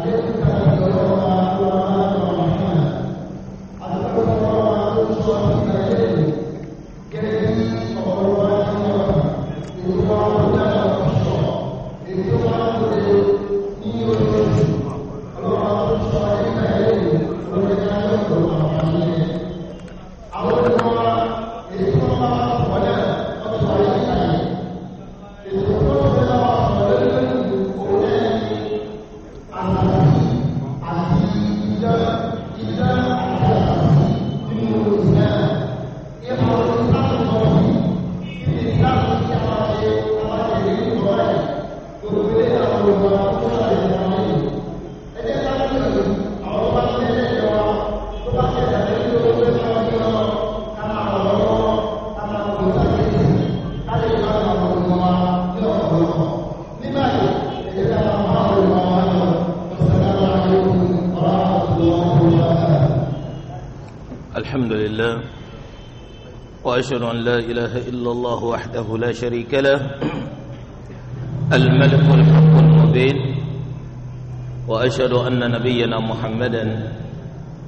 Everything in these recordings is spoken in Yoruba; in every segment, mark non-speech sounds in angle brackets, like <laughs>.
Amen. وأشهد أن لا إله إلا الله وحده لا شريك له الملك الحق المبين وأشهد أن نبينا محمدا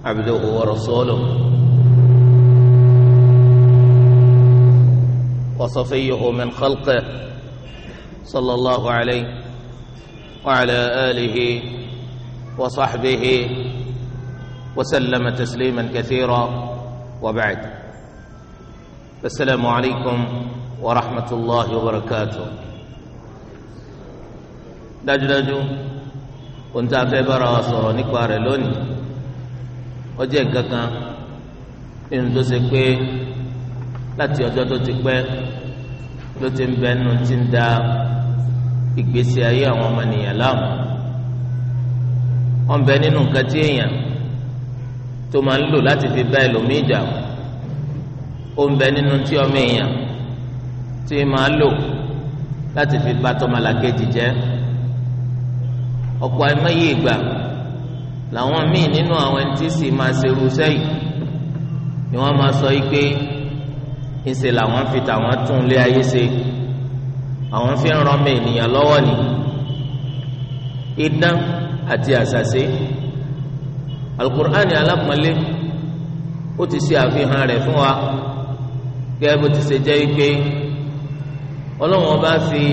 عبده ورسوله وصفيه من خلقه صلى الله عليه وعلى آله وصحبه وسلم تسليما كثيرا وبعد السلام عليكم ورحمة الله وبركاته dájúdájú ohun tá a fẹ́ bára wa sọ̀rọ̀ nípa rẹ̀ lónìí ó jẹ́ nǹkan kan nínú tó ṣe pé láti ọjọ́ tó ti pẹ́ ló ti ń bẹ nínú tí ń da ìgbésí ayé àwọn ọmọnìyàn láàmú wọ́n bẹ nínú nǹkan tí èèyàn tó máa ń lò láti fi bá ẹlòmíì jà wọ́n ó ń bẹ nínú tí ọmọ èèyàn tí máa lò láti fi bá tọmọlàkejì jẹ ọ̀pọ̀ ẹ̀mẹ́yìí ìgbà làwọn míì nínú àwọn ẹni sì máa ṣerú sẹ́yìn ni wọ́n máa sọ yìí pé ìṣe làwọn fi tàwọn tún lé ayé ṣe àwọn fi ń rọmọ ènìyàn lọ́wọ́ ni idán àti àṣàṣe alukur'ani alápọ̀nlé ó ti ṣe àfihàn rẹ̀ fún wa gẹ́gẹ́ bó ti ṣe jẹ́ pé ọlọ́run ọba fi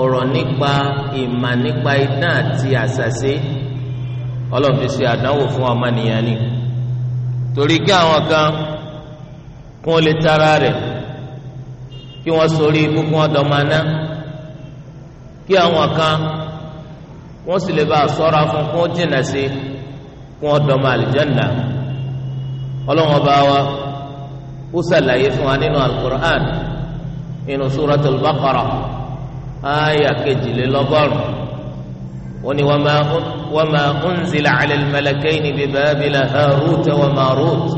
ọ̀rọ̀ nípa ìmà nípa idán àti àṣàṣe ọlọ́run fi ṣe àdánwò fún ọmọnìyàn ni torí kí àwọn kan kún lè tara rẹ̀ kí wọ́n sori ikú kún ọ̀dọ̀ máa ná kí àwọn kan wọ́n sì lè bá a sọ́ra fún kún jìnnà sí kún ọ̀dọ̀ máa lè jẹ́ nà ọlọ́run ọba wa. ó ṣàlàyé fún wa nínú alukur'an nínú suratul baqara aya kejìlélọ́gọ́rùn ó ní wa ma unzila ala al-malakayni bi babila haruta wa marut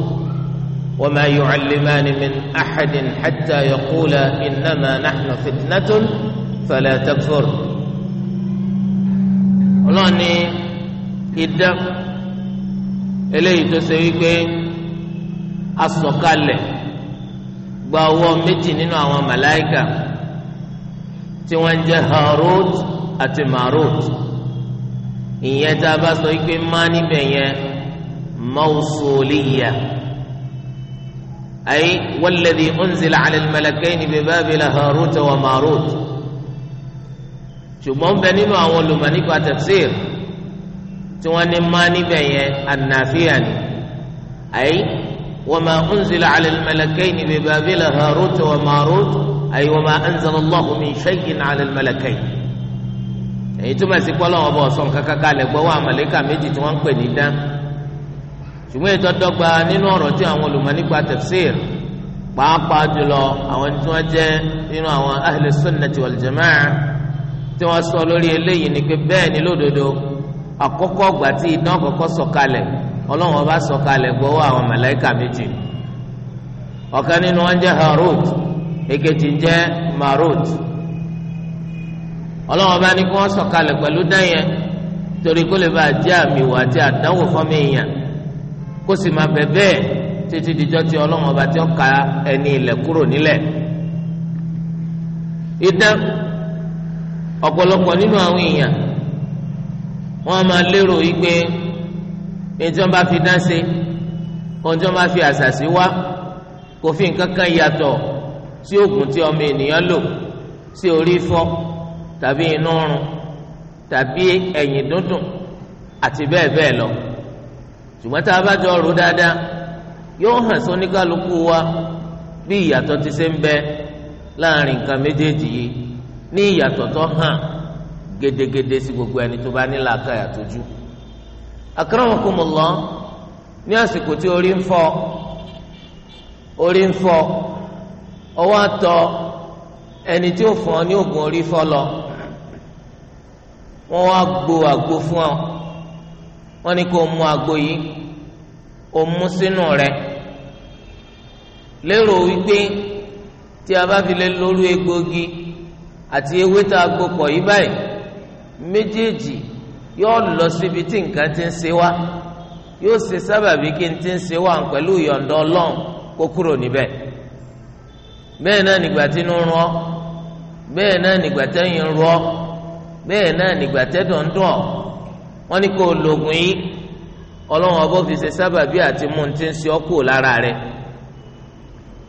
wa ma yu'allimani min ahadin hatta yaqula innama nahnu fitnatun fala takfur ọlọ́ọ̀ni idán eléyìí tó ṣe pé asọ̀kalẹ̀. gba ọwọ́ méjì nínú àwọn màláìkà tí wọ́n ń jẹ́ Harut àti Marut ìyẹn tá a bá sọ pé má níbẹ̀ yẹn mawsuliya ay walladhi unzila ala al-malakayni bi Babila wa Marut ṣùgbọ́n bẹ nínú àwọn olùmọ̀ nípa tí wọ́n ní má níbẹ̀ yẹn ànàfíà ni àyè. وما أنزل على الملكين ببابل هاروت وماروت أي وما أنزل الله من شيء على الملكين èyí túmọ̀ sí pé ọlọ́wọ́ bọ̀ sọ̀n kankan kalẹ̀ gbọ́wọ́ àmàlẹ́kà méjì tí wọ́n ń pè ní dán ṣùgbọ́n ètò ọ̀dọ́gba nínú ọ̀rọ̀ tí àwọn olùmọ̀ nípa tafsir pàápàá jùlọ àwọn tí wọ́n jẹ́ nínú àwọn ahli sunnati wal tí wọ́n sọ lórí eléyìí ni pé bẹ́ẹ̀ ni lódodo àkọ́kọ́ ọ̀gbà tí idán kọ́kọ́ sọ̀kalẹ̀ ọlọ́run ọba sọ̀kalẹ̀ gbọ́wọ́ àwọn màláíkà méjì ọ̀kan nínú wọn jẹ́ Harut èkejì jẹ́ Marut ọlọ́run ọba ní kí wọ́n sọ̀kalẹ̀ pẹ̀lú dẹ́yẹn torí kó lè bá jẹ́ àmìwò àti àdánwò fọ́mọ èèyàn kó sì máa bẹ̀ bẹ́ẹ̀ títí dijọ́ ọlọ́run ọba tí ó ka ẹni ilẹ̀ kúrò èyí tí wọ́n bá fi dán ṣe ohun tí wọ́n bá fi àṣàṣì wá kò fi nǹkan kan yàtọ̀ sí oògùn tí ọmọ ènìyàn lò sí orí fọ́ tàbí inú rùn tàbí ẹ̀yìn dúndùn àti bẹ́ẹ̀ bẹ́ẹ̀ lọ ṣùgbọ́n tá a bá jọ rò dáadáa yóò hàn sí oníkálukú wa bí ìyàtọ̀ ti ṣe ń bẹ láàrin nǹkan méjèèjì yìí ní ìyàtọ̀ tó hàn gedegede sí gbogbo ẹni tó bá ní làákàyà tójú akramakumullah ní àsìkò tí orí ń fọ́ orí ń fọ́ ọwọ́ àtọ ẹni tí ó fún ọ ní oògùn orí fọ́ lọ wọ́n wá gbo àgbo fún ọ wọ́n ní kó o mu àgbo yìí o mu sínú rẹ lérò wípé tí a bá fi lè lórí egbògi àti ewé tá a gbó yìí báyìí méjèèjì yóò lọ síbi tí nǹkan ti ń ṣe wá yóò ṣe sábàbí kí n ti ń ṣe wá pẹ̀lú ìyọ̀ǹda ọlọ́run kó kúrò níbẹ̀ bẹ́ẹ̀ náà nígbà tí inú rún ọ bẹ́ẹ̀ náà nígbà tẹ́yìn rún ọ bẹ́ẹ̀ náà nígbà tẹ́dùn dùn ọ wọ́n ní kó o lògùn yìí ọlọ́run ọbọ̀ fi ṣe sábàbí àti mú un ti ń ṣe ọ́ kúrò lára rẹ̀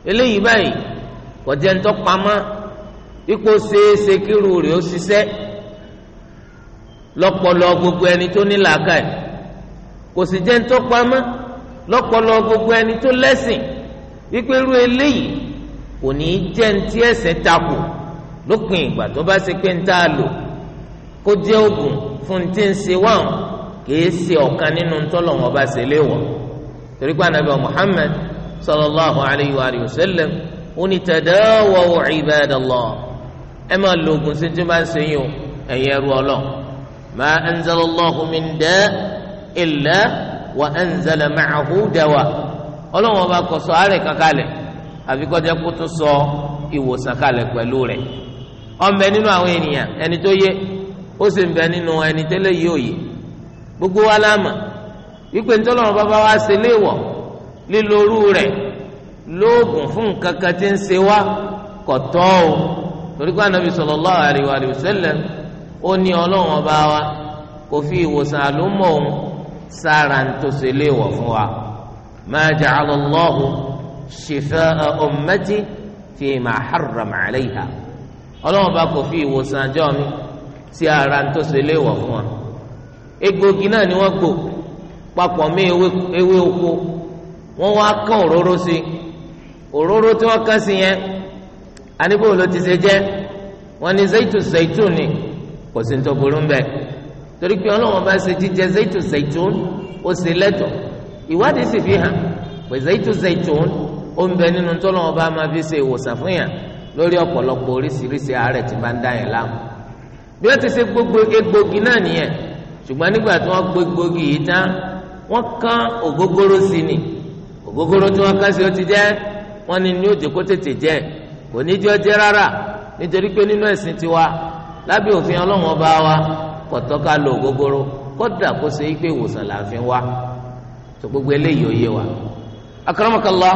eléyìí báyìí kọjá ń tọ́ pamọ́ ipò ṣeéṣe kírú rẹ̀ ó ṣiṣẹ́ lọ́pọlọ gbogbo ẹni tó ní làákàyè kò sì jẹ́ ńtọ́ pamọ́ lọ́pọlọ gbogbo ẹni tó lẹ́sìn wípé irú eléyìí kò ní í jẹ́ ntí ẹ̀sẹ̀ takò lópin ìgbà tó bá ṣe pé ń tá a lò kó jẹ́ oògùn fún tí ń ṣe wọ́n kìí ṣe wa sallam ẹ máa lo oògùn sí ń ṣe yín o ما أنزل الله من داء إلا وأنزل معه دواء Ọlọ́run ọba kò sọ àárẹ̀ kankan lẹ̀ àfi kó jẹ́ kó tún sọ ìwòsàn kalẹ̀ pẹ̀lú rẹ̀ ọ̀nbẹ nínú àwọn ènìyàn ẹni tó yé ó sì ń bẹ nínú ẹni tẹ́lẹ̀ yìí ò yé gbogbo wa láàmà wípé ntọ́lọ́run bàbá wa ṣe léèwọ̀ lílo orú rẹ̀ lóògùn fún nǹkan tí ń ṣe wá kọ̀tọ́ o torí pé Ànábì sallallahu alaihi wa sallam ó ní ọlọ́run ọba wa kò fi ìwòsàn àlùmọ̀ òun sára ń tó ṣe fún wa ma ja'ala Allahu shifaa'a ummati fima harrama 'alayha ọlọ́run ọba kò fi ìwòsàn àjọ mi sí ara ń fún wa egbògi náà ni wọ́n gbò papọ̀ mí ewé oko wọ́n wá kán òróró sí òróró tí wọ́n kán yẹn anígbò ló ti ṣe jẹ́ wọ́n ní zaitun zaitun ni. kò sí ní tó burú ń bẹ̀ torí pé ọlọ́wọ́n bá ṣe jíjẹ zaitu zaitun ó ṣe lẹ́tọ̀ ìwádìí sì fi hàn pé zaitu zaitun ó ń bẹ nínú tọ́lọ́wọ́n bá máa fi ṣe ìwòsàn fún yàn lórí ọ̀pọ̀lọpọ̀ oríṣiríṣi àárẹ̀ tí máa ń dá yẹn láàmú bí wọ́n ti ṣe gbogbo egbògi náà nìyẹn ṣùgbọ́n nígbà tí wọ́n gbogbogi yìí tán wọ́n kán ògógóró sí ni ògógóró tí wọ́n kán sí jẹ́ wọ́n ní ní òjò kó tètè jẹ́ kò ní jẹ́ ọjẹ́ rárá nítorí pé nínú ẹ̀sìn tiwa lábẹ́ òfin ọlọ́run ọba wa kò tọ́ ká lo ògógóró kódà kó ṣe é pé ìwòsàn là ń fi wá tó gbogbo eléyìí ó yé wa. akramakallah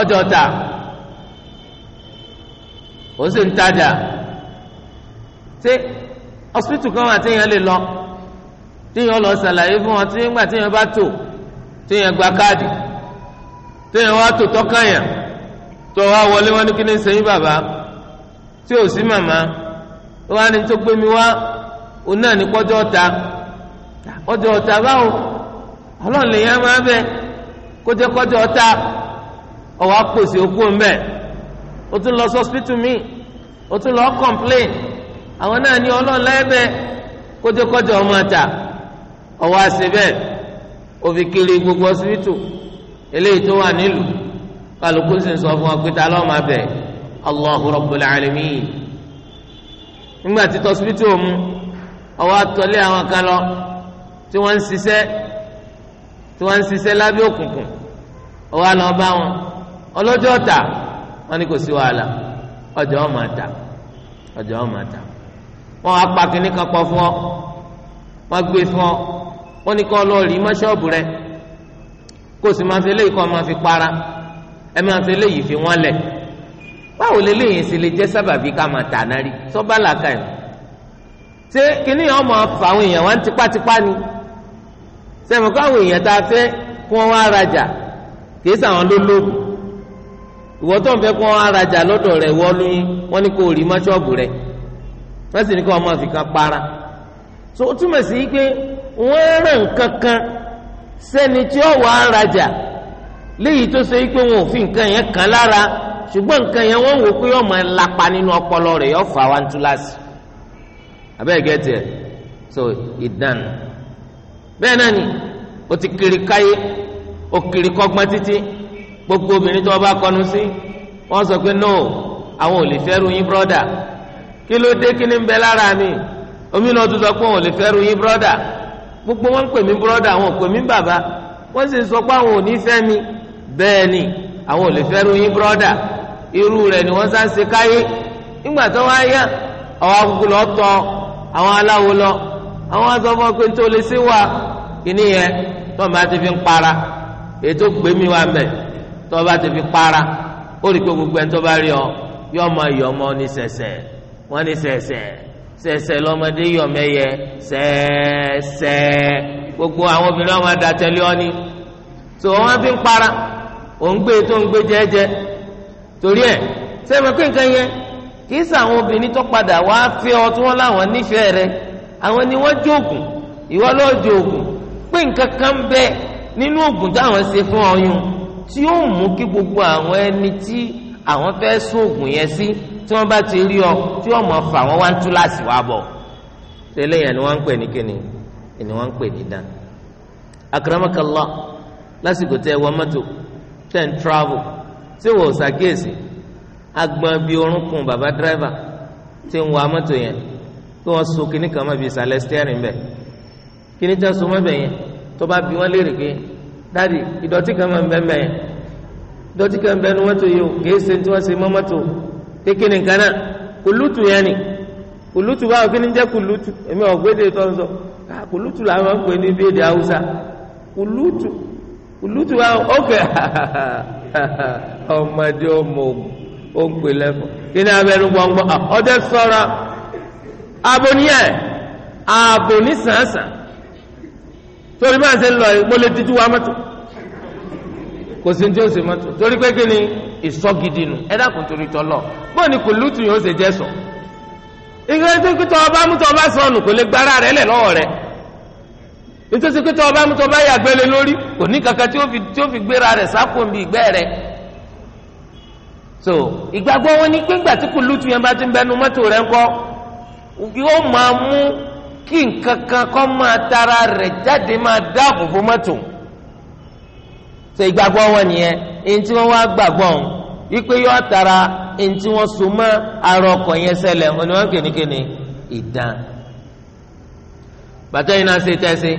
ọjọ́ ta ó sì ń tajà ṣé hospital kan wà téèyàn lè lọ téèyàn lọ ṣàlàyé fún wọn tí nígbà téèyàn bá tò téèyàn gba káàdì téèyàn wá tò tọ́kànyàn. tó wá wọlé wọn ní kí ni bàbá tí ò sí màmá tó wá ní tó gbé mi wá òun náà ní kọjọ ọta ọjọ́ ọta báwo máa bẹ kó jẹ́ ọwọ́ àpòsí òkú o tún lọ sọ́spítù mi o tún lọ àwọn náà ní bẹ kó jẹ́ ọmọ ọwọ́ àṣẹ bẹ́ẹ̀ òfin gbogbo ọsibítù eléyìí tó wà nílùú kálukú sì ń sọ fún wa pé ta lọ́ọ́ máa bẹ̀ Allahu Rabbul Alamin nígbà tí tọ́sibítì òmu ọwọ́ àtọ́lé àwọn kan lọ tí wọ́n ń ṣiṣẹ́ tí wọ́n ń ṣiṣẹ́ lábẹ́ òkùnkùn ọwọ́ àlọ́ bá wọn ọlọ́jọ́ ọ̀tà wọn ni kò sí wàhálà ọjọ́ ọmọ àtà ọjọ́ ọmọ àtà wọn á pa kínní fún ọ wọn gbé fún ọ wọn ni kọ́ lọ́ọ́ rí mọ́ṣọ́ọ̀bù rẹ kó sì máa fi eléyìí kọ́ ọ fi para ẹ máa fi eléyìí fi wọ́n lẹ̀ báwo leléyìí sì lè jẹ́ sábàbí ká máa tà náà rí sọ́ba làákà ẹ̀ ṣé kíní yẹn ọmọ fà àwọn èèyàn wá ń tipátipá ni sẹ́mi kọ́ àwọn èèyàn tá a fẹ́ kí wọ́n wá rajà kì í sàwọn ló lóògùn ìwọ tó ń fẹ́ kí wọ́n wá rajà lọ́dọ̀ rẹ̀ wọ́n lóyún wọ́n ní kó o rí mọ́ ṣọ́ọ̀bù rẹ̀ wọ́n sì ní kí wọ́n máa fi kan para so ó túmọ̀ sí pé wọ́n rán nǹkan kan sẹ́ni tí ó wàá rajà léyìí tó ṣe pé wọn ò fi nǹkan yẹn kàn lára ṣùgbọ́n nǹkan yẹn wọ́n wò pé yọ máa lapa nínú ọpọlọ rẹ̀ yọ fà wá ń túláàsì abẹ́ẹ̀ gẹ́tì ẹ̀ so ìdánù bẹ́ẹ̀ náà ni o ti kiri káyé o kiri kọ́gbọ́n títí gbogbo obìnrin tó o bá kọnu sí wọ́n sọ pé no àwọn ò lè fẹ́ ru yín brọ́dà kí ló dé kí ni ń bẹ lára mi omi náà tún sọ pé wọn ò lè fẹ́ ru yín brọ́dà gbogbo wọn ń pè mí brọ́dà wọn ò pè mí bàbá wọ́n sì sọ pé àwọn ò ní fẹ́ mi bẹ́ẹ̀ ni àwọn ò lè fẹ́rù yín bírọ́dà irú rẹ̀ ni wọ́n sá ń ṣe káyé nígbà tó wá yá àwọn akókò lọ tọ àwọn aláwo lọ àwọn azọfọ pé tó lè sí wa kìíní yẹn tó bá ti fi ń para ètò gbèmí wa mẹ tó bá ti fi para ó rí i pé gbogbo ẹni tó bá rí ọ yọ ọmọ yọ ọmọ ní sẹsẹ wọn ní sẹsẹ sẹsẹ lọmọdé yọ mẹyẹ sẹsẹ gbogbo àwọn obìnrin ọmọ adatẹlẹ ọ ni tó wọn fi ń para òun gbé tó ń gbé jẹ́jẹ́ torí ẹ̀ sẹ́mi pé nǹkan yẹn kì í sàwọn obìnrin tó padà wá fẹ́ ọ tí wọ́n láwọn nífẹ̀ẹ́ rẹ àwọn ni wọ́n jóògùn ìwọ lọ́ọ́ jóògùn pé nǹkan kan bẹ́ẹ̀ nínú oògùn táwọn ṣe fún ọyún tí ó mú kí gbogbo àwọn ẹni tí àwọn fẹ́ sún oògùn yẹn sí tí wọ́n bá ti rí ọ tí wọ́n mọ̀ fà wọ́n wá ń tú láàsì wá bọ̀ tẹ́lẹ̀ ni wọ́n ń pè ní kíni ni wọ́n ń pè ní dán akramakallah lásìkò tẹ́ wọ́n mọ́tò ten travel tí wò ó ṣàkíyèsí agbọn bíi orúnkún bàbá dírẹ́fà tí ń wa mọ́tò yẹn kí wọ́n so kíní kan mọ́ bíi ìsàlẹ̀ steering bẹ́ẹ̀ kíní tẹ́ so mọ́bẹ̀ yẹn tó bá bí wọ́n léèrè pé dáàdi ìdọ̀tí kan máa ń bẹ́ẹ̀ bẹ́ẹ̀ yẹn ìdọ̀tí kan bẹ́ẹ̀ ni mọ́tò yìí o kìí ṣe tí wọ́n ṣe mọ́ mọ́tò kékeré nǹkan náà kùlùtù yẹn ni kùlùtù báwo kí ni jẹ́ kùlùtù èmi ọ̀gbẹ́dẹ tó kùlùtù wa ókè ọmọdé ọmọ ògbè lẹfọ kíni abẹnú gbọngbọn ah, ọdẹ sọra aboniyẹ aboni sànsàn torí máa ṣe lọ yìí mọlẹ títí wa mọtò kò sí ní tí ó mọtò torí pé kí ni ìsọgidi ẹ torí tọlọ ni jẹ sọ ìgbésẹ̀ kí tọ́ ọba mú tọ́ ọba sọnù kò lè gbára rẹ lẹ̀ lọ́wọ́ rẹ̀. nítorí pé tọ́ba mú tọ́ba yàgbẹ́lẹ̀ lórí kò ní kankan tí ó fi tí ó fi gbéra rẹ̀ sáko níbi ìgbẹ́ rẹ̀ so ìgbàgbọ́ wọn ni pé ìgbà tí kùlùtù yẹn bá ti ń bẹnu mọ́tò rẹ̀ ń kọ́ yóò máa mú kí nǹkan kan kọ́ máa tara rẹ̀ jáde máa dáàbò bo mọ́tò so ìgbàgbọ́ wọn nìyẹn èyí tí wọ́n wá gbàgbọ́ ọ̀hún wípé yóò tara èyí tí wọ́n so mọ́ ara ọkọ̀ yẹn ṣẹlẹ̀ oníwọ̀n kìnnìkìnnì ìdán bàtà yìí náà ṣe tẹ́sí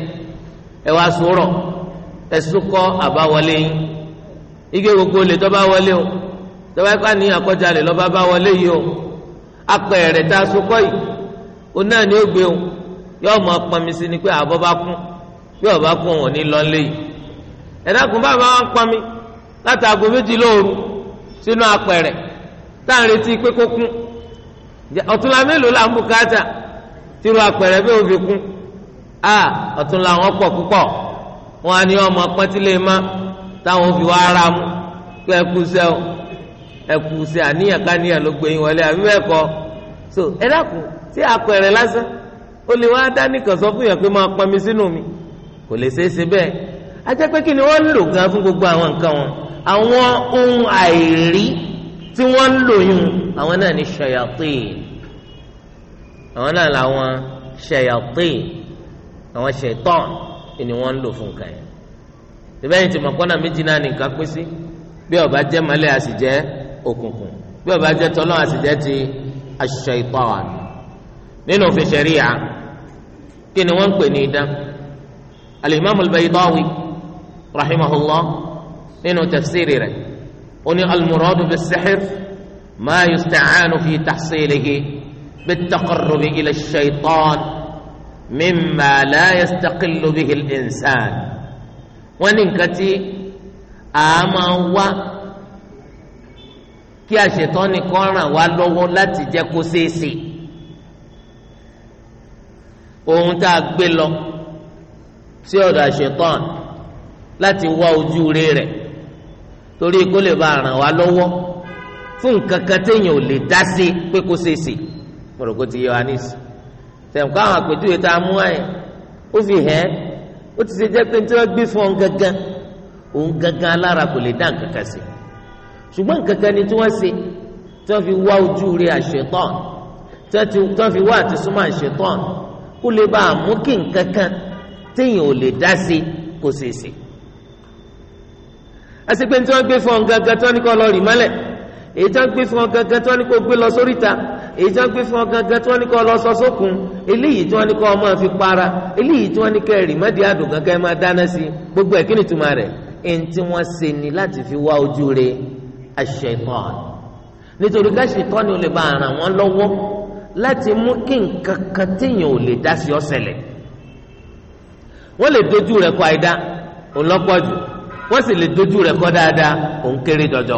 ẹ wá sọ̀rọ̀ ẹ sọkọ àbáwọlé yín ike gbogbo lè tọ́ bá wọlé o tọ́ bá ká ní àkọjá lè lọ́ bá wọlé yìí o apẹ̀rẹ̀ tá a sọkọ yìí o náà ni ó gbé o yóò mọ pọnmi sí ni pé àbọ̀ bá kún bí ọba kún òun ní lọ́lé yìí ẹ̀dá kún bá máa ń pọnmi láti aago méjì lóru sínú apẹ̀rẹ̀ tá à ń retí pé kó kún ọ̀túnla mélòó là ń bùkátà tìrú apẹ̀rẹ̀ bẹ́ẹ̀ ò fi kún a ọ̀tún làwọn pọ̀ púpọ̀ wọn á ní ọmọ pọ́ńtílé má táwọn fi wá ara mu pé ẹkú sẹ́ o ẹkú sẹ́ àníyàn káníyàn ló gbé yín wọlé àbí bẹ́ẹ̀ kọ́ so ẹ dákun tí àpẹẹrẹ lásán ó lè wá dá nìkan sọ fún yàn pé máa pọnmi sínú mi kò lè ṣeé ṣe bẹ́ẹ̀ a jẹ́ pé kí ni wọ́n ń lò gan fún gbogbo àwọn nǹkan wọn àwọn ohun àìrí tí wọ́n ń lò àwọn náà ní ṣayatin àwọn náà làwọn ṣayatin àwọn ṣẹ̀tọ́n ni wọ́n ń lò fún nǹkan yẹn ìbẹ́yìn tí mọ̀kànnà méjì náà nìkan pín sí bí ó bá jẹ́ mọ́lẹ̀ àsì jẹ́ òkùnkùn bí ó bá jẹ́ tọ́lọ́ àsì jẹ́ ti aṣ-ṣaytan nínú òfin ṣẹ̀ríyà kí ni wọ́n ń pè ní idán al-Imam al-Baydawi rahimahullah nínú tafsiri rẹ̀ ó ní al-muradu bis-sihr ma yusta'anu fi tahsilihi bit-taqarrubi ila ash-shaytan mimma la yastaqillu bihi al-insan wọ́n ní nǹkan tí a máa wá kí àṣetán nìkan ràn wá lọ́wọ́ láti jẹ́ kó ṣeéṣe ohun tá a gbé lọ sí ọ̀dọ̀ àṣetán láti wá ojú rere torí kó lè bá ràn wá lọ́wọ́ fún nǹkan kan téèyàn ò lè dá sí pé kó ṣeéṣe mo kó ti yẹ wa sẹ̀ǹkọ́ àwọn àpèjúwe tá a mú àyè ó fi hẹ́ ó ti ṣe jẹ́ pé tí wọ́n gbé fún ọ gangan òun gangan alára kò lè dá nǹkan kan sí ṣùgbọ́n nǹkan kan ni tí wọ́n ṣe tí wọ́n fi wá ojú rẹ àṣetán tí wọ́n fi wá àtisúmọ̀ àṣetán kó lè bá a mú kí nǹkan kan téèyàn ò lè dá sí kó ṣeé ṣe àṣepé tí wọ́n gbé fún ọ gangan tí wọ́n ní kó lọ rì mọ́lẹ̀ èyí tí wọ́n gbé fún ọ gangan tí wọ́n ní kó gbé lọ sóríta èyí tí wọ́n gbé fún ọ gangan tí wọ́n ní kó lọ sọ sókun eléyìí tí wọ́n ní kó ọ máa fi para eléyìí tí wọ́n ní kẹ́ rì mọ́dí àdùn gangan máa dáná sí gbogbo ẹ̀ kí ni ìtumọ̀ rẹ̀ ẹni tí wọ́n ṣe ni láti fi wá ojú re aṣ-ṣaitan nítorí ká ṣaitan ni ó lè bá ràn wọ́n lọ́wọ́ láti mú kí nǹkan kan téèyàn ò lè dá sí ó ṣẹlẹ̀ wọ́n lè dojú rẹ̀ kọ àìdá òun lọ́pọ̀jù wọ́n sì lè dojú rẹ̀ kọ dáadáa òun kéré jọjọ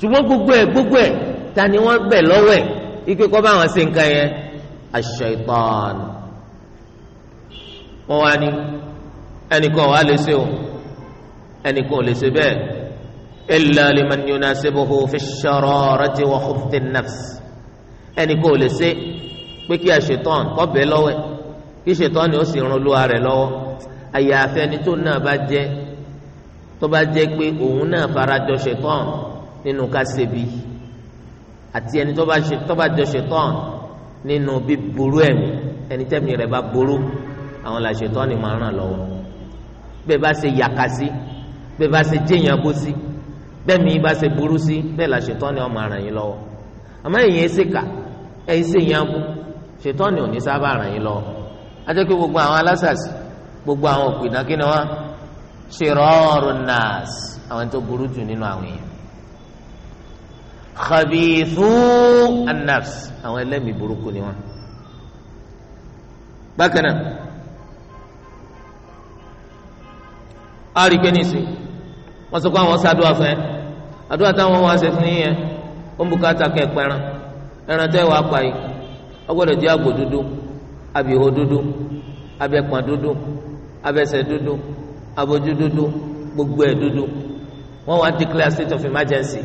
ṣùgbọ́n gbogbo ẹ̀ gbogbo ẹ̀ ta ni wọ́n bẹ̀ lọ́wọ́ ẹ̀ ike kọ́ bá wọn ṣe nǹkan yẹn aṣ-ṣaitan wọ́n wá ní ẹnìkan wàá lè ṣe o ẹnìkan ò lè ṣe bẹ́ẹ̀ illa liman yunasibuhu fi ash-shararati wa khubthi an-nafs ẹnìkan ò lè ṣe pé kí aṣ-ṣaitan kọ́ bẹ̀ lọ́wọ́ ẹ̀ kí ṣaitan ni ó sì rún olúwa rẹ̀ lọ́wọ́ àyàfẹ́ ni tó náà bá jẹ́ tó bá jẹ́ pé òun náà farajọ ṣaitan nínú ká ṣe bíi àti ẹni tó bá jọ ṣetán nínú bíburú ẹ̀mí ẹni tẹ́mi rẹ̀ bá burú àwọn là ṣetán ni máa ràn lọ́wọ́ bẹ́ẹ̀ bá ṣe yàkà sí bẹ́ẹ̀ bá ṣe jẹ́yàn bó sí bẹ́ẹ̀ mi bá ṣe burú sí bẹ́ẹ̀ là ṣetán ni ó máa ràn yín lọ́wọ́ àmọ́ èyí ẹ̀ ṣèkà ẹ̀ ṣèyàn bú ṣetán ni ò ní sábà ràn yín lọ́wọ́ adékè gbogbo àwọn alásàsì gbogbo àwọn òpìdán kí ni wọ́n ṣèrọ̀ọ̀rùn nàás àwọn tó burú jù nínú àwọn èèyàn khabithu an-nafs àwọn ẹlẹ́mìí burúkú ni wọ́n. bákan náà a rí pé nísì wọ́n sọ pé àwọn ṣàdúrà fún ẹ àdúrà táwọn wá ṣe fún yín ó ń bùkátà kẹ́ ẹ pẹran ẹran tẹ́ wàá pa yìí ó gbọ́dọ̀ jẹ́ àgbò dúdú abìhó dúdú abẹ́pọ̀n dúdú abẹ́sẹ̀ dúdú abojú dúdú gbogbo ẹ̀ dúdú wọ́n wá declare state of emergency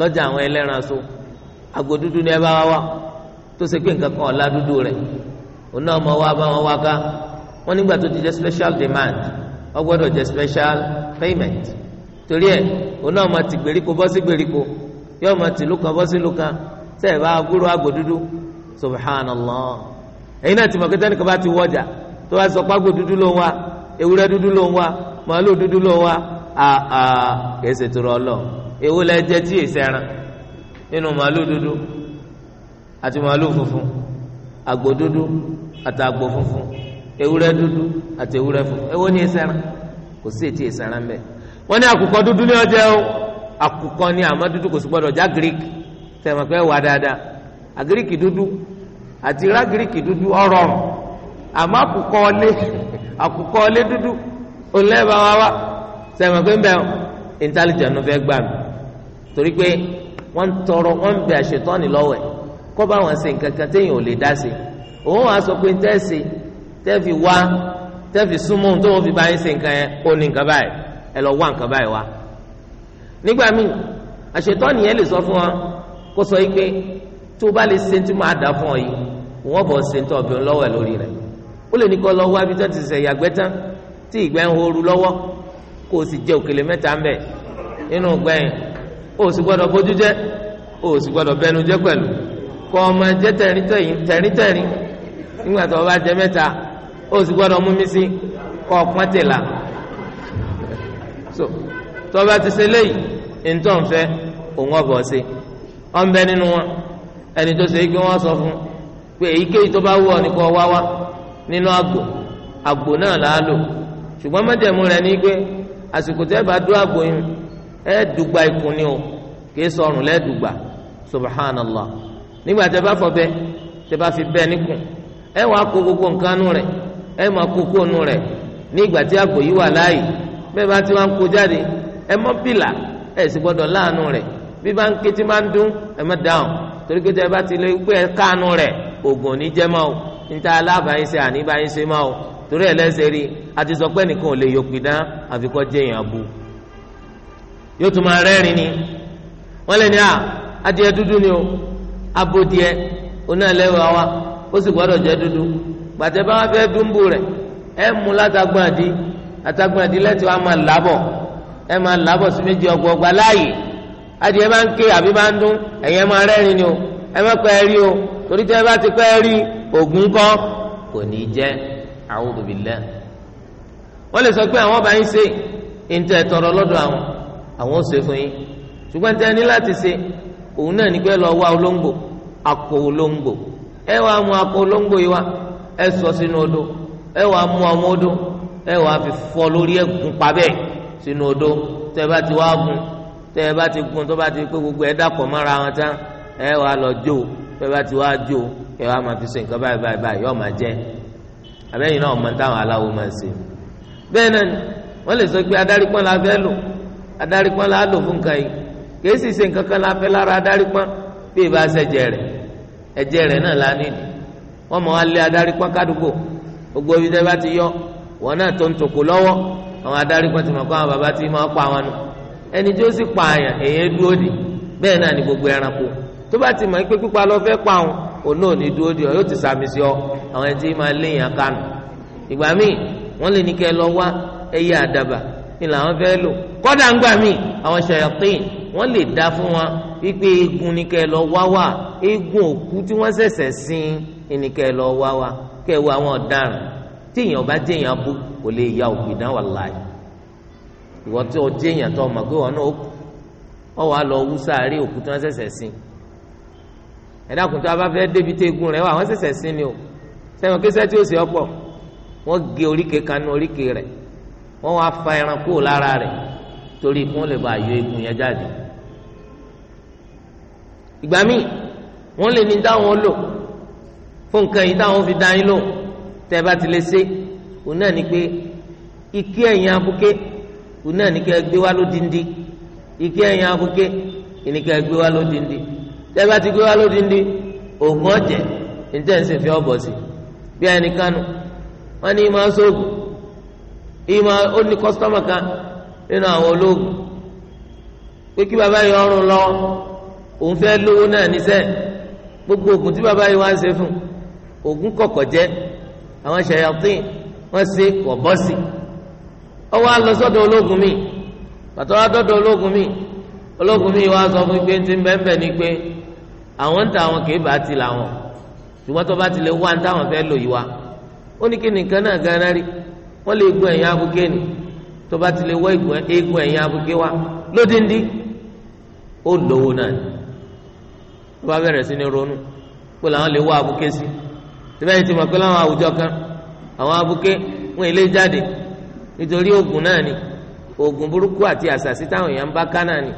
lọ́jà àwọn ẹlẹ́ran so àgò dúdú ni ẹ bá wá wá tó ṣe pé nǹkan kan ọ̀la dúdú rẹ̀ òun náà mọ̀ bá wọn wá ká wọ́n nígbà tó ti jẹ́ special demand wọ́n gbọ́dọ̀ jẹ́ special payment torí ẹ̀ òun náà máa ti gbèríko bọ́ sí gbèríko yóò máa ti lùkàn bọ́ sí lùkàn tẹ́ ẹ̀ bá gbúrò àgò dúdú subhanallah ẹ̀yin náà ti mọ̀ kẹ́tẹ́ nìkan bá ti wọ́jà tó bá sọ pé àgò dúdú ló ń wá ewúrẹ́ dúdú ló ń wá màálù dúdú ló ń wá àà kẹ́sẹ̀ tó rọ ọlọ́run èwo lẹ jẹ tí èsì ẹran nínú màálù dúdú àti màálù funfun àgbò dúdú àti àgbò funfun ewúrẹ́ dúdú àti funfun ewo ni esera ẹran kò sí ètí èsì ẹran bẹ́ẹ̀ wọ́n ní àkùkọ dúdú ní ọjẹ o àkùkọ ni àmọ́ dúdú kò sì gbọ́dọ̀ já greek tẹmọ pé wà dáadáa àgíríkì dúdú àti rágíríkì dúdú ọ̀rọ̀ àmọ́ àkùkọ ọlé àkùkọ ọlé dúdú olè bá wa tẹmọ intelligent torí pé wọ́n ń tọrọ wọ́n ń bẹ àṣetọ́ni lọ́wọ́ ẹ̀ kó bá wọn ṣe nǹkan kan téèyàn ò lè dá sí òun wàá sọ pé tẹ́sí tẹ́fi wá tẹ́fi súnmọ́ ohun tó wọ́n fi bá yín ṣe nǹkan yẹn ó ní nǹkan báyìí ẹ lọ wá nǹkan báyìí wá. nígbà míì àṣetọ́ni yẹn lè sọ fún wọn kó sọ pé tó bá lè ṣe tí máa dá fún ọ yìí wọ́n bọ̀ ṣe tó ọbẹ̀ lọ́wọ́ ẹ̀ lórí rẹ̀ ó lè ní kó lọ wá tó ti ṣe yàgbẹ́ tán tí ìgbẹ́ ń horu lọ́wọ́ kó o sì jẹ òkèlè mẹ́ta ń bẹ̀ nínú gbẹ́yìn o sì je bójú jẹ́ je sì gbọ́dọ̀ bẹnu jẹ́ pẹ̀lú kọ́ ọmọ jẹ́ tẹ̀ríntẹ̀rín tẹ̀ríntẹ̀rín nígbà tó o bá jẹ mẹ́ta o sí so ti ṣe léyìí òun ṣe bẹ nínú wọn ẹni tó ṣe é kí wọ́n sọ fún pé èyíkéyìí tó bá wù ọ ní kó wá wá nínú àgbò àgbò náà là lò ṣùgbọ́n ní àsìkò ẹ dùgbà ikùn ni o kì í sọrùn lẹ́dùgbà subhanallah nígbà tẹ bá tẹ bá fi níkùn ẹ wàá kó gbogbo ẹ máa kó nígbà tí àgbò yìí wà láàyè bẹ́ẹ̀ bá ti wá ń kó jáde ẹ mọ́ pìlà ẹ sì gbọ́dọ̀ láàánú rẹ̀ bí bá ń ké tí máa ń dún ẹ mọ́ dáhùn torí pé tẹ bá ti lè pé ẹ káànú rẹ̀ oògùn yóò tún máa rẹ́rìn ni wọ́n lè ní à adìẹ dúdú ni o abodìẹ onáàlẹ́wà wa ó sì gbọ́dọ̀ jẹ́ dúdú gbàtẹ́ bá wá fẹ́ dúnbù rẹ̀ ẹ mú látagbọ́n àdí àdí lẹ́tì máa làbọ̀ ẹ máa làbọ̀ sí méjì láàyè adìẹ ń ké àbí ń dún ẹ̀yẹ máa rẹ́rìn ni o ẹ má pẹ́ rí o torí tẹ́ bá ti pẹ́ rí ògùn kọ́ kò ní í jẹ́ wọ́n lè sọ pé àwọn bá ń àwọn ó ṣe fún yín ṣùgbọ́n tẹ́ ní láti ṣe òun náà ní pé lọ wá olóńgbò akọ olóńgbò ẹ wàá mú akọ olóńgbò yìí wá ẹ sọ sínú odó ẹ wàá mú ọmọ odó ẹ wàá fi fọ́ lórí ẹ̀gún pa bẹ́ẹ̀ sínú odó tẹ́ bá ti wá gun tẹ́ bá ti gun tó bá ti pé gbogbo ẹ̀ dàpọ̀ mọ́ra wọn tán ẹ wàá lọ jó tẹ́ bá ti wá jó ẹ wàá máa fi ṣe nǹkan báyìí báyìí báyìí yóò máa jẹ àbẹ́yìn náà ọmọ táwọn aláwo máa ṣe bẹ́ẹ̀ náà wọ́n lè sọ pé adarí pọ́n la fẹ́ lò adarí la lò fún nǹkan yìí ka esi ṣe nǹkan la fẹ́ lára adarí a bí ìbá ṣẹ̀jẹ̀ rẹ̀ ẹ̀jẹ̀ rẹ̀ náà la nídìí wọn mọ̀ wá lé adarí gbogbo ibi bá yọ wọn náà tó ń lọwọ àwọn ti mọ̀ kó àwọn bàbá ti nù tí ó sì àyàn dúró bẹ́ẹ̀ náà ni gbogbo tó bá ti dúró yóò ti sàmì sí àwọn ni làwọn fẹ́ lò kọ́dà ń gbà mí àwọn ṣayatin wọ́n lè dá fún wọn wípé egun ni kẹ́ lọ wá wá egun òkú tí wọ́n ṣẹ̀ṣẹ̀ sin ni kẹ́ lọ wá wá kẹ́ wo àwọn ọ̀daràn tí èèyàn bá jẹ́ èèyàn bú kò lè ya òkú ìdán wallahi ìwọ tí o jẹ́ èèyàn tó ọmọ pé wọn náà ó wà lọ wú sáré òkú tí wọ́n ṣẹ̀ṣẹ̀ sin ẹ̀dá kùtù abáfẹ́ débi tí egun rẹ̀ wà wọ́n ṣẹ̀ṣẹ̀ sin ni o sẹ́wọ̀n kí sẹ́tí ó sì ọ̀pọ̀ wọ́n gé oríkèé kanú oríkèé rẹ̀ wọ́n wá fa ẹran kúrò lára rẹ̀ torí kí wọ́n lè bá yọ egun yẹn jáde ìgbà míì wọ́n lè ní dáwọn lò fún nǹkan yìí táwọn fi dá yín lò tẹ́ ẹ bá ti lè ṣe òun náà ni pé ike ẹ̀yìn abuké òun náà ni kẹ́ ẹ gbé wá lódìndí ike ẹ̀yìn abuké ìní kẹ́ ẹ gbé wá lódìndí tẹ́ ẹ bá ti gbé wá lódìndí oògùn ọ̀jẹ̀ níta ẹ̀ ń sìn fi ọ̀bọ̀ sí bí ẹnìkanu wọ́n ní máa sóògùn ìmọ̀ ó ní kọ́sítọ́mù kan nínú àwọn olóògùn pé kí bàbá yìí ọrùn lọ òun fẹ́ lówó náà níṣẹ́ gbogbo oògùn tí bàbá yìí wá ń ṣe fún oògùn kọ̀kọ̀ jẹ́ àwọn ṣayatin wọ́n ṣe kọ̀ bọ́sì ó wá lọ sọ́dọ̀ olóògùn mi pàtó wá dọ́dọ̀ olóògùn mi olóògùn mi wá sọ fún pé ti ń bẹ́ẹ̀ ni pé àwọn ń ta àwọn kì í bá ti làwọn ṣùgbọ́n tó bá ti lè wá ń táwọn fẹ́ lò yìí wá ó ní kí nìkan náà gánà rí wọ́n lè gun ẹ̀yìn abuké ni tó bá ti lè wọ́ egun ẹ̀yìn abuké wa lódìndí ó lówó náà ni tó bá bẹ̀rẹ̀ sí ni ronú pé làwọn lè wọ́ abuké sí tẹ́lẹ̀ ti mọ̀ pé láwọn àwùjọ kan àwọn abuké wọn ilé jáde nítorí oògùn náà ni oògùn burúkú àti àṣàṣì táwọn èèyàn ń bá ká náà ni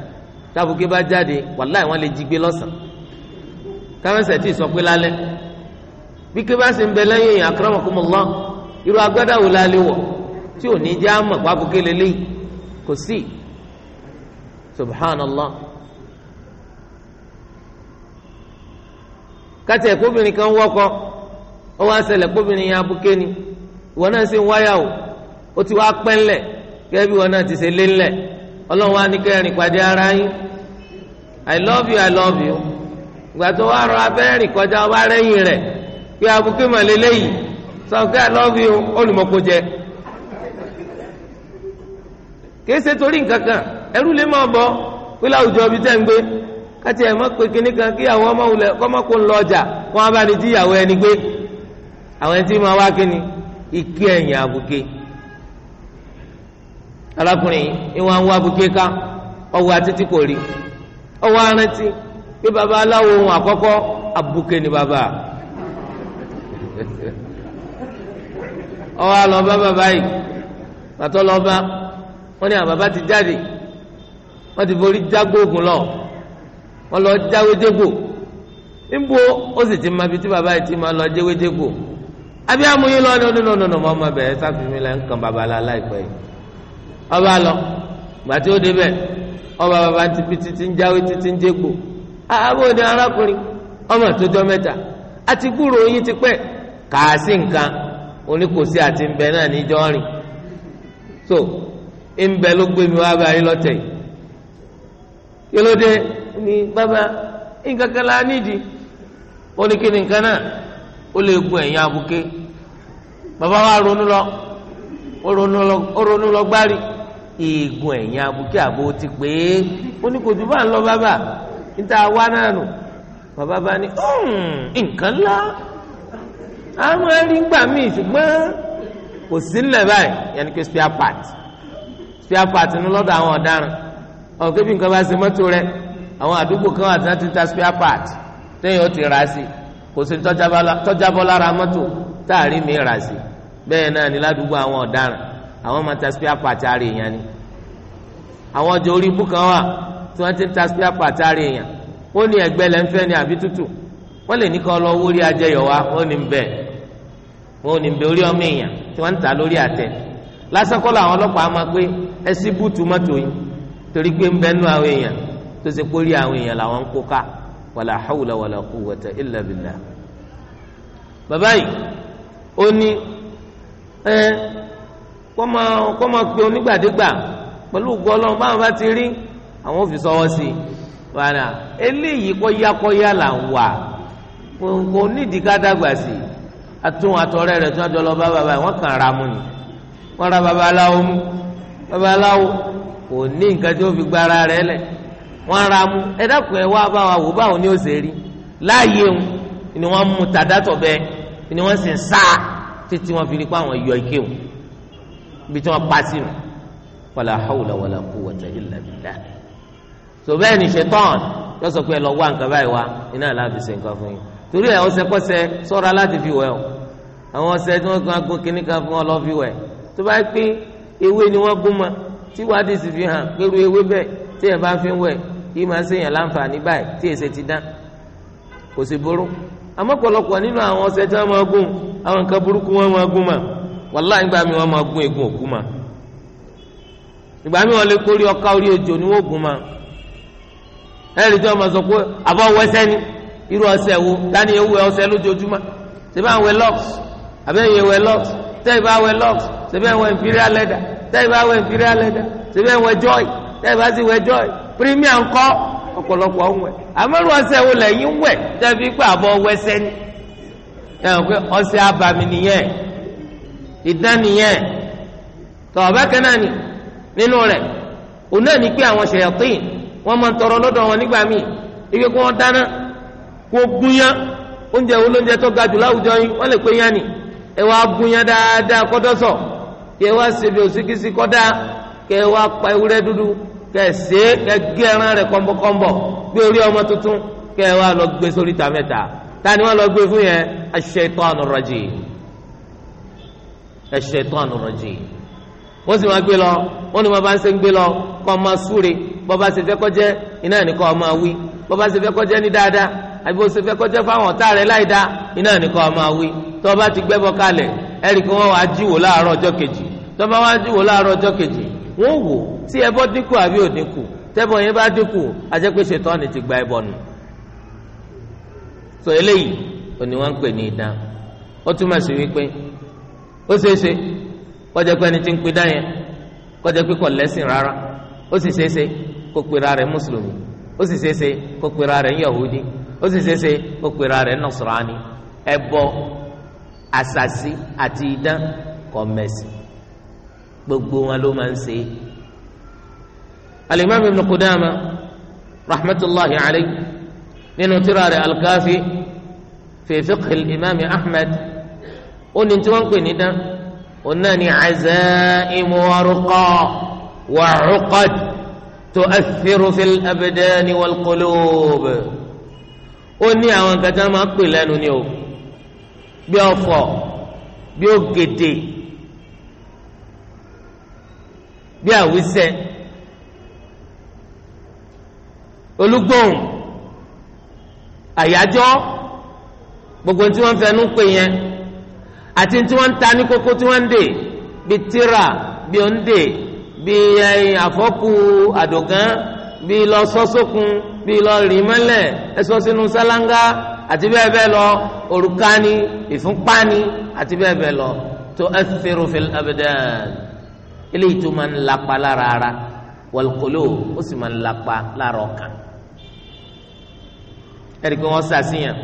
tábùké bá jáde wàláì wọn lè jí gbé lọ́sàn-án tí ì sọ pé lálẹ́ bí ké bá sì ń bẹ lẹ́yìn àkàràmọ̀kùmọ̀ lọ́ọ́ irú agbádá wo la lè wọ̀ tí ò ní jẹ́ àmọ̀ pàbùkẹ́ lélẹ́yìn kò sí subhanallah kátì ẹ̀ kan wọ́kọ ó wá ṣẹlẹ̀ kóbìnrin yẹn ni ìwọ náà sì ń wáyà o ó ti wá pẹ́ńlẹ̀ gẹ́gẹ́ bí ìwọ náà ti ṣe lé ńlẹ̀ ọlọ́run wá ní kẹrin pàdé ara yín i love you i love you ìgbà tó wá rọ kọjá ọba rẹ̀ pé mọ̀ sọ̀kẹ́ i love you olùmọ̀kò jẹ kìí ṣe torí nǹkan kan ẹrú lè máa bọ̀ pé láwùjọ ibi tẹ́ ń gbé káti ẹ̀ mọ́ pé kinní kan kí àwọn ọmọ wulẹ̀ kọ́ mọ́ kó lọ ọjà kó wọn bá ní tí ìyàwó ẹni gbé àwọn ẹni tí máa wá kíni ike ẹ̀yìn àbùké alákùnrin yìí wọn wá àbùké ká ọwọ́ àtẹ́tí kò rí ọwọ́ arántí pé baba aláwo ohun àkọ́kọ́ àbùké ni baba. <laughs> ọwọ alọ bá bàbá yìí pàtó lọ́ bá wọ́n ní àbàbá ah, ti jáde wọn ti forí jágbó lọ wọ́n lọ jáwédégbò níbo ó sì ti ma bi tí bàbá yìí ti ma lọ jáwédégbò àbí amúyín lọ ní onínú ọ̀nà mọ́ ọmọ bẹ̀rẹ̀ sáfìmí la ń kan babalá láìpẹ́ ọba lọ ó ọba bàbá ti fi títí ń jáwé títí ń ah, àbò ní arákùnrin ọmọ tó jọ àti ti kàá sí oníkòsí àti ńbẹ náà níjọ́ rìn so ńbẹ ló gbé mi wá bá yín lọ́tẹ̀ yìí kí ló bàbá ẹ̀yìn abuké bàbá wa ronú lọ ó ronú lọ gbárí ẹ̀yìn abuké àbò ti pé ó bá ń lọ bàbá níta wá náà nù bàbá bá ní àwọn arígbà míì ṣùgbọ́n kò sí nílẹ̀ báyìí yẹn ni pé spare part spare part ní lọ́dọ̀ àwọn ọ̀daràn ọ̀hún kébì nǹkan bá ṣe mọ́tò rẹ àwọn àdúgbò kan àti náà ti ta spare part téèyàn ó ti rà sí kò sí tọ́jábọ́ lára mọ́tò táàrí mi rà sí bẹ́ẹ̀ náà ni ládùúgbò àwọn ọ̀daràn àwọn máa ta spare part ara èèyàn ni àwọn ọjọ́ orí ibú kan wà tí wọ́n ti ta spare part ara èèyàn ó ní ẹ̀gbẹ́ lẹ́ńfẹ́ ni àbí tútù wọ́n lè ní kọ́ lọ wórí ajẹyọ̀ wa ó ní bẹ́ẹ̀ wọn ò ní bẹ orí ọmọ èèyàn tí wọ́n ń ta lórí àtẹ lásán kọ́ làwọn ọlọ́pàá máa pé ẹ sí búùtù mọ́tò yìí torí pé ń bẹnu àwọn èèyàn tó ṣe pé orí àwọn èèyàn làwọn ń kó ká wàlà hàwùlà wàlà quwwata illa billah. bàbá yìí ó ní ẹ kọ́ máa pe onígbàdégbà pẹ̀lú ògùn ọlọ́run báwọn bá ti rí àwọn ò fi sọwọ́ sí i wàhálà eléyìí kọ́ yá kọ́ yá là ń wà kò nídìí ká dàgbà sí i atún àtọ̀rẹ́ rẹ̀ tí wọ́n dọ́lọ́ bá bàbá wọn kàn ra mu ni wọ́n ra bàbá aláwo mu bàbá aláwo kò ní nǹkan tí ó fi gba ara rẹ̀ lẹ̀ wọ́n ra mu ẹ dákun wá bá wa wò báwo ni ó ṣe rí láàyè wọn ni wọ́n mú tàdátọ̀ bẹ́ẹ̀ ni wọ́n sì ń sá títí wọ́n fi rí pé àwọn yọ ike wọn ibi tí wọ́n pa sí wọn wala hawla wala quwwata illa billah tó bẹ́ẹ̀ ni ṣetán yọ sọ pé ẹ lọ wá nǹkan báyìí wá iná láti ṣe nǹkan fún yín torí ẹ ọsẹ kọsẹ láti fi wẹ̀ ọ́ àwọn ọṣẹ tí wọ́n kàn gún kínní kan fún ọ lọ fi wẹ̀ tó bá pé ewé ni wọ́n gún ma tí wádìí sì fi hàn pẹ̀lú ewé bẹ́ẹ̀ tí ẹ bá fi ń wẹ̀ yìí máa ṣèyàn láǹfààní báyìí tí èsè ti dán kò sì burú àmọ́ pọ̀lọpọ̀ nínú àwọn ọṣẹ tí wọ́n máa gún àwọn nǹkan burúkú wọ́n máa gún ma wàláhì ìgbà mi wọ́n máa gún egun òkú ma ìgbà mi wọ́n lè kórè ọkà orí ejò ni wọ́n gún ma ẹ̀rì tí wọ́n máa sọ pé àbọ̀ wẹ́sẹ́ ni irú ọṣẹ wo dání ewu ọṣẹ lójoojúmọ́ Abe àbẹ́yẹ wẹ lọ́ọ̀sì tẹ́yì bá wẹ lọ́ọ̀sì tẹ́yì wẹ imperial leather tẹ́yì bá wẹ imperial leather tẹ́yì wẹ joy tẹ́yì bá sì wẹ joy premier ńkọ́ ọ̀pọ̀lọpọ̀ ń wẹ̀ àmọ́rù ọ̀sẹ̀ wo lẹ́yìn wẹ̀ tẹ́bi pé àbọ̀ wẹsẹ̀ ni ẹ̀hún pé ọ̀sẹ̀ abàmì nìyẹn ìdán nìyẹn tọ̀ ọ̀bẹ́ kẹ́nà ni nínú rẹ̀ òun náà ní pé àwọn ṣèyàtìn wọ́n máa ń tọrọ lọ́dọ̀ wọn nígbà míì ibi kí wọ́n dáná kó gúnyán oúnjẹ wo lóúnjẹ tó ga jù láwùjọ yín wọ́n lè pé yán ẹ wá gúnyán dáadáa kọ́dọ́sọ̀ kẹ wá ṣèbí òsíkísí kọ́dá kẹ wá pa ewúrẹ́ dúdú kẹ ṣe é kẹ gé ẹran rẹ̀ kọ́ńbọ́kọ́ńbọ́ gbé orí ọmọ tuntun kẹ wá lọ gbé sórí ta mẹ́ta ta ni wọ́n lọ gbé fún yẹn aṣ-ṣaytanu rajim aṣ-ṣaytanu rajim wọ́n sì máa gbé lọ wọ́n ní wọ́n bá ń ṣe gbé lọ kọ́ ọ máa súre bọ́ bá ṣe fẹ́ kọjẹ́ iná ní kọ́ ọ máa wí bọ́ bá ṣe fẹ́ kọjẹ́ ní dáadáa àbí bó ṣe fẹ́ kọjẹ́ fáwọn ọ̀tá rẹ̀ láì dá iná ní kọ́ ọ máa wí tó bá ti gbẹ́bọ kalẹ̀ ẹ̀rí kí wọ́n wá jíwò láàárọ̀ ọjọ́ kejì tó bá wá jíwò láàárọ̀ ọjọ́ kejì wọ́n wò tí ẹbọ dínkù àbí ò dínkù tẹ́bọ yẹn bá dínkù ajẹ́ pé ṣètọ́ni ti gba ẹbọ nù. sọ eléyìí òní wọ́n ń pè ní idán ó túmọ̀ sí wípé ó ṣeé kọjá pé ẹni tí ń pidán yẹn kọjá pé kò lẹ́sìn rárá ó sì ṣeé kó pera rẹ̀ mùsùlùmí ó sì ṣeé kó pera rẹ̀ yahudi ó sì ṣeé ṣe kó pera rẹ̀ nọ̀sùránì àṣàṣì àti idán kọmẹsì gbogbo wọn ló máa ń ṣe. alimami ibn Qudama rahmatulahi alayhi nínú tírà rẹ̀ alkaafi fi fiqhil imami ahmed ó ní tí wọ́n ń pè ní dán òun náà ní wa uqad tu'athiru fil abdani wal qulub ó àwọn kan máa ń pè lẹ́nu o bí ọ̀fọ̀ bí ògèdè bí àwísẹ olúgbòhùn àyájọ́ gbogbo tí wọ́n fẹnu pè yẹn àti tí wọ́n ń ta ní kókó tí wọ́n ń dè bí tíra bí òǹdè bí àfọ́kù àdògán bí lọ sọ́sọ́kun bí lọ rìn mọ́lẹ̀ ẹ̀sọ́ sínú sálángá àti bẹ́ẹ̀ bẹ́ẹ̀ lọ òrùka ni ìfúnpá ni àti bẹ́ẹ̀ bẹ́ẹ̀ lọ tu'athiru fil abdan eléyìí tó máa ń lapa lára ara wal qulub ó sì máa ń lapa lára ọkàn ẹ̀rí pé wọ́n ṣàṣìyàn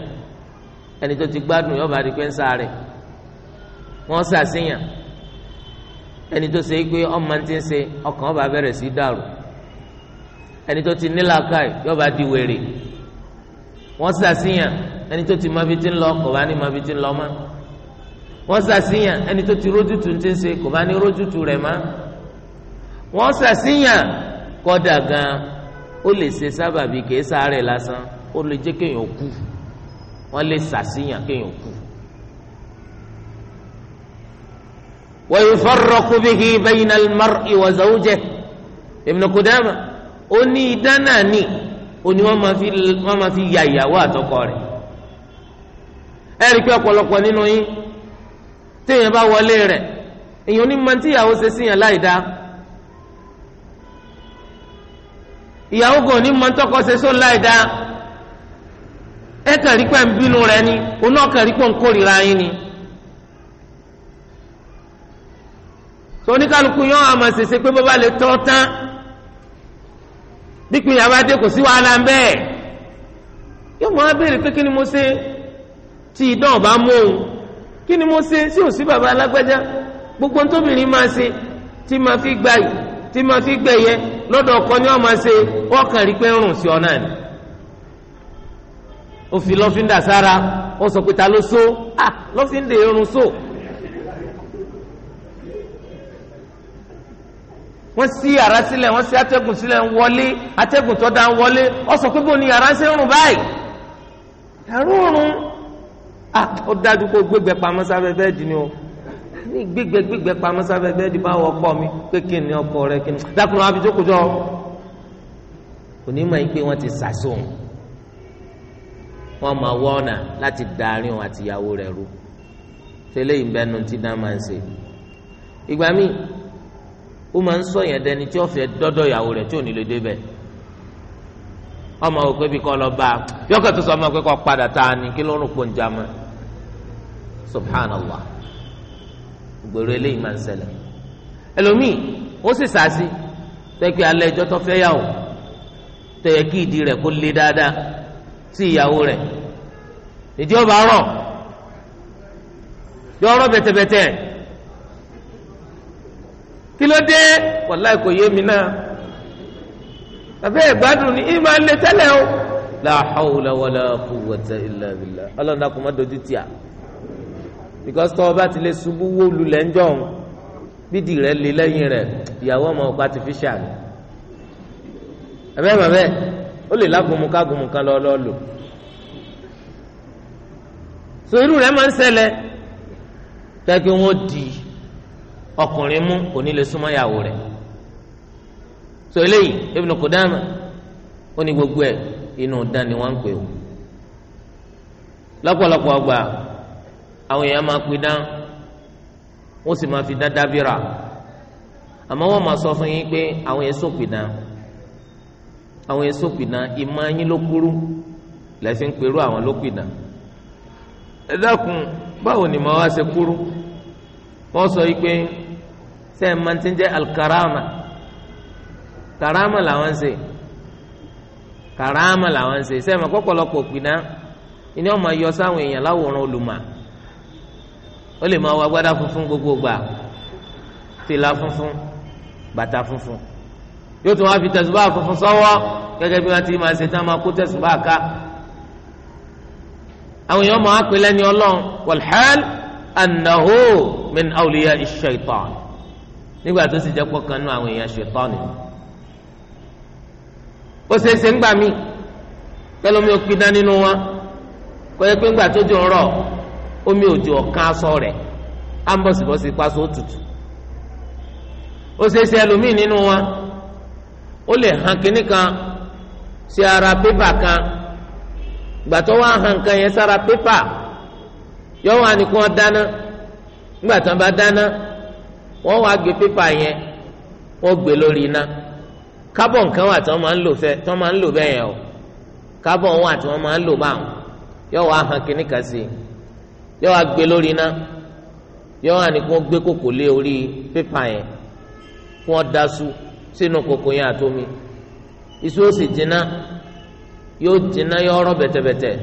ẹni tó ti gbádùn yọ̀ọ́ bá pé ń sáré wọ́n ṣàṣìyàn ẹni tó ṣe é pé ọmọ ti ń ṣe ọkàn ọba bẹ̀rẹ̀ sí dàrú ẹni tó ti nílàkàì yọ̀ọ́ bá di wèrè wọ́n ṣàṣìyàn ẹni tó ti mọ ibi tí ń lọ kò bá ní mọ ibi tí ń lọ mọ́ wọ́n ṣàṣìyàn ẹni tó ti rójútu ti ń ṣe kò bá ní rójútu rẹ̀ mọ́ wọ́n ṣàṣìyàn kọ́dà gan ó lè ṣe sábàbí kìí sáré lásán ó lè jẹ́ kéèyàn kú wọ́n lè ṣàṣìyàn kéèyàn kú. ويفرق به بين المرء وزوجه ابن قدامة ó ní idán ni ó ní wọ́n máa fi ya ìyàwó àtọkọ rẹ̀ ẹ rí i pé ọ̀pọ̀lọpọ̀ nínú yín téèyàn bá wọlé rẹ̀ èèyàn ní mọ tí ìyàwó ṣe síyàn láì dá ìyàwó kò ní mọ tọkọ ṣe sóun láì dá ẹ kàn rí pé ń bínú rẹ̀ ni òun kàn rí pé ń kórìíra yín ni. tó yọ àmọ̀ ṣèṣe pé bó bá lè tọ́ tán. dípò ìyàwó adé kò sí wàhálà ń bẹ́ẹ̀ yóò mọ abéèrè pé kí ni mo ṣe tí ọba mú òun kí ni mo ṣe sí òsì bàbá alágbájá gbogbo ntóbìnrin máa ṣe tí máa fi gbà yìí tí fi gbẹ̀yẹ lọ́dọ̀ ni wọ́n máa ṣe wọ́n rí pé ń rùn ọ náà ni òfin lọ́fíńdà sára ó sọ pé ta ló so ah wọ́n ṣí yàrá sílẹ̀ wọ́n ṣí atẹ́gùn sílẹ̀ ń wọlé atẹ́gùn tó dá ń wọlé ó sọ pé bó ni yàrá ṣe ń rùn báyìí yàrá òrùn ah, ó dájú kó gbégbé pamọ́ sábẹ́ bẹ́ẹ̀dì ni o ní gbégbé gbégbé pamọ́ sábẹ́ bẹ́ẹ̀dì bá wọ ọkọ mi pé kí ni ọkọ rẹ kí ni dákùnrin wa fi jókòó jọ onímọ̀ yìí pé wọ́n ti sàṣọ̀hún wọ́n máa wọ́ ọ̀nà láti darin àtìyàwó rẹ̀ ru tẹ́lẹ̀ ìbẹ́nu ti dá máa ń ṣe ìgbà míì ó máa ń sọ yẹn dẹni tí ó fẹ́ ìyàwó rẹ̀ tí ò ní lè débẹ̀ ọmọ òkú ibi kọ́ lọ bá a tó sọ ọmọ padà tá a ní kí ló ń ń subhanallah gbèrò eléyìí máa ń ṣẹlẹ̀ ẹlòmíì ó sì sàásì tẹ́kí alẹ́ ẹjọ́ tó fẹ́ yàwó kí ìdí kó lé dáadáa sí ìyàwó ìdí ọba yọ kí ló dé wàláì kò yé mi náà àbẹ́ ìgbádùn ni ìmọ̀ ẹ̀ lè tẹ́lẹ̀ o la hawla wala quwwata illa billah ọlọ́run dàkú má dojú tì á because tọ́ ọ bá ti lè ṣubú wó lulẹ̀ ń jọ̀hún bídì rẹ̀ lé lẹ́yìn rẹ̀ ìyàwó ọmọ ọ̀pá ti fi ṣàlù ó lè lágùnmu kágùnmu kan lọ lọ so irú rẹ̀ máa ń ṣẹlẹ̀ tẹ́kí wọ́n di ọkùnrin mú kò ní lè súnmọ́ ìyàwó rẹ̀ so eléyìí Ibn Qudama ó ní gbogbo ẹ̀ inú dán ni wọ́n ń pè o lọ́pọ̀lọpọ̀ ọgbà àwọn èèyàn máa pin dán wọ́n sì máa fi dán dábìrà àmọ́ wọ́n máa sọ fún yín pé àwọn èso pìdán àwọn èso pìdán ìmọ̀ yín ló kúrú lẹ́sìn ń perú àwọn ló pìdán ẹ dákun báwo ni màá wá ṣe kúrú wọ́n sọ yìí pé sẹ́yìn máa ti ń jẹ́ alkarama karama làwọn ń ṣe karama làwọn ń ṣe sẹ́yìn máa kọ́kọ́lọ́pọ̀ pìnà ìní ọmọ yọ sáwọn èèyàn láwòrán olùmọ̀ ó lè máa wọ agbádá funfun gbogbo gbà fìlà funfun bàtà funfun yóò tún wá fi tẹ̀sùbá funfun sọ́wọ́ gẹ́gẹ́ bí wọ́n ti máa ṣe tán máa kó tẹ̀sùbá ká àwọn èèyàn máa pè lẹ́ni ọlọ́run wal hal min awliya ash nígbà tó sì jẹ́ pọ́kan náà àwọn èèyàn ṣètọ́nù ó ṣeéṣe ń gbà mí òpin dá nínú wọn kò yẹ pé ńgbà tó jò rọ̀ omi òjò ọ̀kan aṣọ rẹ̀ á ń bọ̀sibọ̀si paṣọ òtútù ó ẹlòmíì nínú wọn ó lè hàn kan sí ara pépà kan ìgbà tó wá hàn kan yẹn sára pépà yọ wà ní kí wọ́n wọ́n wá gbé pépà yẹn wọ́n gbé lórí iná carbon kan wà tí wọ́n máa ń lò fẹ́ tí wọ́n máa ń lò bẹ́ẹ̀ yẹn o carbon wà tí wọ́n máa ń lò báwọn yọ wá hàn kíní kan sí i yọ wá gbé lórí iná yọ wá ní kí wọ́n gbé kòkò lé orí pépà yẹn kí wọ́n daṣu sínú kòkò yẹn àtomi iṣu ó sì jiná yóò jiná yọ ọ̀rọ̀ bẹ̀tẹ̀bẹ̀tẹ̀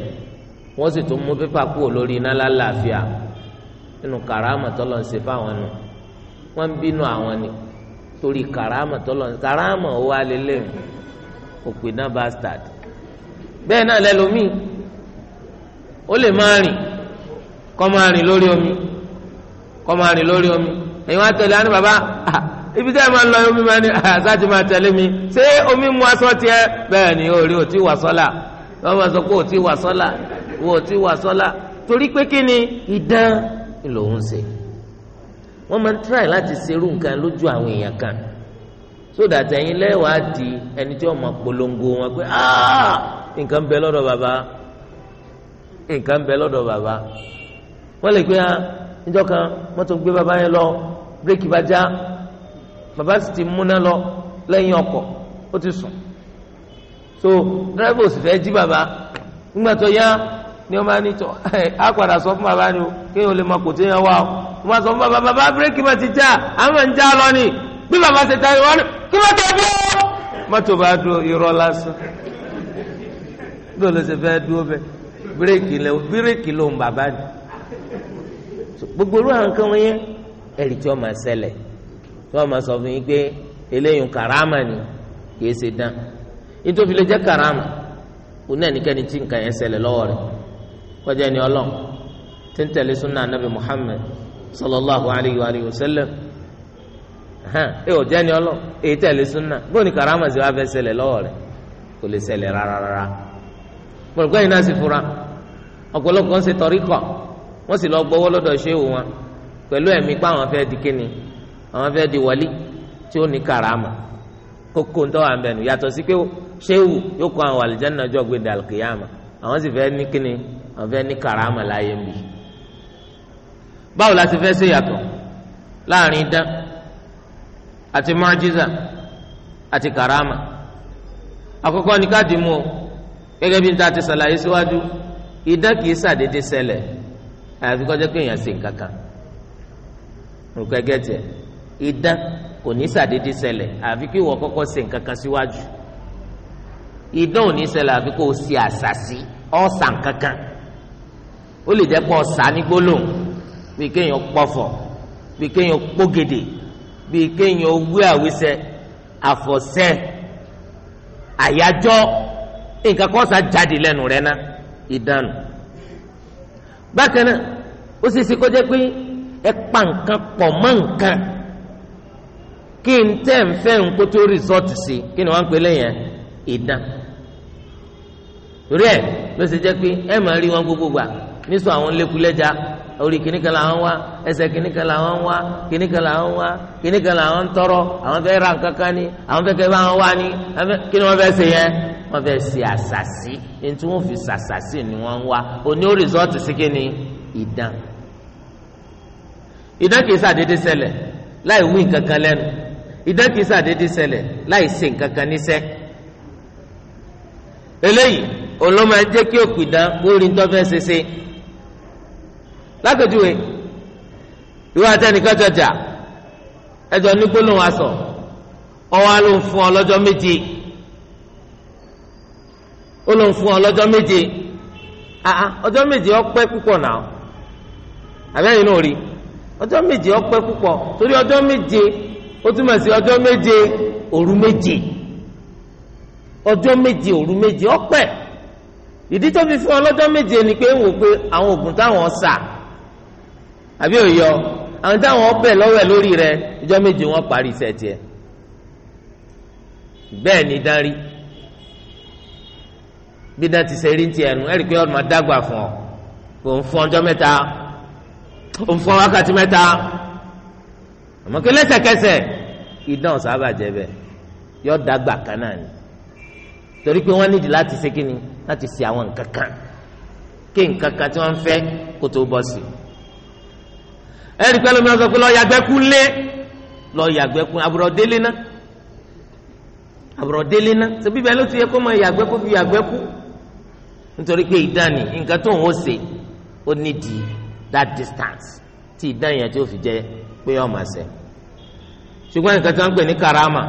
wọ́n sì tún mú pépà kúrò lórí iná lálàáfíà nínú kàrámà tọ́lọ́ ń ṣe fáwọn nù. wọ́n ń bínú àwọn ni torí karama tọ́lọ̀ ní karama ó wá lélẹ̀ òpè náà bastard bẹ́ẹ̀ náà lẹ́lòmíì ó lè máa rìn kọ́ máa rìn lórí omi kọ́ máa rìn lórí omi èyí wọ́n tẹ̀lé àní bàbá ah, ibi tẹ́ ẹ máa ń lọ omi máa ní àṣàtì ah, máa tẹ̀lé mi ṣé omi mu aṣọ tiẹ̀ bẹ́ẹ̀ ni o rí o ti wà sọ́là wọ́n máa sọ pé o ti wà sọ́là o ti wà sọ́là torí pé kí ni ìdán lòún ṣe wọ́n máa ń try láti serú nǹkan lójú àwọn èèyàn kan so that ẹ̀yin lẹ́wàá di ẹni tí wọ́n máa polongo wọn pé ah, nǹkan bẹ lọ́dọ̀ bàbá nǹkan bẹ lọ́dọ̀ bàbá wọ́n lè pé ha ah, níjọ́ kan mọ́tò gbé bàbá yẹn lọ bírèkì bá já bàbá sì ti múná lọ lẹ́yìn ọkọ̀ ó ti sùn so dírẹ́fà ò sì fẹ́ jí bàbá nígbà tó yá ni wọ́n máa ní tọ́ ẹ̀ <laughs> á padà sọ fún bàbá ni o kéèyàn lè máa kò tí wá o. tó sọ fún bàbá bàbá bírèkì mà ti já àmà ń já lọ ni bí bàbá ṣe ta ìwọ ni kí mọ́tò dúró mọ́tò bá dúró irọ́ lásán ṣe dúró bírèkì bàbá ni gbogbo irú àwọn kan wọ́n yẹn tí wọ́n máa ṣẹlẹ̀ tí wọ́n máa sọ fún yín pé eléyìí karama ni kìí ṣe dán karama òun náà tí nǹkan yẹn kọjá ni tí ń tẹ̀lé Muhammad sallallahu alayhi wa sallam ẹ ò jẹ́ ni ọlọ́ èyí tẹ̀lé súnà bó ni karama sì wá fẹ́ ṣẹlẹ̀ lọ́wọ́ rẹ̀ kò lè ṣẹlẹ̀ rárá pọ̀lùkọ́ yìí náà sì fura ọ̀pọ̀lọpọ̀ ń ṣe tọ̀rí kọ̀ wọ́n sì lọ gbọ́wọ́ lọ́dọ̀ ṣéwù wọn pẹ̀lú ẹ̀mí pé àwọn fẹ́ di kíni àwọn fẹ́ di wọlé tí ó ní karama kókó ń tọ́wọ́ àbẹ̀nu yàtọ̀ sí pé ṣéwù yóò kó àwọn àlùjáde náà jọ gbé dàlùkìyàmà àwọn sì fẹ́ ní kíni àwọn fẹ́ ní karama láyé mi báwo la ti fẹ́ ṣe yàtọ̀ láàrin idán àti mọ́jísà àti karama àkọ́kọ́ ni ká dìímú o gẹ́gẹ́ bí n ta ti sàlàyé síwájú idán kìí ṣàdédé ṣẹlẹ̀ àyàfi kọjá pé èèyàn ṣe nǹkan kan nǹkan gẹ́tì ẹ̀ idán kò ní ṣàdédé ṣẹlẹ̀ àfi kí ìwọ kọ́kọ́ ṣe nǹkan kan síwájú idán ò ní ṣẹlẹ̀ àfi kó o ṣe àṣàṣì ọ̀sà nǹkan ó lè jẹ́ pé ọ̀sà ní gbólóhùn bíi kéèyàn pọ̀fọ̀ bíi kéèyàn pọ́gèdè bíi kéèyàn wí àwísẹ àfọ̀sẹ́ àyájọ́ nǹkan kan sá jáde lẹ́nu rẹ̀ ná ìdánù bákan náà ó sì ṣe kó jẹ́ pé ẹ pa nǹkan pọ̀ mọ́ nǹkan kí n tẹ́ ń fẹ́ nǹkó tó rìsọ́ọ̀tì sí kí ni wọ́n ń pè lẹ́yìn ìdán torí ẹ ló ṣe gbogbo gbà nísò àwọn orí kìnnìkan làwọn wá ẹsẹ̀ kìnnìkan làwọn wá kìnnìkan làwọn wá kìnnìkan làwọn ń tọrọ àwọn fẹ́ ra nǹkan kan ni àwọn fẹ́ kẹ́ bá wá ni kí ni wọ́n fẹ́ ṣe yẹn wọ́n fẹ́ ṣe àṣàṣì ní tí fi ṣàṣàṣì ni wọ́n ń wá òní ó rìsọ́ọ̀tì sí kí ni ìdán ìdán kìí ṣàdédé ṣẹlẹ̀ láì wí nǹkan kan lẹ́nu ìdán kìí ṣàdédé ṣẹlẹ̀ láì ṣe nǹkan kan eléyìí olóma jẹ́ kí òkùdán kó rí ní fẹ́ ṣe ṣe lápẹjúwe ìwé àtẹnìkan jọjà ẹjọ ní gbólóhùn aṣọ ọwọ ló ń fún ọ lọ́jọ́ méje ó ló ń fún ọ lọ́jọ́ méje àà ọjọ́ méje ọpẹ́ púpọ̀ náà àbẹ́yìn náà rí ọjọ́ méje ọpẹ́ púpọ̀ torí ọjọ́ méje ó túmọ̀ sí ọjọ́ méje òru méje ọjọ́ méje òru méje ọpẹ́ ìdí tó fi fún ọ lọ́jọ́ méje ni pé ń wò pé àwọn oògùn táwọn sà àbí òye ọ àwọn táwọn ọbẹ̀ lọ́wọ́ ẹ̀ lórí rẹ ìjọ méje wọn parí iṣẹ́ tiẹ̀ bẹ́ẹ̀ ni dárí bí dá ti ṣe rí ti ẹnu ẹ̀rí pé ọ̀nà máa dágbà fún ọ kò ń fún ọjọ́ mẹ́ta ó ń fún wákàtí mẹ́ta àmọ́ kí lẹ́sẹ̀kẹsẹ̀ idán ọ̀sán àbàjẹ́ bẹ́ẹ̀ yọ dàgbà kan ni torí pé wọ́n nídìí láti ṣe kí ni láti ṣe àwọn nǹkan kan kí nǹkan kan tí wọ́n ń fẹ́ kó tó bọ́ sí i. ẹ̀rí pẹ́ lómi ọ̀sán pé lọ́ọ́ yàgbẹ́kú lé lọ́ọ́ yàgbẹ́kú àbúrò délé ná àbúrò délé bẹ́ẹ̀ ló ti yẹ kó mọ yàgbẹ́kú fi yàgbẹ́kú nítorí pé ìdánì nǹkan tó ń wò ṣe ó nídìí that distance tí ìdánì yẹn tí ó fi jẹ pé ọmọ ṣẹ ṣùgbọ́n nǹkan tí wọ́n ń karama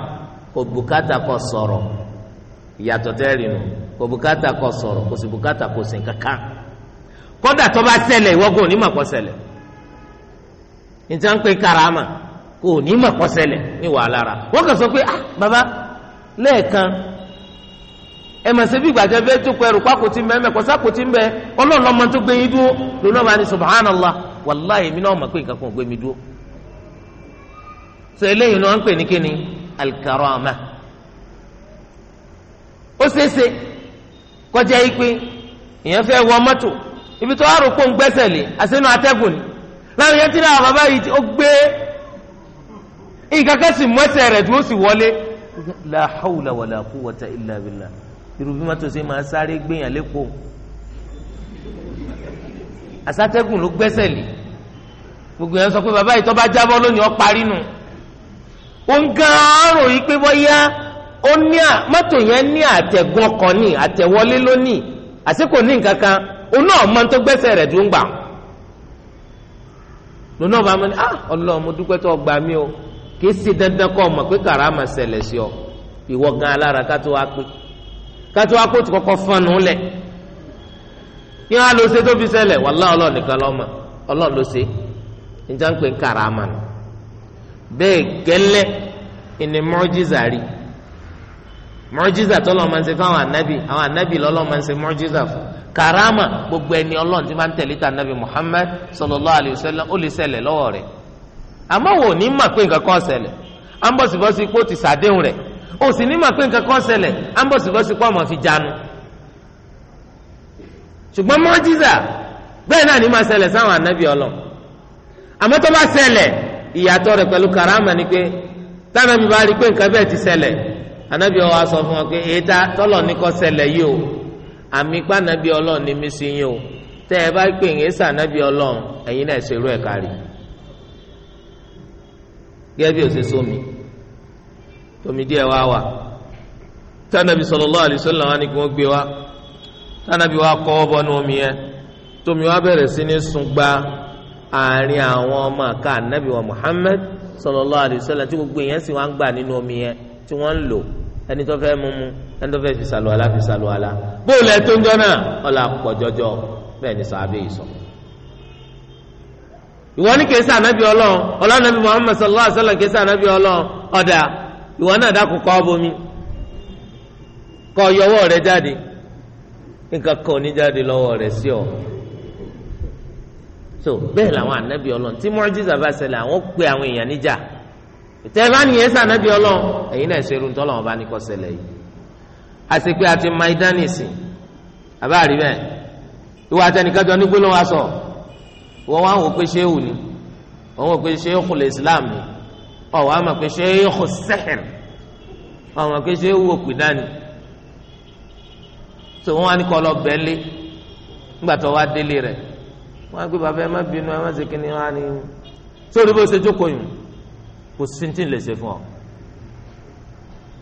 kò bùkátà kò sọ̀rọ̀ ìyàtọ̀ nù kò bùkátà kò sọ̀rọ̀ kò sì bùkátà kò níta ń pè karama kò ní ma kọ́sẹ̀lẹ̀ ní wàhálà ra wọn kàn sọ pé ah baba lẹ́ẹ̀kan ẹ mà ṣe bí gbàjẹ́ tó pẹ̀rù kó àkótí mbẹ́ mẹ́kọ́ sákòtí mbẹ́ tó dúró bá ní subhanallah wàláyé mi náà mọ̀ pé nǹkan kan mi dúró. sọ eléyìí náà ń pè ní kíni alkarama ó ṣeéṣe kọjá yìí pé èèyàn fẹ́ wọ ibi tó ń lé láwọn yẹn tí náà bàbá yìí ó gbé nǹkan kan sì mọ́sẹ̀ rẹ̀ tí ó sì wọlé la hawla wala quwwata illa billah irú bí mọ́tò ṣe máa sáré gbéyàn lẹ́kọ̀ọ́ àsátẹ́gùn ló gbẹ́sẹ̀ lé gbogbo yẹn sọ pé bàbá yìí tó bá jábọ́ lónìí ó parí nù ó ń gan àárò yìí pé bọ́yá ó ní à mọ́tò yẹn ní àtẹ̀gùn ọkọ̀ ní àtẹ̀wọlé lónìí àsìkò ní nǹkan kan òun náà mọ́ tó gbẹ́sẹ̀ rẹ̀ tó ń gbà lónà ọba mi ni ah ọlọ́run mo dúpẹ́ tó gbà mí o kì í ṣe dandan kọ́ ọmọ pé kàràmà ṣẹlẹ̀ sí ọ ìwọ gan alára ká tó wá pé ká tó wá pé tó kọ́kọ́ fọ́nù lẹ̀ kí wọ́n á lọ ṣe tó fi ṣẹlẹ̀ wàlá ọlọ́run nìkan lọ́mọ ọlọ́run ló ṣe ń pè bẹ́ẹ̀ gẹ́lẹ́ mọ́jísà tọ́lọ́ máa ń ṣe fáwọn ànábì àwọn ànábì lọ́lọ́ máa ń ṣe mọ́jísà fún karama gbogbo ẹni ọlọ́run tí máa ń tẹ̀lé ta ànábì Muhammad sallallahu alayhi wa sallam ó lè ṣẹlẹ̀ lọ́wọ́ rẹ̀ àmọ́ wò ní mà pé nǹkan kan ṣẹlẹ̀ à ń bọ̀sibọ́sí pé ó ti sàdéhùn rẹ̀ ó sì ní mà pé nǹkan kan ṣẹlẹ̀ à ń bọ̀sibọ́sí pé ọmọ fi jánu ṣùgbọ́n mọ́jísà bẹ́ẹ̀ náà ní máa ṣẹlẹ̀ sáwọn ànábì ọlọ́run àmọ́ tó bá ṣẹlẹ̀ ìyàtọ̀ karama ni pé tánàbí bá rí pé nǹkan bẹ́ẹ̀ ti ṣẹlẹ̀ anabi ọwọ sọ fún wọn pé tọlọ ní kó ṣẹlẹ̀ yìí o àmì pa anabi Ọlọ́run ní mí tẹ ẹ bá pè ń èsà anabi Ọlọ́run ẹ̀yin náà ẹ kárí gẹ́gẹ́ bí òṣèṣe omi omi díẹ̀ wá wà tànàbí sallallahu alaihi wasallam wọn ni kí gbé wa tànàbí wa ní omi yẹn tómi bẹ̀rẹ̀ sí ní sun Muhammad tí gbogbo sì wá ń gbà nínú omi tí wọ́n ń lò ẹni tó fẹ́ mú ẹni tó fẹ́ fi ala fi sàlùwàlà bóòlù ẹ̀ ń jọjọ ni sọ. ìwọ ní kèésì ànábì ọlọ́run nàbí Muhammad sallallahu alaihi wasallam kèésì ànábì ọlọ́run ọ̀dà ìwọ náà kọ bomi rẹ jáde nǹkan ní jáde rẹ sí ọ so bá àwọn àwọn èèyàn níjà ìtẹ̀bá nìyẹn sànàbí ọlọ́run ẹ̀yin náà ṣerú ntọ́ lọ́wọ́ bá ní kọ́ ṣẹlẹ̀ yìí àsìkò àti maidanisi àbáàrí bẹ́ẹ̀ ìwà àtẹnìkájọ ní gbólóhùn aṣọ wọ́n wá wò pé ṣéwù ni wọ́n wò pé ṣéwù lè islam ni ọ̀ wọ́n á mọ̀ pé ṣéwù sẹ́hìn ọ̀ mọ̀ pé ṣéwù òpìdá ni tó wọ́n wá ní kọ́ lọ bẹ́ẹ̀lé nígbà tó wá délé rẹ̀ wọ́n á gbé bàbá ẹ má bínú ẹ má ṣe kíni wá ní kò sí tí ń lè ṣe fún ọ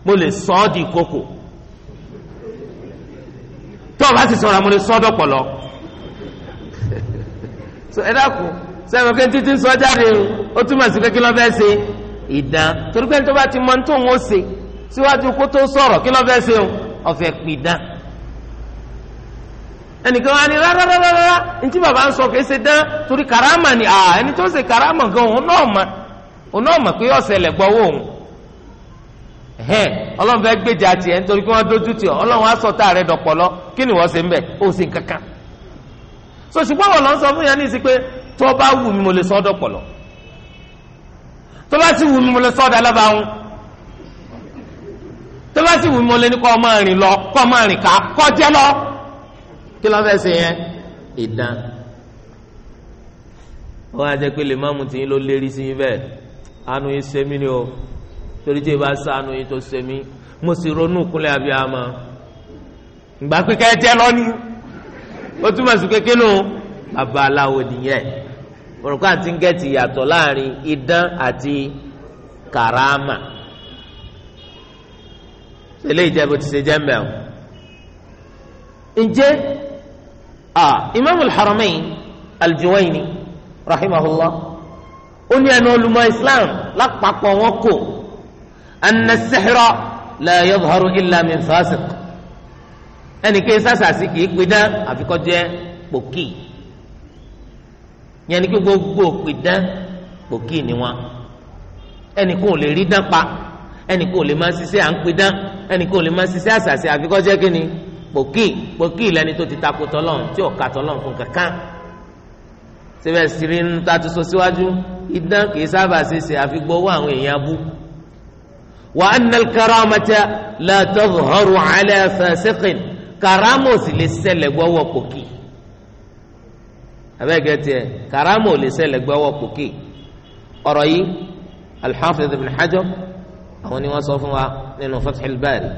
mo lè sọ ọ di koko tó o bá ti sọ̀rọ̀ mo lè sọ ọ dọ̀pọ̀lọ <laughs> so ẹ dákun sẹ́wọ̀n kí n títí sọ jáde ó túmọ̀ sí kékeré lọ́fẹ́ ṣe ìdán torí pé tó bá ti mọ ní tóun ó ṣe síwájú kó tó sọ̀rọ̀ kí lọ́fẹ́ ṣe ọ̀fẹ́ pìdán ẹnìkan wa ni rárá rárá rárá ntí bàbá ń sọ kì í ṣe dán torí karama ni ẹni tó ń ṣe karama gan òun náà mọ̀. oná ọmọ pé ọ̀sẹ̀lẹ̀ gbọ́wọ́ òun ẹ̀hẹ́n ọlọ́run fẹ́ gbèjà tiẹ̀ nítorí pé wọ́n dójú tiẹ̀ ọlọ́run á sọ tá a rẹ̀ dọ̀pọ̀lọ́ kí ni wọ́n ṣe ń bẹ̀ ó sì ń so ṣùgbọ́n wọ́n sọ fún yẹn ní ìsìn pé tó bá wù mí mo lè sọ dọ̀pọ̀lọ́ tó bá sì wù mí mo lè sọ ọ̀dà bá wù mí lọ kọ́ rìn lọ kí ṣe yẹn ìdán ó wá pé lè má mu àánú yín ṣe mí ni o torí tí ìbá sá àánú yín tó ṣe mí mo sì ronú kúnlẹ̀ abiyamọ ìgbà pé kẹ́ ẹ jẹ́ lọ́ní ó túmọ̀ sí pé kínú bàbá aláwo nìyẹn mọ̀rọ̀ kó àti ń yàtọ̀ láàrin idán àti kàràmà eléyìí jẹ́ bó ti ṣe jẹ́ mbẹ́ o ǹjẹ́ ah Imam al-Haramayn rahimahullah. onu ẹnu islam lápapọ̀ wọn kò anna sihra la yadhharu illa min fasiq sàṣàṣì kì í pidán àfikọ́ pòkì yẹn gbogbo pòkì ni wọn ẹnìkan lè rí dán pa lè máa ṣiṣẹ́ à ń pidán ẹnìkan lè a ṣiṣẹ́ àṣàṣì àfikọ́ jẹ́ ni pòkì pòkì lẹni tó ti takò tí ò fún kankan. síbẹ̀ sírí ń ta tó so síwájú idán kì í sábà ṣe ṣe àfi gbowó àwọn èèyàn bú. wa anna al-karamata la tadhharu ala fasiqin kàrámà ò sì lè ṣẹlẹ̀ gbọ́wọ́ pòkì. abẹ́gẹ́ tiẹ̀ kàrámà ò lè ṣẹlẹ̀ gbọ́wọ́ pòkì. ọ̀rọ̀ yìí al ibn Hajar àwọn ni wọ́n sọ fún wa nínú Fathul Bari.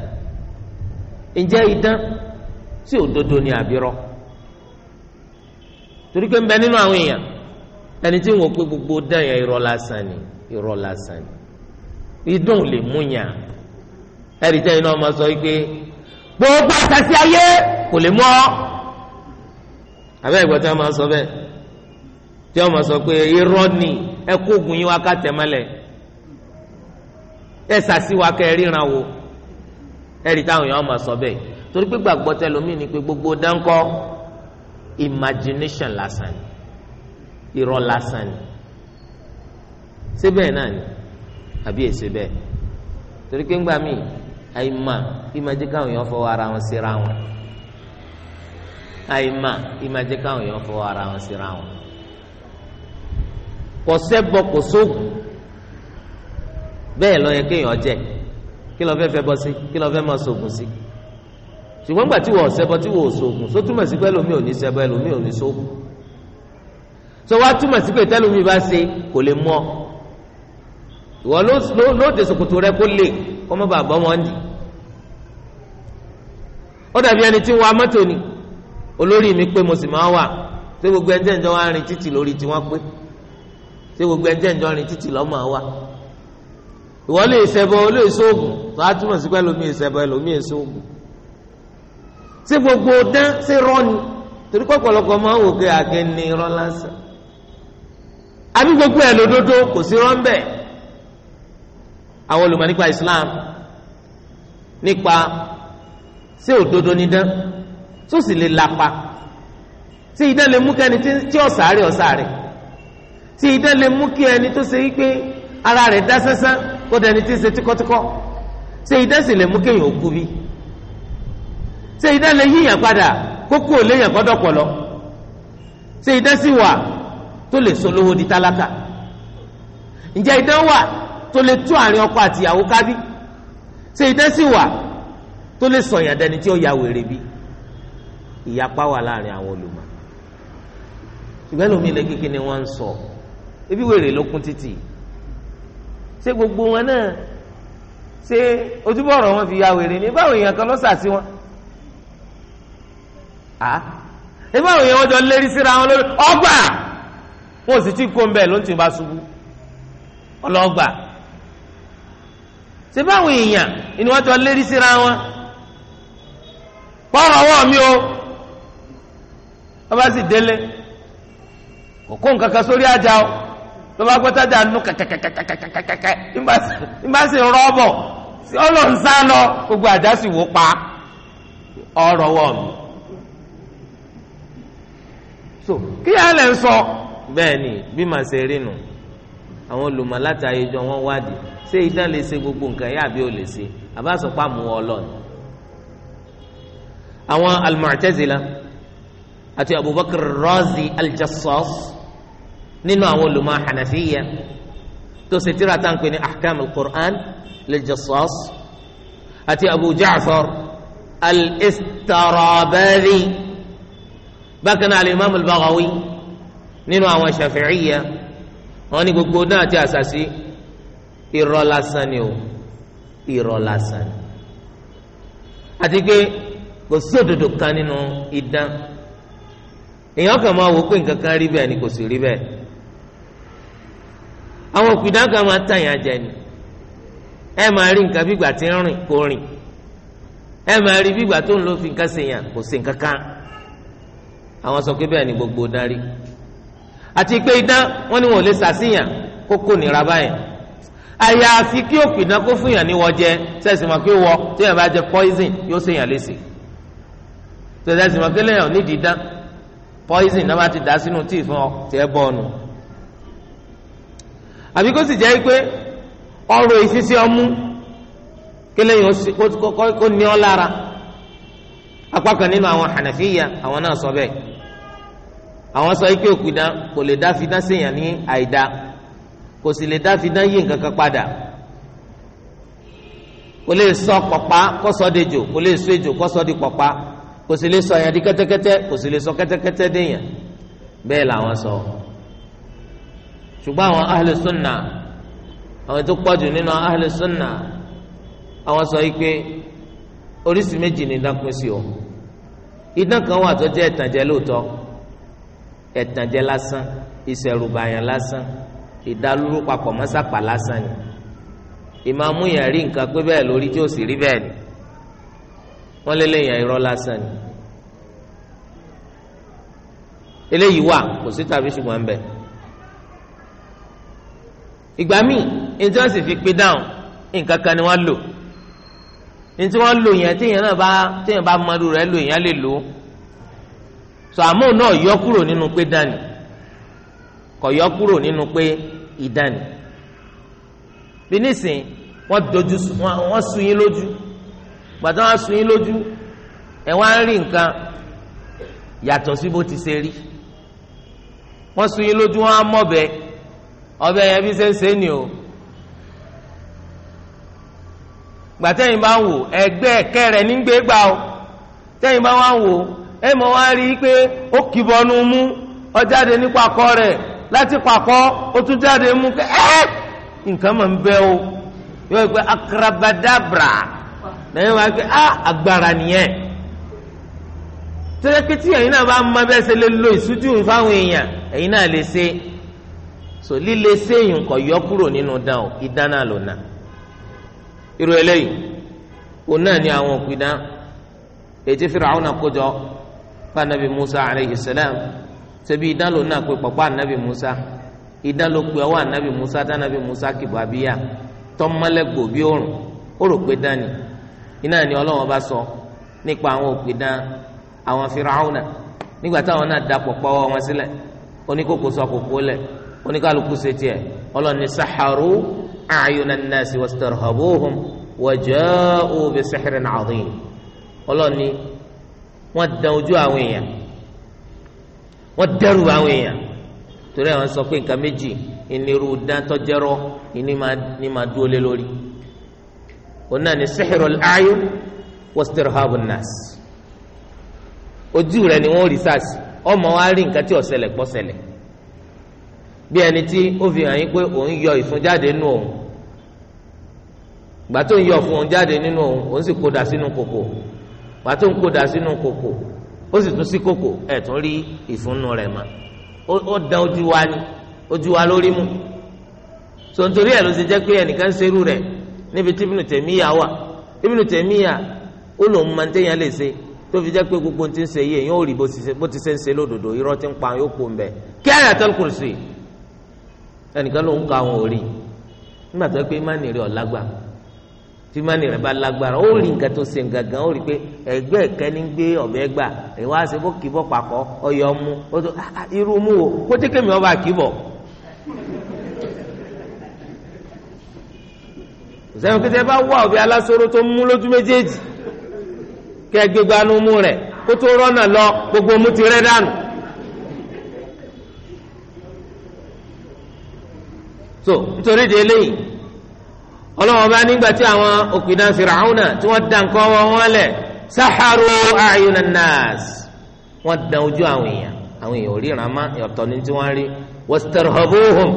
ǹjẹ́ idán tí òdodo ni àbírọ́ torí pé ń bẹ nínú àwọn èèyàn ẹni tí wọn pé gbogbo dán yẹn irọ́ lásán ni irọ́ lásán ni idun lè mú yàn tẹ́yìn náà gbogbo àtàsí ayé kò lè mú ọ abẹ́ ìgbà tí wọ́n máa sọ bẹ́ẹ̀ tí wọ́n máa sọ pé irọ́ ni ẹ yín wá ká wa ẹ ríran wo táwọn máa sọ bẹ́ẹ̀ torí pé gbàgbọ́ imagination lásán ni irọ́ lásán ni síbẹ̀ náà ni àbí èsì bẹ́ẹ̀ torí pé ńgbà míì àìmà ìmàjẹ́ káwọn èèyàn fọwọ́ ara wọn síra wọn àìmà ìmàjẹ́ káwọn èèyàn fọwọ́ ara wọn síra wọn kò sẹ́bọ kò sóògùn bẹ́ẹ̀ lọ yẹ kéèyàn jẹ kí ló fẹ́ fẹ́ bọ́ sí kí ló fẹ́ mọ sóògùn sí. Si ṣùgbọ́n gbà tí wọ́n ṣẹbọ tí wọ́n ṣoògùn só túmọ̀ sí pé ẹlòmíì ò ní ṣẹbọ ẹlòmíì ò ní ṣoògùn sọ wá túmọ̀ sí pé tẹ́lómi bá ṣe kò lè mọ́ ìwọ lóde ṣòkòtò rẹ kó lè kó má bàa bọ́ wọn dì ó dàbí ẹni tí ń wa mọ́tò ni olórí mi pé mo sì máa wà ṣé gbogbo ẹjẹ ìjọ wa rìn títì lórí tiwọn pé ṣé gbogbo ẹjẹ ìjọ rìn títì lọ́mọ wa ìwọ lè ṣẹbọ lè ṣoògùn túmọ̀ sí pé ẹlòmíì ṣẹbọ ẹlòmíì ṣoògùn ṣé gbogbo dán ṣé rọ́ọ̀nì torí pọ̀pọ̀lọpọ̀ máa ń wò pé àgẹ́ ni irọ́ lásán àbí gbogbo ẹ̀ lódodo kò sí rọ́ńbẹ̀ àwọn olùmọ̀ nípa Islam nípa ṣé òdodo ni dán tó sì lè lapa tí idán lè mú kí ẹni tí ọ̀sàárẹ̀ ọ̀sàárẹ̀ tí idán lè mú kí ẹni tó ṣe wípé ara rẹ̀ dá sánsán kó dẹni tí ń ṣe tíkọ́tíkọ́ ṣé idán sì lè mú kéèyàn ó kú bí ṣé idán le yíyàn padà kókó ò léyàn kọ́ dọ̀pọ̀lọ́ ṣé idán sì wà tó lè sọ lówó di talaka. ǹjẹ́ idán wà tó lè tú àárín ọkọ àti ìyàwó kábí ṣé idán sì wà tó lè sọ̀yàn dẹni tí ó ya wèrè bí ìyapa wà láàrin àwọn olùmọ̀ ṣùgbọ́n lómi ilé kíkí ni wọ́n ń sọ ebi wèrè ló kún títì ṣé gbogbo wọn náà ṣé ojúbọ̀rọ̀ wọn fi ya wèrè ni báwo èèyàn kan ló sà sí wọn. a ebi àwọn wọn jọ lérí síra wọn lórí ọgbà wọn ò sì tí kó ń bẹ ló ń tì bá ṣubú ọlọgbà èèyàn ni wọn jọ lérí síra wọn pọ́ọ̀rọ̀ o Ọba si sì délé kò kó nǹkan kan sórí o ló bá nù kàkàkàkàkàkàkà nígbà sì rọ́ọ̀bọ̀ ọlọ́run lọ gbogbo sì wò pa so kí á lẹ̀ ń sọ bẹ́ẹ̀ ni bí màá ṣe rí nu àwọn olùmọ̀ láti ayéjọ wọn wádìí ṣé idán lè ṣe gbogbo nǹkan yá àbí ò lè ṣe àbá sọ pé àmúwọ ọlọ́ọ̀ni àwọn al-Mu'tazila àti Abubakar Razi al nínú àwọn olùmọ̀ Hanafiya tó ṣe tíra tá à ń pè ní ahkam al-Qur'an àti Abu Ja'far al bákan náà alimami al-Baghawi nínú àwọn Shafi'iyya wọ́n ní gbogbo náà ti àṣàṣì irọ́ lásán ni o irọ́ lásán ni àti pé kò sódodo kan nínú idán èèyàn kàn máa wò pé nǹkan kan rí bẹ́ẹ̀ ni kò sì rí bẹ́ẹ̀ àwọn òpìdán kan máa tàyàn jẹ ni ẹ máa rí nǹkan bí ìgbà tí ń rìn kò rìn ẹ máa rí bí ìgbà tó ń lò fi nǹkan ṣèyàn kò sí nǹkan kan àwọn sọ pé bẹ́ẹ̀ ni gbogbo dán àti pé idán wọn ni wọn ò lè sàṣìyàn kó kò nira báyìí àyàfi kí òkè idán kó fún yàn ní wọ́n jẹ sẹ́sì mọ̀ pé wọ́ téèyàn bá jẹ poison yóò ṣèyàn léṣe sẹ́sì mọ̀ pé lẹ́yìn onídìí dán poison náà bá ti dá sínú tíì fún ọ tẹ́ bọ́ ọ̀nù àbí kó sì jẹ́ pé ọrọ̀ ìṣiṣẹ́ ọmú kí lẹ́yìn kó ní ọ lára apá kan nínú àwọn Hànàfíyà àwọn náà sọ bẹ́ẹ̀ àwọn sọ pé òpìdán kò lè dá fidán séèyàn ní àìdá kò sì lè dá fidán yí nǹkan kan padà kò lè sọ pọ̀pá kó sọ dejò kò lè sọ ejò kó sọ di pọ̀pá kò sì lè sọ yẹn di kẹtẹkẹtẹ kò sì lè sọ kẹtẹkẹtẹ déyàn bẹ́ẹ̀ làwọn sọ ṣùgbọ́n àwọn ahlu àwọn tó pọ̀jù nínú ahlu àwọn sọ ike méjì ni ìdán sí o ìdán wà tó ìtànjẹ lóòótọ́ ẹ̀tànjẹ lásán ìṣẹ̀rùbàyàn lásán ìdálóró papọ̀ mọ́sàpà lásán ni ìmàmú yẹn rí nǹkan pé bẹ́ẹ̀ lórí tí ó sì rí bẹ́ẹ̀ ni wọ́n lé lẹ́yìn irọ́ lásán ni eléyìí wà kò sí tàbí ṣùgbọ́n ń bẹ̀. ìgbà míì ní tí wọ́n sì fi pé dáhùn nǹkan kan ni wọ́n lò ní tí wọ́n lò yẹn téèyàn náà bá téèyàn bá mọ́rú rẹ̀ lò yẹn lè lò ó sàmú náà yọ kúrò nínú pé dání kò yọ kúrò nínú pé ìdání bí nísìn wọ́n dojú wọ́n sun yín lójú gbàtà wọ́n sun yín lójú ẹ wá ń rí nǹkan yàtọ̀ sí bó ti ṣe rí wọ́n sun yín lójú wọ́n á mọ̀bẹ ọbẹ̀ yẹn bí ṣe ń ṣe ni o gbàtẹ́yìn bá ń wò ẹgbẹ́ ẹ̀kẹ́ rẹ̀ o tẹ́yìn bá wà ń wò ẹ mọ̀ wá rí i pé ó kìbọnú mú ó jáde ní pakọ rẹ láti pakọ ó tún jáde mú pé ẹ́ nǹkan mọ̀ ń bẹ o akarabadabra pé agbára nìyẹn tẹ́lẹ̀ ẹ̀yin náà bá mọ bẹ́ẹ̀ ṣe yọ kúrò nínú dán o ìdáná lòna irú eléyìí òun náà ni àwọn òkú idán ètí fìrà àwọn àkójọ. fún anabi musa aleyhi salam ṣebí idán ló náà pé pọpọ anabi musa idán ló pé ọwọ́ anabi musa tí anabi musa kìbọ abíyá tọmọlẹgbò bí òrùn ó rò pé dání iná ni Ọlọ́hun bá sọ nípa àwọn òpìdán àwọn firaahuna nígbà táwọn náà da pọpọ wọn sílẹ̀ oníkókó sọ kókó lẹ̀ oníkálukú ṣe tiẹ̀ ọlọ́ni saharu ayuna nasi wastarhabuhum waja'u bisihirin adhim ọlọ́ni wọ́n dán ojú àwọn èèyàn wọ́n dẹ́rù àwọn èèyàn torí àwọn sọ pé nǹkan méjì ìnirú dáńtọ́ jẹ́rọ́ ìní máa dúró lé lórí òun náà ni sihru al-a'yun wa istirhabu an-nas ojú rẹ ni wọ́n rí sars ọmọ wa rí nǹkan tí ó ṣẹlẹ̀ bí ẹni tí ó fi hàn yín pé òun yọ ìfun nù òun gbà ń yọ fún òun jáde nínú òun òun sì kó dà sínú kòkò pàtó ń kó da sínú kòkò ó sì tún sí kòkò ẹ̀ tún rí ìfúnnu rẹ̀ mọ́ ó dán ojú wa ni ojú wa lórí mu sọ̀ntorí ẹ̀ ló ṣe jẹ́ pé ẹnìkan ṣerú rẹ̀ níbi tí Ibn Taymiyyah wà Ibn Taymiyyah ó lòun máa ń téèyàn lè ṣe tó fi jẹ́ pé gbogbo ti ń ṣe yìí èyàn ò rí bó ti ṣe ń ṣe lódodo irọ́ ti ń pa yóò kó ń bẹ̀ kí Ayatul Kursi ẹnìkan lòun ka àwọn òrì nígbà tó pé má nìrí ọ̀lágbà tí mani rẹ bá lágbára ó rí nǹkan tó ṣe gangan ó rí pé ẹgbẹ́ kẹ́ni gbé ọ̀bẹ gbà ìwọ àṣẹ bó kì í bọ́ papọ̀ ọyọ mú ó tó ah, ah, irú mú o kó tẹ́kẹ́ mi ọba kì í bọ̀. sẹ́yìn kí tẹ́ bá wá ọ̀bẹ alásòro tó mú lójú méjèèjì kẹ́ gbégbánú mú rẹ̀ kó tó rọ́nà lọ gbogbo mú ti rẹ́ dànù. so nítorí de eléyìí ọlọ́wọ́n bá nígbà tí àwọn òpìdán Fir'auna tí wọ́n dá nǹkan wọn wọn lẹ̀ saharu ayunan nas wọ́n dán ojú àwọn èèyàn àwọn èèyàn ò ríran má ọ̀tọ̀ ní tí wọ́n rí wastarhabuhum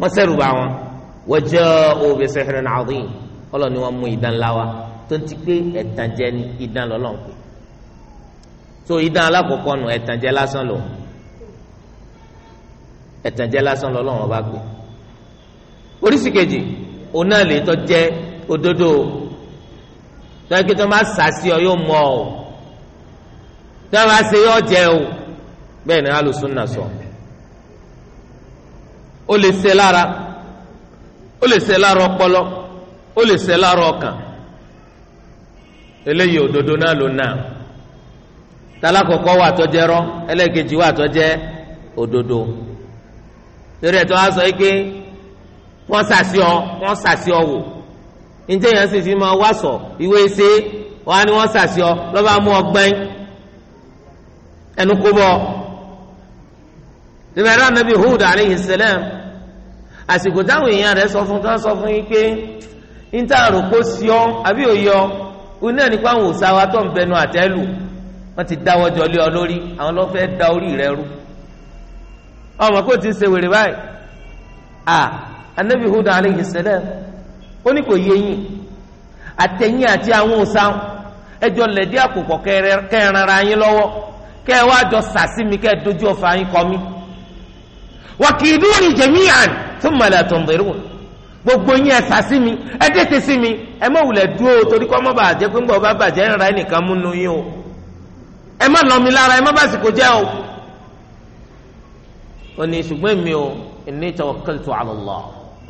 wọ́n sẹ́rù bá wọn waja'u bi sihrin adhim ọlọ́run ni wọ́n mú idán ńlá tó ń ti pé ẹ̀tànjẹ ni idán lọ́lọ́run pé so idán alákọ̀ọ́kọ́ nù ẹ̀tànjẹ lásán lò ẹ̀tànjẹ lásán lọ́lọ́run ọba gbé oríṣìí kejì Ona náà lè ododo jẹ́ òdodo tọ́jú tó máa sàṣì ọ yóò mọ ọ tó o ni alùsùnà sọ ó o le se lara lè ṣe lára ọpọlọ ó lè ṣe lára ọkàn eléyìí òdodo náà ló nà talakọ̀kọ́ wà tọ́jẹ́ wà sọ wọ́n sàṣì ọ wọ́n sàṣì ọ wò njẹ́ yẹn sì fi máa wá sọ ìwé ṣe wọ́n á ní wọ́n sàṣì ọ lọ́ba mú ọgbẹ́n ẹnu kó bọ́ ìbẹ̀rẹ̀ anabi Hud alayhi salam àsìkò táwọn èèyàn rẹ̀ sọ fún sọ fún yín pé ń tà àròkó sí ọ àbí òye ọ òun náà nípa àwọn òòṣà wa tó ń bẹnu àtẹ́lù wọ́n ti dáwọ́ jọ lé ọ lórí àwọn ló fẹ́ da orí rẹ rú ọmọ kò tí ń ṣe wèrè báyìí anabi Hud alayhi salam ó ní kò yé àtẹ̀yìn àti àwọn òòṣà ẹjọ́ lẹ̀dí àkùkọ kẹrànra yín lọ́wọ́ kẹ ẹ wá jọ sàsí mi kẹ ẹ dojú ọfà yín kọmi wakiri wakiduni jami'an thumma la gbogbo yín ẹ sàsí mi ẹ tètè sí mi ẹ má wulẹ̀ dúró torí kọ́ pé ń bọ̀ bàjẹ́ o ẹ má lọ mi lára ẹ má bá sì jẹ́ o. ní ṣùgbọ́n mi ò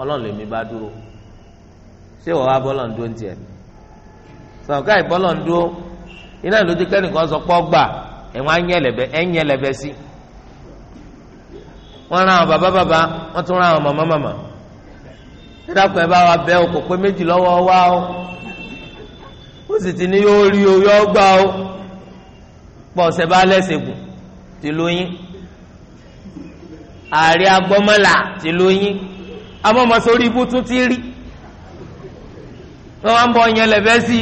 ọlọ́run lèmi bá dúró ṣé wọ́n wá bọ́lọ̀ ń dúró tiẹ̀ sọ̀ká ìbọ́lọ̀ ń dúró iná ló ti kẹ́nìkan sọ pọ́ gbà ẹ̀wọ̀n á yẹn lẹ̀bẹ̀ ẹ̀ ń yẹn lẹ̀bẹ̀ sí wọ́n ra àwọn bàbá bàbá wọ́n tún ra àwọn màmá màmá dídàpọ̀ ẹ bá wa bẹ́ o kò pé méjì lọ́wọ́ wa o ó sì ti ní yóò rí o yóò gbà o pọ̀ ọ̀sẹ̀ bá lẹ́sẹ̀ gùn ti lóyún ààrẹ agbọ́mọ́là ti lóyún àmọ́ mọ sórí ibú tún ti rí wọ́n ń bọ̀ yẹn lẹ́fẹ́ sí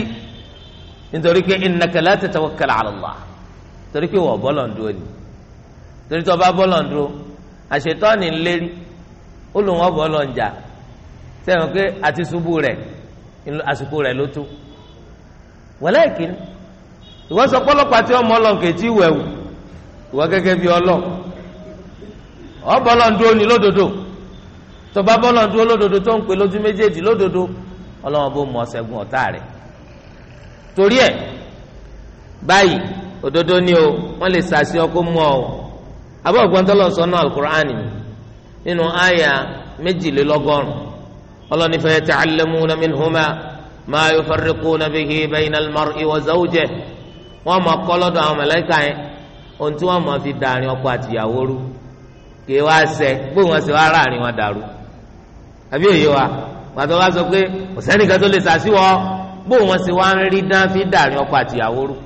nítorí pé innaka la tatawakkal ala Allah torí pé wọ́n bọ́lọ̀ ń dúró ni torí tó bá bọ́lọ̀ ń dúró àṣetọ́ni ń lérí ó lòun ọ̀ bọ́lọ̀ ń jà sẹ́wọ̀n pé àti ṣubú rẹ̀ àsìkò rẹ̀ ló tó walakin ìwọ sọ pọ́lọ́pàá tí ọmọ ọlọ́nkè tí wẹ̀wù ìwọ gẹ́gẹ́ bí ọlọ́ ọ̀ ń dúró ni lódodo. tó bá bọ́lọ̀ dúró lódodo tó ń pè lójú méjèèjì lódodo ọlọ́wọ́n bó mọ ọ̀sẹ̀gun ọ̀tá rẹ̀ torí ẹ̀ báyìí òdodo ni o wọ́n lè sàṣẹ ọkọ mú ọ abọ́ ògbọ́ntọ́lọ́ náà alukur'an ni nínú àyà méjìlélọ́gọ́rùn ọlọ́ni fa bihi wọ́n àwọn mẹ̀lẹ́kà yẹn ohun tí wọ́n fi dàrin ọkọ àtìyàwó rú kí wọ́n sẹ́ gbóhùn ọ̀sẹ̀ wọ́n àbí òye wa pàtó wa sọ pé ọ̀sẹ́nìkan tó lè sàṣìwọ́ bó wọn sì wá ń rí dán fi dàrin ọkọ àtìyàwó rú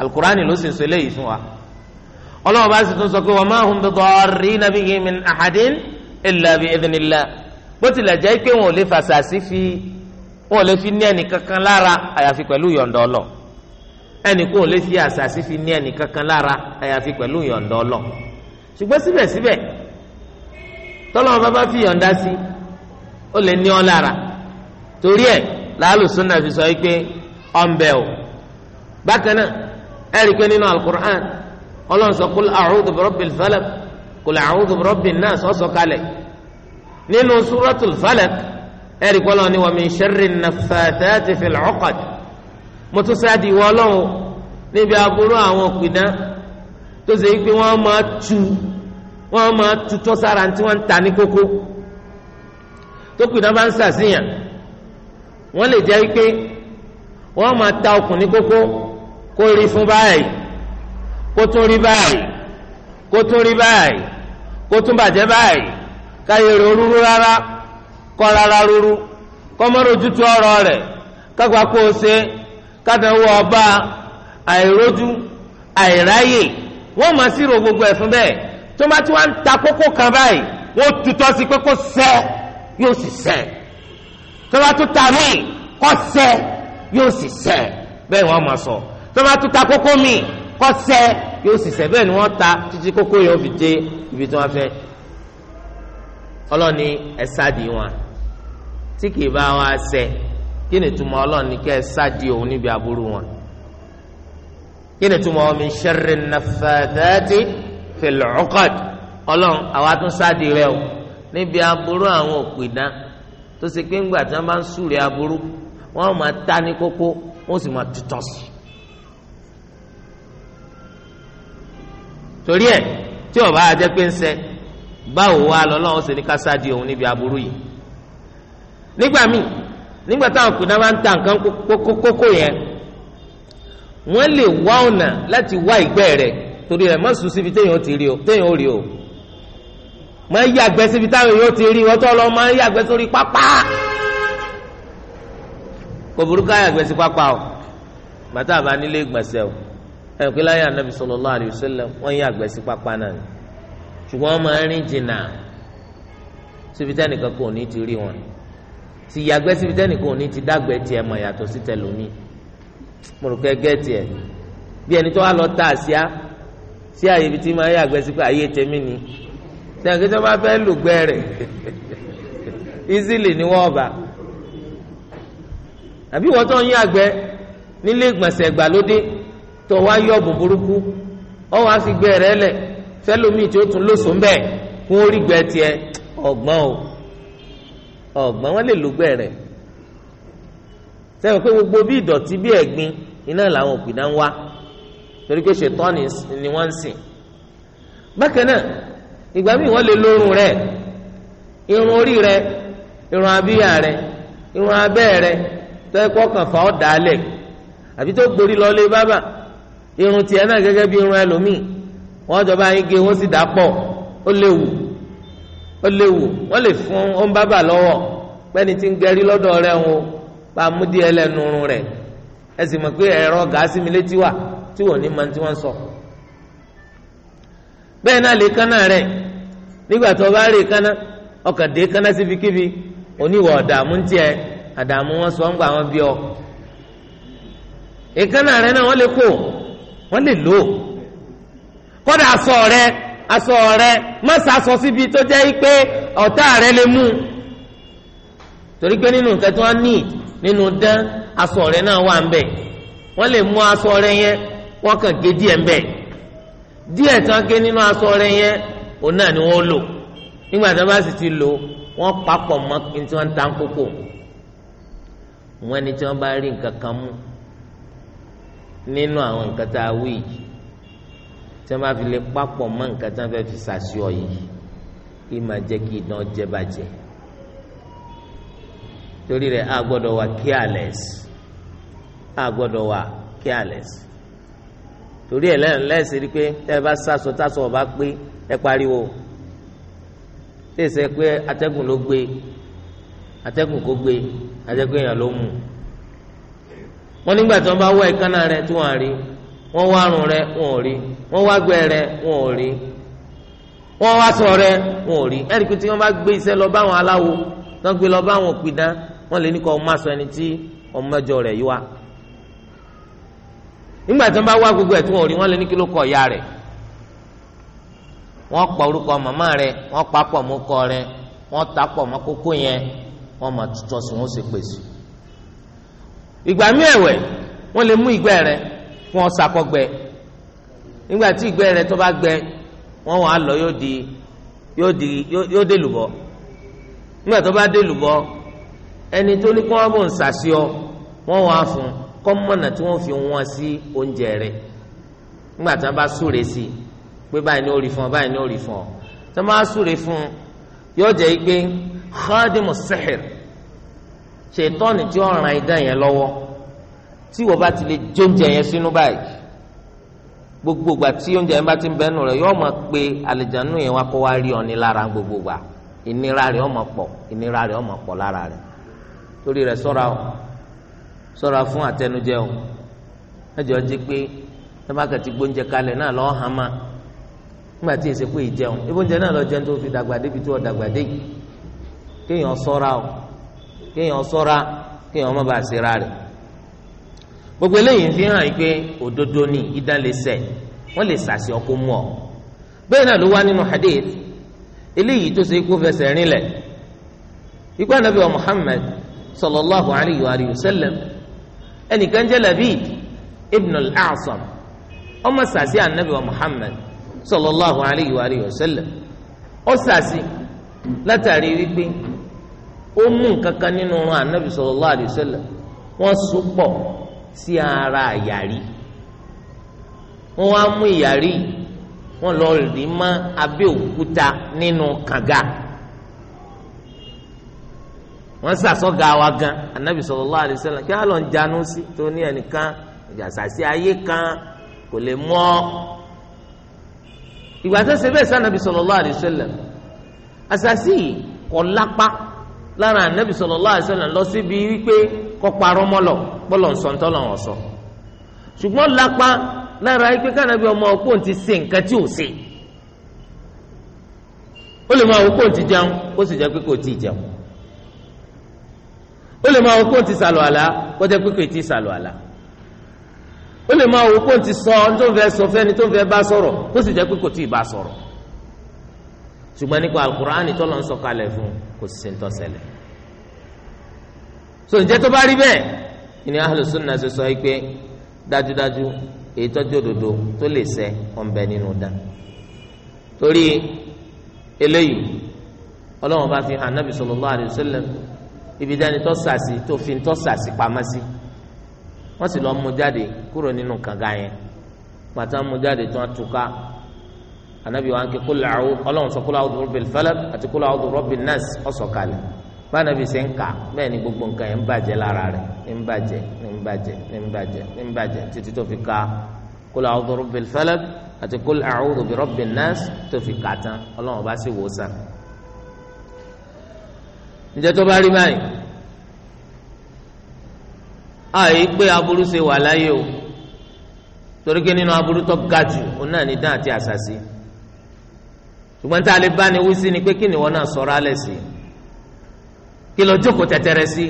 alukurani ló sì ń sọ eléyìí fún wa ọlọ́wọ́ bá sì tún sọ pé wa ma hum bidarrina bihi min ahadin illa bi idhnillah bó tilẹ̀ jẹ́ pé wọn ò lè fàṣàṣì fi wọn ò lè fi ní ẹnì kankan lára àyàfi pẹ̀lú yọ̀ǹda ọlọ́ ẹnì kò lè fi àṣàṣì fi ní ẹnì kankan lára àyàfi pẹ̀lú yọ̀ǹda ọlọ́ ṣùgbọ́n síbẹ̀síbẹ̀ tọ́lọ́mọ bá bá fi yọ̀ǹda sí ó lè ní ọ lára torí ẹ̀ làálùsúnà fi sọ pé ọ̀nbẹ o bákan náà ẹ̀rí pé nínú alukur'an ọlọ́run sọ kul a'udhu birabbil falaq kul a'udhu birabbin nas sọ́sọ kalẹ̀ nínú suratul falaq ẹ̀rí pé ọlọ́run ni wa min sharri naffathati fil 'uqad mo tún sáà di ìwọ ọlọ́run níbi aburú àwọn òpìdán tó ṣe é pé wọ́n máa tu wọ́n máa tutọ́ sára tí wọ́n ń ta ní kókó tó kù náà bá ń sàṣìyàn wọ́n lè jẹ́ pé wọ́n máa ta okùn ní kókó kó rí fún báyìí kó tún rí báyìí kó tún rí báyìí kó tún bàjẹ́ báyìí káyé rúru rárá kọ́ rárá rúru kọ́mọ́rò ọ̀rọ̀ rẹ̀ kápá kó o ṣe kádàwó ọba àìrójú àìráyè wọ́n máa sírò gbogbo ẹ̀ fún bẹ́ẹ̀ tó bá ti wá ń ta kókó kan báyìí wọ́n tutọ́ sí pé kó sẹ́ yóò sì sẹ́ tó bá tún ta míì kó sẹ́ yóò sì sẹ́ bẹ́ẹ̀ wọ́n máa sọ tó bá tún ta kókó míì kó sẹ́ yóò sì sẹ́ bẹ́ẹ̀ ni wọ́n ta títí kókó yẹn ó fi dé ibi tí wọ́n fẹ́ ọlọ́ni ẹ sáàdì wọn tí kì í bá wọn sẹ́ kí ni túmọ̀ ọlọ́ni kẹ́ ẹ sáàdì òun níbi àbúrò wọn kí ni túmọ̀ min sharri naffathati fil uqad ọlọ́run àwa tún sáàdì rẹ o níbi aburú àwọn òpìdán tó ṣe pé ńgbà tí wọ́n bá ń súre aburú wọ́n máa ta ní kókó wọ́n sì máa tutọ́ sí i. torí ẹ tí ọba ajẹ pé ń ṣe báwo wá lọ́lọ́run ṣe ní ká sáàdì òun níbi aburú yìí nígbà míì nígbà táwọn òpìdán bá ń ta nǹkan kókó yẹn wọ́n lè wá ọ̀nà láti wá ìgbẹ́ rẹ̀ torí ẹ̀ má sùn síbi téèyàn ti o téèyàn ó rí o máa ń yàgbẹ́ síbi táwọn èèyàn ti rí wọ́tọ́ lọ máa ń yàgbẹ́ sórí pápá kò burúkú àyàgbẹ́ sí pápá o bàtà àbá nílé ìgbọ̀nsẹ̀ o ẹ̀rù pé láyé ànábì sallallahu alaihi wasallam wọ́n yàgbẹ́ sí pápá náà ni ṣùgbọ́n wọ́n máa ń rìn jìnnà síbi kò ní ti rí wọn ti yàgbẹ́ síbi kò ti dàgbẹ́ tiẹ̀ mọ̀ yàtọ̀ sí ẹni tó lọ sí àyè ibi tí máa yàgbẹ́ sí pé àyè tèmi ni sẹ́yìn kí wọ́n bá fẹ́ lùgbẹ́ rẹ̀ <laughs> easily ni wọ́n bá àbí wọ́n tó ń yàgbẹ́ nílé ìgbọ̀nsẹ̀ ìgbàlódé tó wá yọ̀bù burúkú ọ̀hún á fi gbẹ́ rẹ̀ lẹ̀ fẹ́lómi tí ó tún lóṣù mbẹ́ kún orí gbẹ́ tiẹ̀ ọ̀gbọ́n o ọ̀gbọ́n wọn lè lùgbẹ́ rẹ̀ sẹ́yìn pé gbogbo bí ìdọ̀tí bí ẹ̀gbin iná làwọn òpìdá ń wá. torí pé ṣètọ́ni ni wọ́n ń sìn bákan náà ìgbà míì wọ́n lè irun orí rẹ̀ irun abíyá rẹ̀ irun abẹ́ rẹ̀ tẹ́ kọ́kàn fà ọ́ dàálẹ̀ àbí tó gborí irun tiẹ̀ náà gẹ́gẹ́ bí irun ẹlòmíì wọ́n jọba yín wọ́n sì dà pọ̀ ó léwu ó léwu wọ́n lè fún ó bábà lọ́wọ́ pẹ́ni tí ń gẹrí lọ́dọ̀ rẹ̀ ń wo bá a rẹ̀ ẹ sì mọ̀ tí wọ́n ní ma tí wọ́n sọ. bẹ́ẹ̀ náà lè kánná rẹ̀ nígbà tó o bá rè kánná ọkàn dé kánná síbi kíbi oníwọ̀ ọ̀dààmú ń tiẹ̀ àdààmú wọn sọ ń gbà wọn bí ọ. náà lè kó lè lò aṣọ aṣọ má sàṣọ síbi tó jẹ́ pé ọ̀tá torí pé nínú nǹkan tí wọ́n ní nínú dán aṣọ rẹ náà wà ń bẹ̀ wọ́n lè mú aṣọ wọ́n kàn gé díẹ̀ ń bẹ̀ díẹ̀ tí wọ́n gé nínú aṣọ rẹ̀ yẹn òun náà ni wọ́n lò nígbà tí wọ́n bá sì ti lò wọ́n papọ̀ mọ́ ní tí wọ́n ń ta kókò wọ́n tí wọ́n bá rí nǹkan kan mú nínú àwọn nǹkan tá a wí yìí tí wọ́n bá fi lè papọ̀ mọ́ nǹkan tí wọ́n fẹ́ fi ṣàṣeyọ yìí kí máa jẹ́ kí idán jẹ́ bàjẹ́ torí rẹ̀ a gbọ́dọ̀ wà careless a gbọ́dọ̀ wà careless torí ẹ̀ lẹ́yìn lẹ́sìn rí pé tẹ́ ẹ bá sásọ tásọ ọba pé ẹ pariwo tẹ̀sẹ̀ pé atẹ́gùn ló gbé atẹ́gùn kó gbé atẹ́gùn èèyàn ló mú wọn nígbà tí wọn bá wọ ìkánná rẹ tí wọn à rí wọn wá àrùn rẹ wọn ò rí wọn wá gbẹ rẹ wọn ò rí wọn wá sọ rẹ wọn ò rí ẹni pé tí wọn bá gbé iṣẹ́ lọ báwọn aláwo tí wọn gbé lọ báwọn òpìdán wọn lè ní kọ ọmọ aṣọ ẹni tí ọmọ ẹjọ rẹ yìí wá. nígbà tí wọ́n bá wá gbogbo ẹ tí wọ́n ò rí lé ní kí kọ ìyá rẹ̀ wọ́n pa orúkọ màmá rẹ̀ wọ́n pa pọ̀ rẹ̀ ta pọ̀ yẹn wọ́n mà tutọ́ sí wọ́n sì pèsè. ìgbà mí ẹ̀wẹ̀ wọ́n lè mú ìgbẹ́ rẹ̀ wọ́n sakọ́gbẹ́ nígbà tó bá gbẹ lọ yóò di kọ́mọ̀nà tí wọ́n fi wọ́n sí oúnjẹ rẹ̀ nígbà tí wọ́n bá súre sí i pé báyìí ni ó rí fún ọ báyìí ni ó rí fún ọ tí wọ́n bá súre fún un yóò jẹ́ pé xaadimu sihir ṣètọ́ni tí ó ràn idán yẹn lọ́wọ́ tí wọ́n bá ti lè jóúnjẹ yẹn sínú báyìí gbogbo tí oúnjẹ yẹn bá ti ń bẹ́nu rẹ̀ yóò máa pe àlejànú yẹn wá kó wá rí ọ ní lára gbogbo ìnira rẹ̀ ó pọ̀ ìnira rẹ̀ ó pọ̀ lára rẹ̀ torí rẹ̀ sọ́ra o. sọra fún àtẹnujẹ o ẹjọ jẹ pé tẹmákàtí gbóúnjẹ kalẹ̀ náà lọ hàn má nígbà tí èsè pé ìjẹun ìbóúnjẹ náà lọ jẹun tó fi dàgbà débi tó dàgbà dé kéèyàn ṣọ́ra o kéèyàn kéèyàn má rẹ̀ gbogbo eléyìí fi hàn yìí pé òdodo ni wọn lè sàṣẹ ọkọ mú ọ náà ló wá nínú hadith eléyìí tó ṣe kó ikú anabi wa Muhammad sallallahu alayhi ẹnìkan jẹ́ labid ibn al-asam ọmọ sàsí anabi wa muhammad sallallahu alayhi wa alayhi wa sallam ó sàsí látàrí wípé ó mú nǹkan nínú ọrùn anabi sallallahu alayhi wa sallam wọ́n so sí ara àyàrí wọn wá mú ìyàrí wọ́n lọ rì má abẹ́ òkúta nínú kànga. No wọ́n sàsọ́gà wa gan anabi sallallahu alaihi wasallam kí alọ́ ń janú sí tó ní ẹnìkan ìjàsàsí ayé kan kò lè mọ́ ìgbà tó ṣe bẹ́ẹ̀ sí anabi sallallahu alaihi wasallam àsàsí kò lápá lára anabi sallallahu alaihi wasallam lọ síbi wípé kọ́ parọ́ mọ́lọ̀ gbọ́lọ̀ nsọ̀ntọ́ lọ́wọ́ sọ ṣùgbọ́n lápá lára wípé kánabi ọmọ ọkùnrin ti ṣe nǹkan tí ò ṣe ó lè máa wò kó ti jẹun kó sì jẹ pé kò tí ì jẹun ó lè máa wo kó ti sàlù àlá kó jẹ́ pé kò tí ì sàlù àlá ó lè máa wo kó ti sọ tó ń fẹ́ sọ fẹ́ni tó ń fẹ́ bá sọ̀rọ̀ kó sì jẹ́ pé kò tí ì bá sọ̀rọ̀ ṣùgbọ́n nípa alukur'ani tó lọ ń sọ̀kalẹ̀ fún kò sì ń tọ́sẹ̀lẹ̀ so ǹjẹ́ tó bá rí bẹ́ẹ̀ ni ahlùsùnà ṣe sọ pé dájúdájú èyí tọ́jú òdodo tó lè ṣẹ ọ̀nbẹ nínú eléyìí ọlọ́run bá fi hàn nábì sallallahu alaihi wasallam ibi dání tó sàsì tó fi tó sàsì pamọ́ sí wọ́n sì lọ́ọ́ mú jáde kúrò nínú kànga yẹn pàtà mú jáde tó ń túká anabi wa ń ké kul a'udhu ọlọ́run sọ kul a'udhu birabbil falaq àti kul a'udhu birabbin nas ọ̀sọ̀kalẹ̀ bánabi ṣe ń kà bẹ́ẹ̀ ni gbogbo nǹkan yẹn ń bàjẹ́ lára rẹ̀ ń bàjẹ́ ń bàjẹ́ ń bàjẹ́ ń bàjẹ́ títí tó fi ka kul a'udhu birabbil falaq àti kul a'udhu birabbin nas tó fi kà tán ọlọ́run bá sì wò sàn ǹjẹ́ tó bá rí báyìí àyè pé aburú ṣe wà láyé o torí pé nínú aburú tó ga jù òun náà ní dán àti àṣàṣì ṣùgbọ́n tá a lè bá ní wí sí ni pé kí ni wọ́n náà sọ̀rọ̀ alẹ́ sí kí lọ jókòó tẹ́tẹ́rẹ́ sí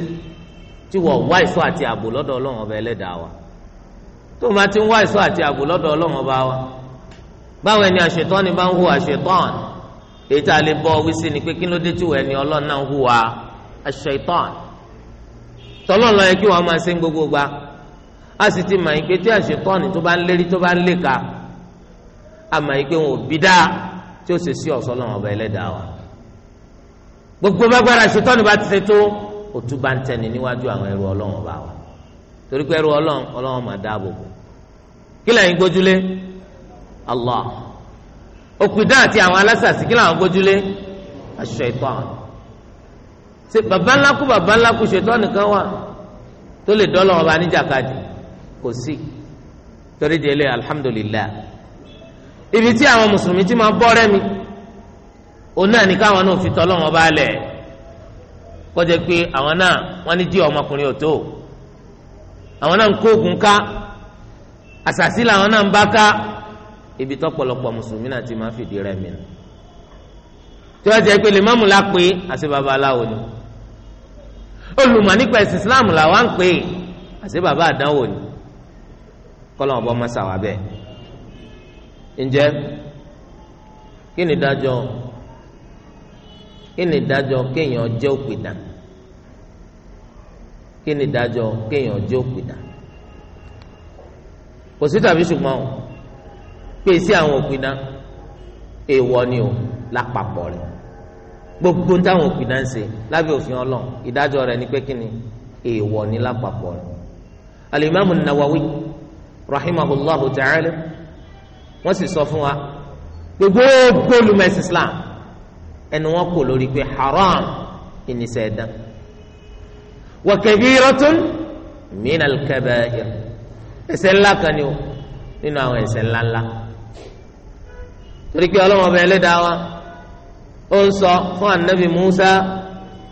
tí wọ́n wá ìṣọ́ àti ààbò lọ́dọ̀ ọlọ́run ọba ẹlẹ́dàá wa tó o máa ti ń wá ìṣọ́ àti ààbò lọ́dọ̀ ọlọ́run ọba wa báwo ni àṣetán ni bá ń hùwà àṣetán èyí tá a lè bọ́ wí sí ni pé kí ló dé tí wọ́n ẹni ọlọ́run náà hùwà aṣ-ṣaitan tọ́lọ́lọ́ yẹ kí wọ́n máa ṣe ń gbogbo gba a sì ti mọ̀ yín pé tí aṣ-ṣaitan tó bá ń lérí tó bá ń léka a mọ̀ yín pé wọn ò bí dáa tí ó sì sí ọ̀sọ́ lọ́wọ́ ọba ẹlẹ́dàá wa gbogbo bágbára aṣ-ṣaitan bá ti ṣe tó òtún bá ń tẹni níwájú àwọn ẹrú ọlọ́run ọba wa torí pé ẹrú ọlọ́run ọlọ́run máa dáàbò Allah òkùdá àti àwọn alásàsì kí làwọn gbójúlé aṣọ ìtọ́ àwọn ṣe bàbá ńlá kú bàbá ńlá kú ṣètọ́ nìkan wà tó lè dọ́lọ́ ọba níjàkadì kò sí torí délé alihamudulilayi ibi tí àwọn mùsùlùmí ti máa bọ́ rẹ́mi òun náà ní káwọn náà fi tọ́lọ́ wọn bá lẹ̀ kọjá pé àwọn náà wọ́n ní jí ọmọkùnrin ò àwọn náà ń kó oògùn ká àṣàsí làwọn náà ń bá ká ibi tọ́pọ̀lọpọ̀ mùsùlùmí náà ti máa fìdí rẹmi nù tí wọ́n jẹ́ pé lè mọ́mù la pé àṣẹ babaláwo ni olùmọ̀ nípa ẹ̀sìn islam làwa ń pè àṣẹ baba àdánwò ni kọ́lọ́n ọ̀bọ mọ́sá wa bẹ́ẹ̀ ǹjẹ́ kí ni dájọ́ kí ni dájọ́ kéèyàn jẹ́ òpìdán kí ni dájọ́ kéèyàn jẹ́ òpìdán kò sí tàbí ṣùgbọ́n o pé sí àwọn òpin náà èèwọ̀ ni o lápapọ̀ rẹ̀ gbogbo ń táwọn òpin náà ń ṣe lábẹ́ òfin ọlọ́run ìdájọ́ rẹ̀ ni pé kí ni èèwọ̀ ni lápapọ̀ rẹ̀ alimami nawawi rahimahullahu ta'ala wọ́n sì sọ fún wa gbogbo olùmẹ̀sì islam ẹnu wọn kò lórí pé haram ìníṣẹ́ ẹ̀dá wa kabiratun minal kaba'ir ẹ̀ṣẹ̀ ńlá kan ni o nínú àwọn ẹ̀ṣẹ̀ ńláńlá torí pé ọlọ́run ọba ẹlẹ́dàá wa ó ń sọ fún anabi musa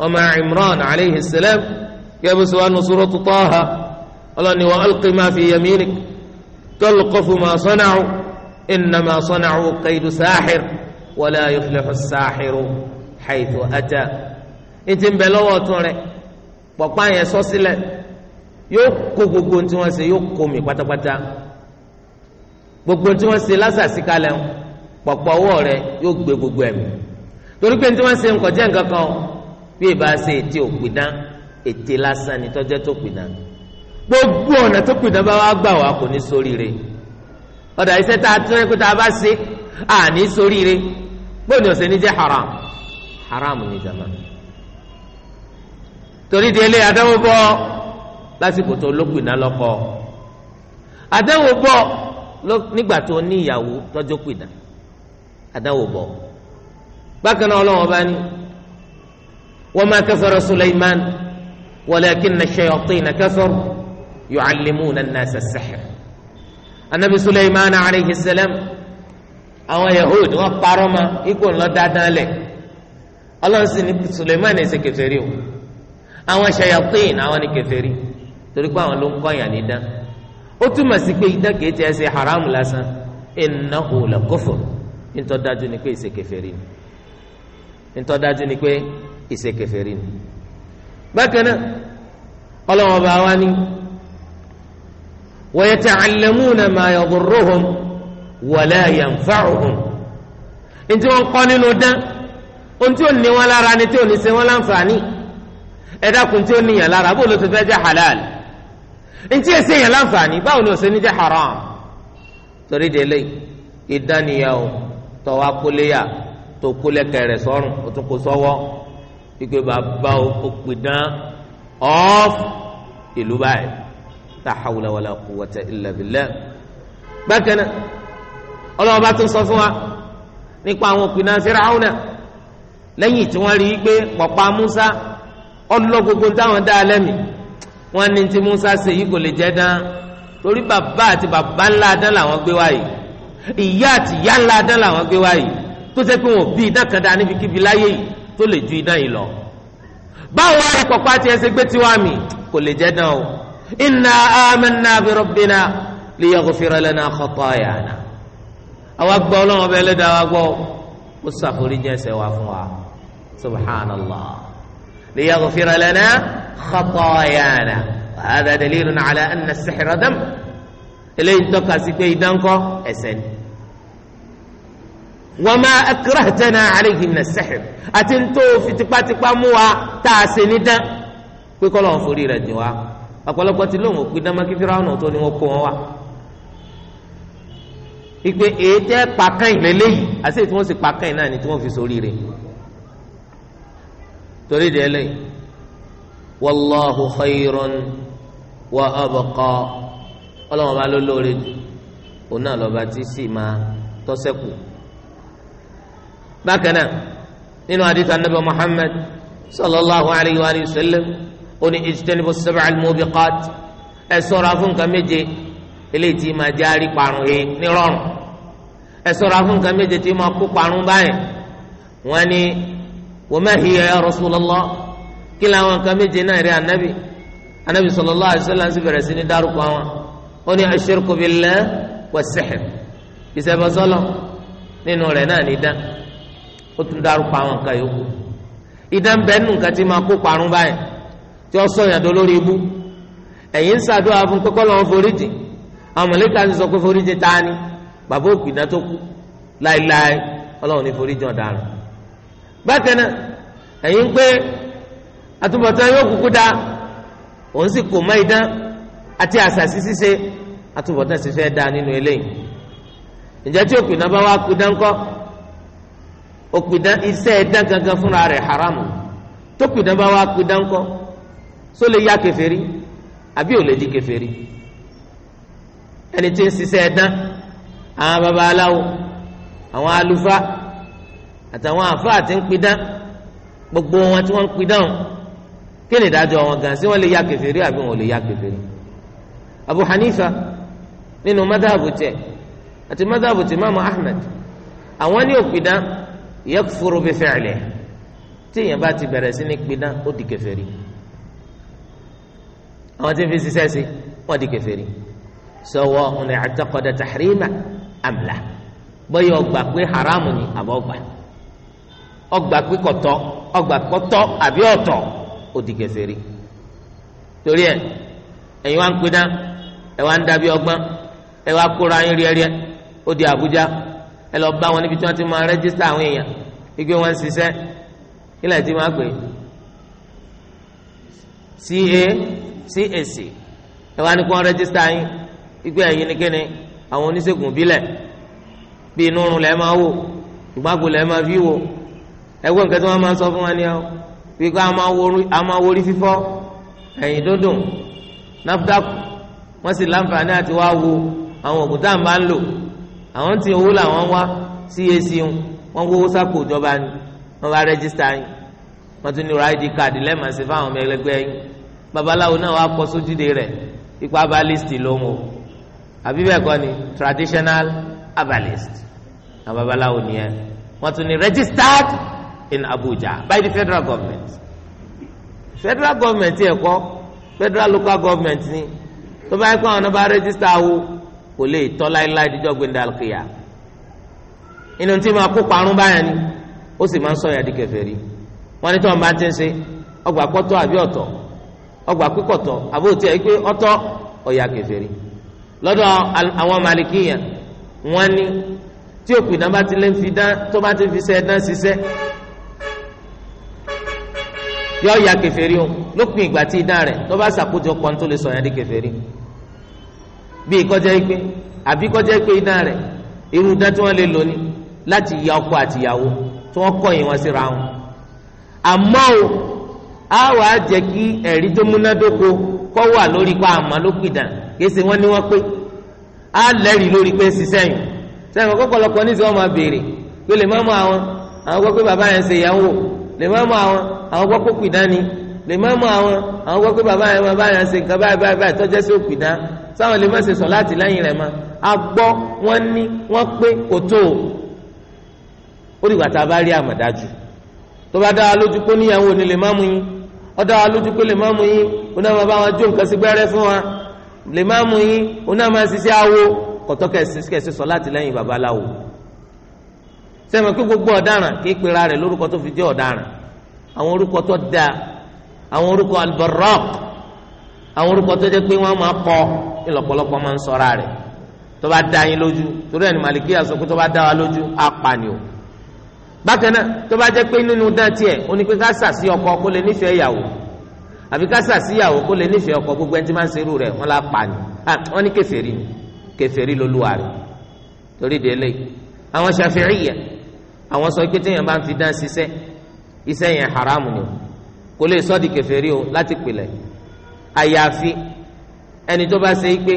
ọmọ imran aleyhi salam gẹ́gẹ́ sọ wọn nusuro tutọ́ ha ọlọ́ni wa alqi ma fi yaminik talqafu ma sanacu innama sanacu kaydu saaxir wala yuflixu saaxiru xaytu ata ìtì ń bẹ lọ́wọ́ ọ̀tún rẹ̀ pọ̀pá yẹn sọ sílẹ̀ yóò kó gbogbo tí wọ́n ṣe yóò kó mi pátápátá gbogbo tí wọ́n ṣe lásàsíkalẹ̀ wọn. pọpọ ọwọ́ rẹ yóò gbé gbogbo ẹ̀mí torí pé tí wọ́n ṣe ń kọjá nǹkan kan bí ìbá ṣe lásán ni tó gbogbo ọ̀nà tó pìdán bá wá gbà wá kò ní sóríire ọ̀dà iṣẹ́ tá a tún a bá ṣe sóríire haram haram ni jama torí di bọ́ lásìkò tó lópinna bọ́ nígbà tó ní ìyàwó àdáwò bọ̀ bákan náà ọlọ́wọ́n bá ní wa ma kafara Sulaiman walakinna ash-shayatina kafaru yu'allimuna an-nasa as-sihr anabi Sulaiman alayhi salam àwọn yahood wọn parọ́ ma ikú ńlọ dáadáa lẹ̀ ọlọ́run sì ní Sulaiman ní ṣe kèfèrí o àwọn shayatin àwọn ní kèfèrí torí pé àwọn ló ń kọ́yàn ní dán ó túmọ̀ sí pé idán kìí tiẹ̀ ṣe haram lásán innahu la kufr ntọ́ dájú ni pé ìṣèkèfèrí ni ntọ́ dájú ni pé ìṣèkèfèrí ni bákan náà ọlọ́wọ́n bá wá ní wa yata'allamuna ma yadurruhum wa la yanfa'uhum ntí wọ́n kọ́ nínú dán ohun tí ó ní wọn lára ni tí ò ní ṣe wọn láǹfààní ẹ dákun tí ó níyàn lára bó ló ti fẹ́ jẹ́ halal ntí ẹ ṣèyàn láǹfààní báwo ni ò ní jẹ́ haram torí délé ìdánìyàwó tọ́ wa kóléyà tó kólẹ́kẹ̀ rẹ̀ sọ́rùn o tún kó sọ́wọ́ pípé bàbá o pìdán ọ́f ìlú báyìí tá a hawla wala quwwata illa billah. bákan náà ọlọ́wọ́ bá tún sọ fún wa nípa àwọn òpìdán Fíráúnà lẹ́yìn tí wọ́n rí i pé pọ̀pá Musa ọlọ́ táwọn dá a lẹ́mìí ní tí Musa ṣe yìí kò lè jẹ́ dán torí bàbá àti bàbá ńlá dán làwọn gbé wáyìí ìyá àti ìyá ńlá dán làwọn gbé wá yìí tó ṣe pé wọn bí iná kan dá níbikíbi láyé yìí tó lè ju iná yìí lọ. báwo wá ìkọ̀kọ̀ àti ẹsẹ̀ gbé tiwa mi kò lè jẹ́ náà o. inna amanna bi rabbina liyaghfira lana khatayana. àwa gbọ́ ọlọ́run ọbẹ̀ ẹlẹ́dàá wa gbọ́ ó ṣàforíjì ẹ̀ṣẹ̀ wa fún wa subhanallah liyaghfira lana khatayana. wa hadha dalilun ala anna eléyìí ń tọ́ka sí pé ìdánkọ́ ẹ̀ṣẹ̀ ni. wa ma akrahtana alayhi min as-sihr àti ń tó fi tipátipá mú wa tá a ṣe ní dán pé kọ́ lọ́wọ́ forí rẹ̀ jìn wá ọ̀pọ̀lọpọ̀ ti lóun òpin dán mákì fíráhùn tó ni wọ́n kó wọn wá. ìpè èyí pàkàn ìlélẹ́yìí àti èyí tí wọ́n sì pàkàn náà ni tí wọ́n fi sórí rẹ̀ torí de ẹlẹ́yìn wallahu khayrun wa abqa ọlọ́run bá ló lóore jù òun náà lọ́ba tí sì máa tọ́sẹ̀kù. bákan náà nínú àdìtà nàbẹ Muhammad sallallahu alayhi wa sallam oní ijtanibu sab'al mubiqat ẹ ṣọ́ra fún nǹkan méje eléyìí tí máa járí parun yìí nírọ̀rùn ẹ ṣọ́ra fún nǹkan méje tí máa kó parun báyìí wọ́n ní wa ma hiya ya kí làwọn nǹkan méje náà rí anabi anabi sallallahu alayhi wa sallam sì bẹ̀rẹ̀ sí ní dárúkọ àwọn. ó ní aṣirku billah wa sihr ìṣẹ̀bọ̀sọ́lọ̀ nínú rẹ̀ náà ní dán ó tún dárúkọ àwọn nǹkan yòókù ìdán bẹ nù nǹkan tí máa kó parun báyìí tí ó sọ ìyàdó lórí ibú ẹ̀yin ń ṣàdúrà fún pé kọ́lọ́ foríjì àwọn mọ̀lẹ́ka ń sọ pé foríjì ta ni bàbá òpìdá tó kú láéláé ọlọ́run ní foríjì ọ̀daràn bákan náà ẹ̀yin pé àtúbọ̀tán yóò kúkú dá òun sì kò mọ ìdán àti àtúbọ̀tán sì fẹ́ dáa nínú eléyìí ǹjẹ́ tí òpìdá bá wá kú dáńkọ́ òpìdá iṣẹ́ ẹ̀dá gangan fúnra rẹ̀ haramu tó pìdá bá wá kú dáńkọ́ só lè ya kèfèrí àbí ò lè di kèfèrí ẹni tí ń ṣiṣẹ́ ẹ̀dá àwọn babaláwo àwọn àlùfáà àtàwọn àfáà tí ń pidán gbogbo wọn tí wọ́n ń pidán kí ni ìdájọ́ wọn gan sí wọ́n lè ya kèfèrí àbí wọn ò lè ya kèfèrí Abu Hanifa nínú mọ́dàbù tiẹ̀ àti mọ́dàbù tiẹ̀ Imam Ahmed àwọn ní òpìdán yakfuru bi fi'li tí èèyàn bá ti bẹ̀rẹ̀ sí ní pidán ó di kèfèrí àwọn tí ń fi ṣiṣẹ́ sí wọ́n di kèfèrí sawa'un i'taqada tahrima am la bóyá ọgbà pé haramu ni àbọ̀ ọgbà ọgbà pé kọ̀tọ́ ọgbà kọ̀tọ́ àbí ọ̀tọ̀ ó di kèfèrí torí ẹ̀ ẹ̀yin wá ń pidán ẹ̀ wá ń dàbí ọgbọ́n ẹ wá kóra yín rẹ́rẹ́ ó di Àbújá ẹ lọ bá wọn níbi tí wọ́n ti máa rẹ́jísítà àwọn èèyàn gbígbé wọn ṣiṣẹ́ ilẹ̀ tí máa pè ca cac ẹ wá ní kí wọ́n rẹ́jísítà yín gbígbé ẹ̀yin ni? kíni àwọn oníṣègùn bílẹ̀ bí inú oorun lẹ́ẹ̀ máa wò ìgbàgbó lẹ́ẹ̀ máa fi wò ẹgbẹ́ nǹkan tí wọ́n máa sọ fún wa ni ọ́ bí kò a máa wọrí fífọ́ ẹ̀yìn dúndùn náfdàkù wọ́n sì láǹfààní àti wá wo àwọn oògùn tá à ń bá ń lò àwọn tí owó làwọn wá cac wọn wó sápò ìjọba ni wọn bá rẹ́gísítà yín wọn tún ní ọ̀rọ̀ id card lẹ́ẹ̀mọ̀ sí fáwọn ọmọ ẹlẹgbẹ́ yín babaláwo náà wàá kọ sójúde rẹ̀ ipa abalist lòun o àbí bẹ́ẹ̀ kọ́ ni traditional herbalist na babaláwo nìyẹn wọ́n tún ní registered in Abuja by the federal government federal government yẹ kọ́ federal local government ni tó bá yẹ kó àwọn náà bá register awo kò lè tọ́ láéláé díjọ́ gbẹ̀ndà àlùkìyà inú tí máa kó parun báyà ni ó sì máa ń sọ yàdí kèfèrí wọn ní tí wọn bá ti ń ṣe ọgbà kọtọ àbí ọ̀tọ̀ ọgbà pípọtọ àbí òtí ẹ pé ọ̀tọ̀ ọyà kèfèrí lọ́dọ̀ àwọn màlìkìyà wọn ní tí òkú iná bá ti lè fi dán tó bá ti fi ṣe dán ṣiṣẹ́ yọ ọyà kèfèrí o lópin ìgbà tí idán rẹ̀ tó bá ṣàkójọ ní tó lè sọ yàdí kèfèrí bíi kọjá ikpe àbí kọjá ikpe iná rẹ̀ irú dá tí wọ́n lè lò ní láti ya ọkọ àtìyàwó tí wọ́n kọ̀yìn wọn síra wọn àmọ́ o á wà á jẹ́ kí ẹ̀rí tó múnádóko kọ́ wà lórí pa àmọ́ ló pìdán kése wọ́n ní wọ́n pé á lẹ́rìí lórí pé ṣiṣẹ́ yìí sẹ́yìn ọ̀pọ̀lọpọ̀ ní sọ́ọ́ máa béèrè pé lè má mọ àwọn àwọn gbọ́ pé bàbá yẹn ṣe ìyàwó lè má mọ àwọn àwọn gbọ́ pé pìdán lè má mọ àwọn àwọn gbọ́ pé bàbá yẹn máa bá yẹn ṣe nǹkan báyìí báyìí báyìí tọ́jẹ́ sí òpì dá sáwọn lè má ṣe sọ láti lẹ́yìn rẹ̀ mọ́ a gbọ́ wọ́n ní wọ́n pé kò tó o ó dìgbà tá a bá rí àmọ̀dájú tó bá dá lójú pé níyàwó ni lè má mú yín ó dá wa lójú pé lè má mú yín ó náà máa bá wọn jó nǹkan sí gbẹ́rẹ́ fún wa lè má mú yín ó náà máa ṣiṣẹ́ awo kọ̀tọ́ kẹ̀sì sọ àwọn orúkọ tó dáa àwọn orúkọ albarraq àwọn orúkọ tó jẹ́ pé wọ́n máa kọ ìlọ̀pọ̀lọpọ̀ máa ń sọra rẹ̀ tó bá dá yín lójú torí ẹni màlìkí àsọ pé tó bá dá wa lójú á pa ni o bákan náà tó bá jẹ́ pé nínú dán tiẹ̀ ó ní pé ká sàsí ọkọ kó lè nífẹ̀ẹ́ ìyàwó àbí ká sàsí ìyàwó kó lè nífẹ̀ẹ́ ọkọ gbogbo ẹni tí máa ń serú rẹ̀ wọ́n la pa ni wọ́n ní kèfèrí ni kèfèrí lolúwa rẹ̀ torí délé àwọn Ṣafi'iyya àwọn sọ pé téèyàn bá ń fi dán ṣiṣẹ́ iṣẹ́ yẹn haramu ni o kò lè sọ di kèfèrí o láti pilẹ̀ àyàfi ẹni tó bá ṣe é pé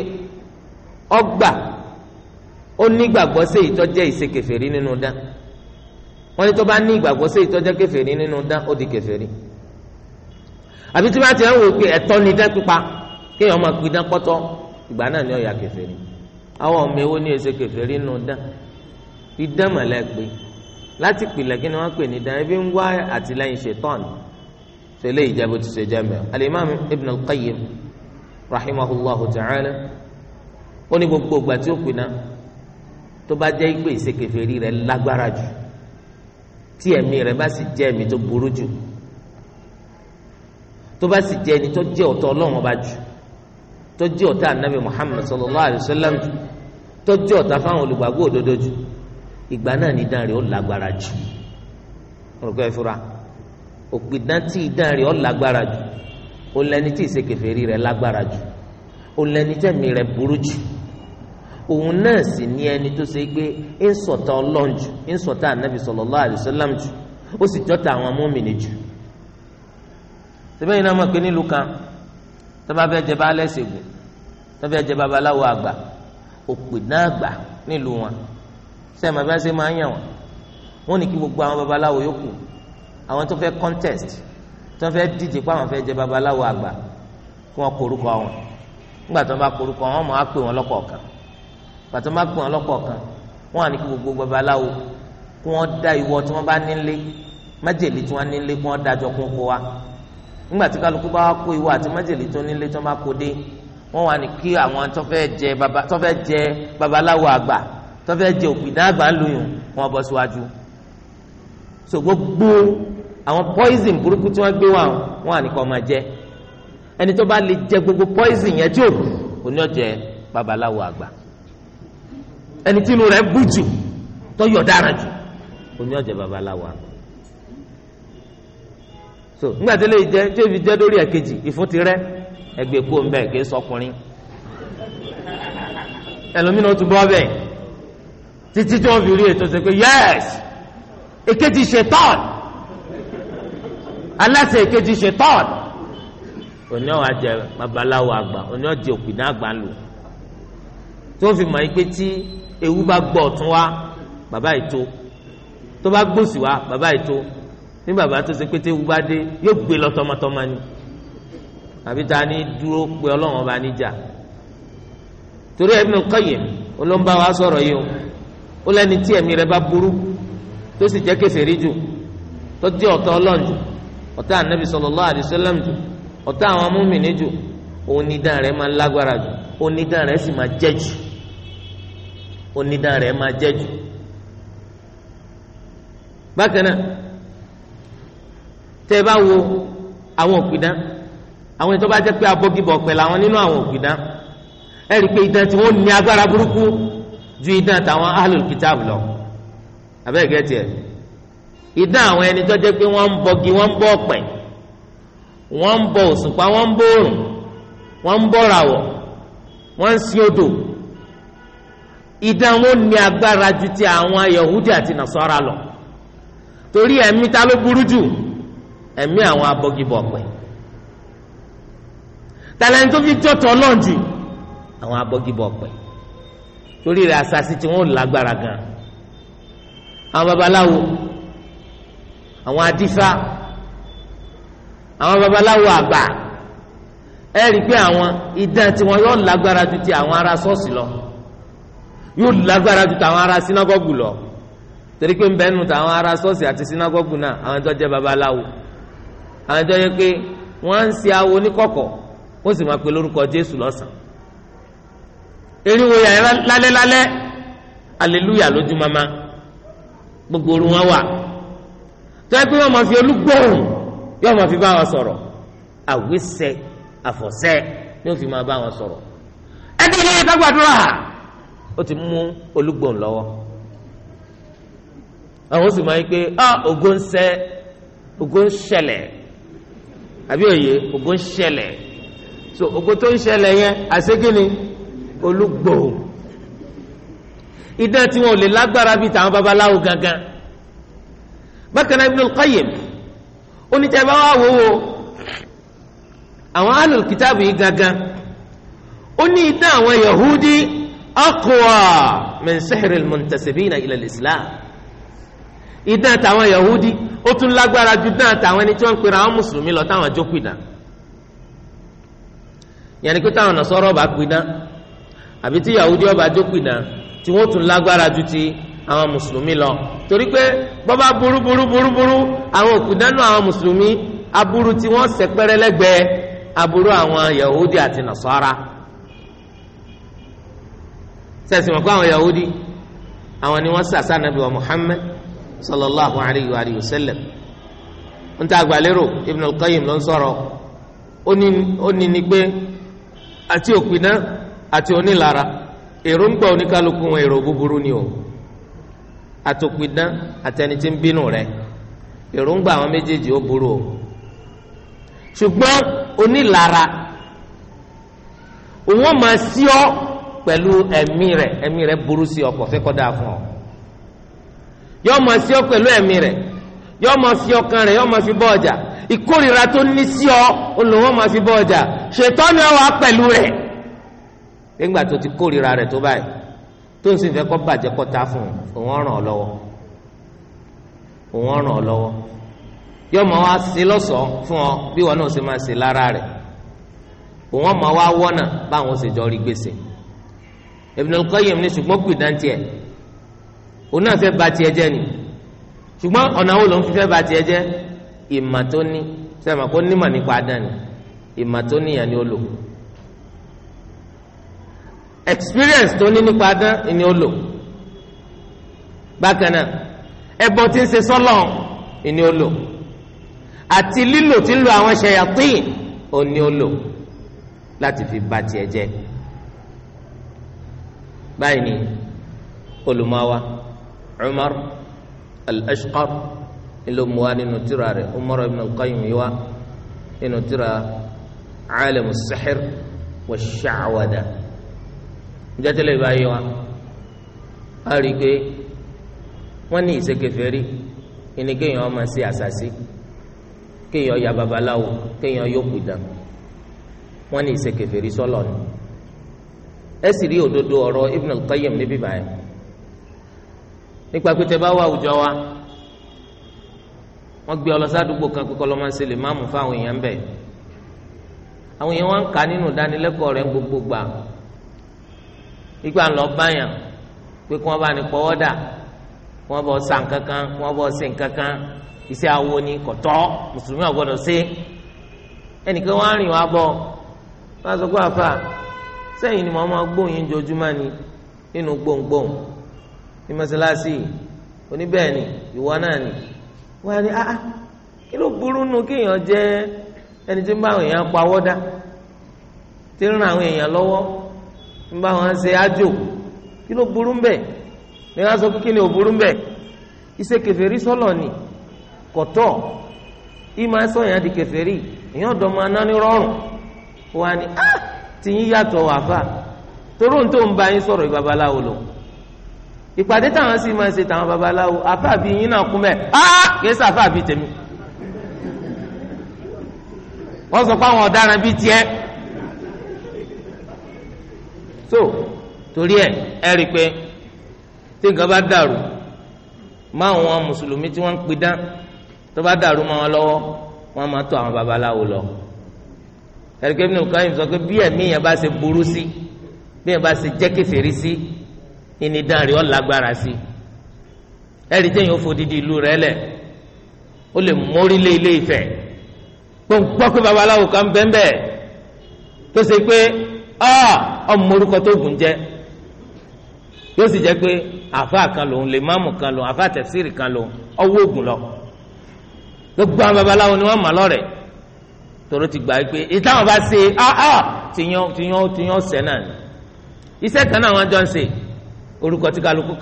ọgbà ó ní ìgbàgbọ́ sí ìtọ́jẹ́ ìṣe kèfèrí nínú dán wọ́n ní tó bá ní ìgbàgbọ́ sí ìtọ́jẹ́ kèfèrí nínú dán ó di kèfèrí àbí tí wọ́n ti ń wò pé ẹ̀tọ́ ni dán pípa kéèyàn máa pin dán pọ́tọ́ ìgbà náà ni ó ya kèfèrí àwọn ọmọ ewo ní èsè kèfèrí nínú dán ìdán mọ̀lẹ́ pé láti pilẹ̀ kí ni wọ́n pè ní dán ebi ń wá àtìlẹ́yìn ṣètọ́ni so eléyìí jẹ́ bó ti ṣe jẹ́ mẹ́rin al-imam ibn al-qayyim rahimahullahu ta'ala ó ní gbogbo ìgbà tí ó pinna tó bá jẹ́ ìpè ìṣekèfèrí rẹ̀ lágbára jù tí ẹ̀mí rẹ̀ bá sì jẹ́ ẹ̀mí tó burú jù tó bá sì jẹ́ ẹni tó jẹ́ ọ̀tọ̀ ọlọ́run ọba jù tó jẹ́ ọ̀tá anabi muhammed sallallahu alayhi wa sallam jù tó jẹ́ ọ̀tá fáwọn olùgbàgbọ́ òdodo jù ìgbà náà ní dáre ó lágbára jù. olùkọ́ ìfura òpìdán tí idán rẹ̀ ó lágbára jù ó lẹni tí ìṣekèfèrí rẹ̀ lágbára jù ó lẹni tẹ̀mí rẹ̀ burú jù òun náà sì ní ẹni tó ṣe pé ń sọ̀tà ọlọ́run jù ń sọ̀tà ànábì sallallahu alaihi wasallam jù ó sì jọ́ta àwọn mọ́mìnì jù sẹ́bẹ̀yìn náà mọ̀ pé nílùú kan tó bá fẹ́ jẹ baálé ṣègùn tó fẹ́ jẹ babaláwo àgbà òpìdán nílùú wọn sẹ́ẹ̀ màbá ṣe máa ń yàn wọn wọn ní kí gbogbo àwọn babaláwo yòókù àwọn tó fẹ́ contest tó fẹ́ díje pé àwọn fẹ́ jẹ babaláwo àgbà kí wọ́n korúkọ wọn nígbà tó ń bá korúkọ wọn mọ̀ á pè wọn lọ́kọ̀ọ̀kan nígbà tó ń bá pè wọn lọ́kọ̀ọ̀kan wọn à ní kí gbogbo babaláwo kí wọ́n dá ìwọ tí wọ́n bá nílé májèlé tí wọ́n nílé kí wọ́n dájọ́ kún kó wa nígbà tí kálukú bá wá kó ìwọ àti májèlé tó nílé tó bá kó dé wọ́n wà ní kí àwọn tó fẹ́ jẹ babaláwo àgbà tó fẹ́ jẹ òpìdá àgbà ń lóyún wọn bọ́ síwájú so àwọn poison burúkú tí wọ́n gbé wá wọn àníkàn máa jẹ ẹni tó bá lè jẹ gbogbo poison yẹn tí ò kù òní ọ̀jẹ̀ babaláwo àgbà ẹni tí inú rẹ̀ bù jù tó yọ̀ dára jù òní ọ̀jẹ̀ babaláwo àgbà so nígbà tí lè jẹ tí èfi jẹ lórí ẹ̀kejì ìfún ti rẹ ẹgbẹ́ kú ọ̀nbẹ kì í sọkùnrin ẹlòmínú ó tún bọ́ bẹ́ẹ̀ títí tí wọ́n fi rí ètò ṣe pé yẹ́s èkejì ṣetán aláṣẹ ìkejì ṣe tọ́ọ̀d òní ọ̀ àjẹ babaláwo àgbà òní ọ̀ di òpìdá àgbà lò tó fi mọ̀ pé tí ewu bá gbọ́ ọ̀tún wá bàbá ètò tó bá gbòsì wá bàbá ètò ní bàbá tó ṣe pé tí ewu bá dé yóò gbé lọ tọmọtọmọ ni àbí ta ni dúró pé ọlọ́run ọba níjà torí Ibn Qayyim olóńgbà wa sọ̀rọ̀ yìí o ó lẹ́ni tí ẹ̀mí rẹ̀ bá burú tó sì jẹ́ kèsèrí jù tó jẹ́ ọ̀tọ̀ ọlọ́run jù ọ̀tá anabi sallallahu alaihi wasallam jù ọ̀tá àwọn múmìnì jù onídàn rẹ̀ máa lágbára jù onídàn rẹ̀ sì máa jẹ́ jù onídàn rẹ̀ máa jẹ́ jù bákan náà tẹ́ bá wo àwọn òpìdán àwọn ìtọ́ bá jẹ́ pé abọ́gibọ̀ pẹ̀lú àwọn nínú àwọn òpìdán ẹ rí i pé idán tí wọ́n ní agbára burúkú ju idán tàwọn ahlul kitab lọ abẹ́ẹ̀gẹ́ tiẹ̀ ìdá àwọn ẹni tó jẹ́ pé wọ́n ń bọgi wọ́n ń bọ wọ́n ń bọ wọ́n ń bọ wọ́n ń bọ wọ́n ń sin odò ìdá ju ti àwọn Yahudi àti Nasara lọ torí ẹ̀mí ta ló burú jù ẹ̀mí àwọn abọgi bọ ọ̀pẹ tàlẹ́ni tó fi jọ́tọ̀ jù àwọn torí rẹ̀ àṣàṣì tí wọ́n lágbára àwọn adífá àwọn babaláwo àgbà ẹ rí i pé àwọn idán tiwọn yóò lágbára ju ti àwọn ará ṣọ́ọ̀ṣì lọ yóò lágbára ju tàwọn ará sinagogu lọ torí pé nbẹ nu tàwọn ará ṣọ́ọ̀ṣì àti sinagogu náà àwọn tó jẹ́ babaláwo àwọn tó yẹ pé wọ́n ń ṣe awo níkọ̀kọ̀ wọ́n sì máa pe lórúkọ Jésù lọ́sàn-án eriwo yà lálẹ́ lálẹ́ aleluya lójú mama gbogbo orun wọn wà tọ́yẹ pé wọ́n máa fi olúgbòhùn yóò máa fi bá wọn sọ̀rọ̀ àwísẹ́ àfọ̀sẹ́ ni ó fi máa bá wọn sọ̀rọ̀ ẹni ilé yẹn kágbàdúrà ó ti mú olúgbòhùn lọ́wọ́ àwọn ó sì máa yí pé ògo ń ṣẹ ògo ń ṣẹlẹ̀ àbí òye ògo ń ṣẹlẹ̀ so ògo tó ń ṣẹlẹ̀ yẹn àṣegínni olúgbòhùn idán tí wọn ò lè lágbára bíi tàwọn babaláwo gangan bákan náà Ibnul Qayyim onítẹ̀bá wa wò ó àwọn alul kìtàbù yìí gangan ó ní idán àwọn Yahudi aqwa min sihril muntasibina ila al-Islam idán tàwọn Yahudi ó tún lágbára ju dán tàwọn ẹni tí wọ́n ń pera àwọn mùsùlùmí lọ táwọn àjọ pìdán yẹn ni pé táwọn Nasara bá pìdán àbí tí Yahudi ọba àjọ pìdán tí wọ́n tún lágbára ju ti àwọn mùsùlùmí lọ torí pé bọ́bá burú burú burú burú àwọn òkùdánù àwọn mùsùlùmí aburú tí wọ́n sẹ̀pẹ́rẹ́ lẹ́gbẹ̀ẹ́ aburú àwọn yahudi àti nasara sẹ́sìn wọn yahudi àwọn ni wọ́n sàṣà muhammed sallallahu alayhi wa sallam ta ibn atòpidán àtẹni tí ń bínú rẹ èròǹgbà àwọn méjèèjì ó burú o ṣùgbọ́n onílara òun ó máa sí ọ pẹ̀lú ẹ̀mí rẹ ẹ̀mí rẹ burú sí ọ kò fẹ́ kọ́ dáa fún ọ yọ máa sí ọ pẹ̀lú ẹ̀mí rẹ yọ máa fi ọkàn rẹ yọ máa fi bọ́ ọjà ìkórira tó ní sí ọ olùwọ́n máa fi bọ́ ọjà ṣètọ́ ni ọ wà pẹ̀lú rẹ nígbà tó ti kórira rẹ tó báyìí tó ń sìn fẹ́ kọ́ bàjẹ́ kọ́ ta fún un òun ràn ọ́ òun ràn ọ́ lọ́wọ́ yóò wá sí lọ́sọ̀ọ́ fún ọ bí wọn náà ṣe máa ṣe lára rẹ̀ òun máa wá wọ́nà báwọn ṣe jọ rí gbèsè Ibn al-Qayyim ní ṣùgbọ́n kù dáńtì ẹ̀ òun náà fẹ́ ba tiẹ̀ jẹ́ ni ṣùgbọ́n ọ̀nà wo lòun fi fẹ́ ba tiẹ̀ jẹ́ ìmà tó ní sẹ́mi kó nímọ̀ nípa dání ìmà tó níyàn ni ó lò experience tó ní nípa dán ni ó lò bákan náà ẹbọ tí ń ṣe sọlọ ni ó lò àti lílò tí ń lo àwọn ṣẹyàtìn ni ó lò láti fi ba tiẹ̀ jẹ́ báyìí ni olùmọ̀wá Umar al-Ashqar ló nínú tírà rẹ̀ Umar ibn al-Qayyim nínú tírà Alamu as wa ash-Sha'wada njẹ́tẹ́lẹ̀ bá yé wa a rí i pé wọ́n ní ìsekèfèrí ẹni kéèyàn máa ṣe àṣàṣì kéèyàn ya babaláwo kéèyàn yóò kú dàn wọ́n ní ìsekèfèrí sọ́lọ̀ ni ẹ sì rí òdodo ọ̀rọ̀ Ibn al-Qayyim níbí báyìí nípa pé tẹ bá wà àwùjọ wa wọ́n gbé ọlọ́sàdúgbò kan pé kọ́lọ́ máa ń ṣe lè máàmù fáwọn èèyàn bẹ́ẹ̀ àwọn èèyàn wọn ń kà nínú ìdánilẹ́kọ̀ọ́ rẹ̀ gbogbo Igwe ńlọ báyàn pé kí wọ́n bá ní pọ́wọ́ dà kí san kankan kí wọ́n ṣe kankan isi awo ni kọtọ mùsùlùmí ọ̀gbọ́dọ̀ ṣe ẹnìkan wọ́n rìn wá bọ wọ́n sọ pé àfà sẹ́yìn ni mo máa ni nínú ní ìwọ náà ni nu ẹni tí ń bá àwọn èèyàn ń bá wọn ṣe ájò kí ló burú mbẹ ní wọn sọ pé kí ni ò burú mbẹ iṣẹ kèfèrí sọlọ ni kọtọ ìmọ̀ ẹ̀sọ́ yẹn di kèfèrí èèyàn dọ̀ máa náni rọrùn wà ní á ah, tìyín yàtọ̀ wà fà toró ń tó ń ba yín sọ̀rọ̀ ìbabaláwo lò ìpàdé táwọn sì máa ṣe táwọn babaláwo àfàbí yín náà kú mẹ́ á ah, kìí sàfàbí tèmi wọ́n sọ pé àwọn ọ̀daràn bíi tiẹ̀ so torí ẹ ẹ rí i pé tí nǹkan bá dàrú má àwọn mùsùlùmí tí wọ́n ń pidán tó bá dàrú mọ́ wọn lọ́wọ́ wọ́n máa tọ̀ àwọn babaláwo lọ ẹ̀ríkẹ́ Ibn Qayyim sọ pé bí ẹ̀mí yẹn bá ṣe burú sí bí yẹn bá ṣe jẹ́ kèfèrí sí ìnìdán rẹ̀ ọ́ lágbára sí ẹ̀rí tẹ̀yìn ó ìlú rẹ̀ lẹ̀ ó lè mórí lé ilé Ifẹ̀ gbọ́ngbọ́n pé babaláwo kan bẹ́ẹ̀ tó ṣe pé ah ọmọ orúkọ tó gùn jẹ yóò sì jẹ pé àfa kan lòun lè máàmù kan lòun àfa tẹ̀síìrì kan lòun ọwọ́ ògùn lọ gbogbo àwọn babaláwo ni ni kan náà jọ ń ṣe orúkọ tí kálukú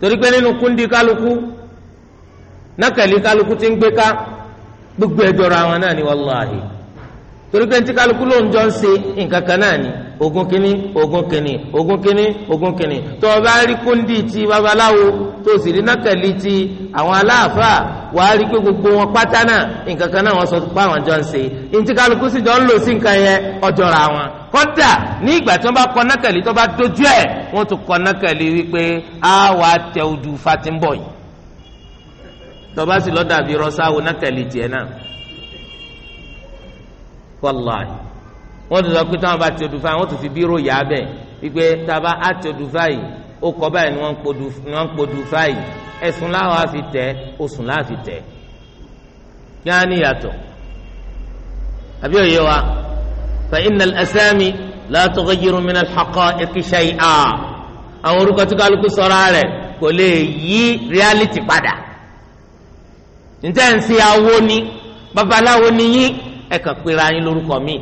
torí pé nínú kúndí kálukú nákàlí torí pé ní tí kálukú ló ń jọ ń ṣe nǹkan kan náà ni ogun kínní ogun kínní ogun kínní ogun kínní tó o bá rí kúndì ti babaláwo tó o sì rí nákàlí ti àwọn aláàfáà wàá rí pé gbogbo wọn pátá náà nǹkan kan náà wọ́n sọ pé àwọn jọ ń ṣe ní tí kálukú sì jọ ń lò sí nǹkan yẹn ọjọ́ra wọn kódà ní ìgbà tí wọ́n bá kọ nákàlí tó bá dojú ẹ̀ wọ́n tún kọ nákàlí wípé a wàá tẹ ojú fatimbo yìí tó bá sì lọ dàbí rọ́ṣáwo nákàlí tiẹ̀ náà wàláì wọ́n ti sọ pé táwọn bá ti odùfà wọ́n ti fi bírò yà á bẹ̀ wípé tábà á ti odùfà yìí ó kọ báyìí ni wọ́n ń podùfà yìí ẹ̀sùn láwọn á fi tẹ̀ oṣùn láà fi tẹ̀ ní ìyàtọ̀ àbí òye wa fa innal asami la tughayyiru min al-haqa'iqi shay'an àwọn orúkọ tí kálukú sọra rẹ̀ kò lè yí reality padà ǹjẹ́ ń awo ni babaláwo ni yín. ẹ kàn pera yín lórúkọ míì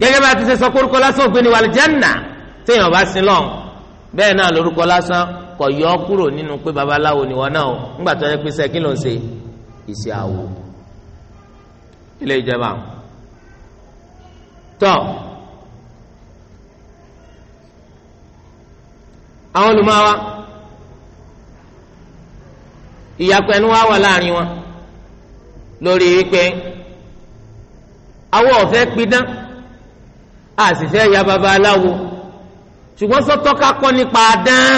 gẹ́gẹ́ bá a ti ṣe sọ kórúkọ lásán ògbéni wà lìjánà téèyàn bá sin bẹ́ẹ̀ náà lórúkọ lásán kọ yọ kúrò nínú pé babaláwo ni náà ńgbà tó yẹ pé kí ló ń ṣe ìṣe àwọn olùmọ̀ ìyàpẹ̀nu wa wà láàrin wọn. lórí wípé àwọn ọ̀fẹ́ pidán àṣìṣe ya babaláwo ṣùgbọ́n sọ́tọ́ ká kọ́ nípa dán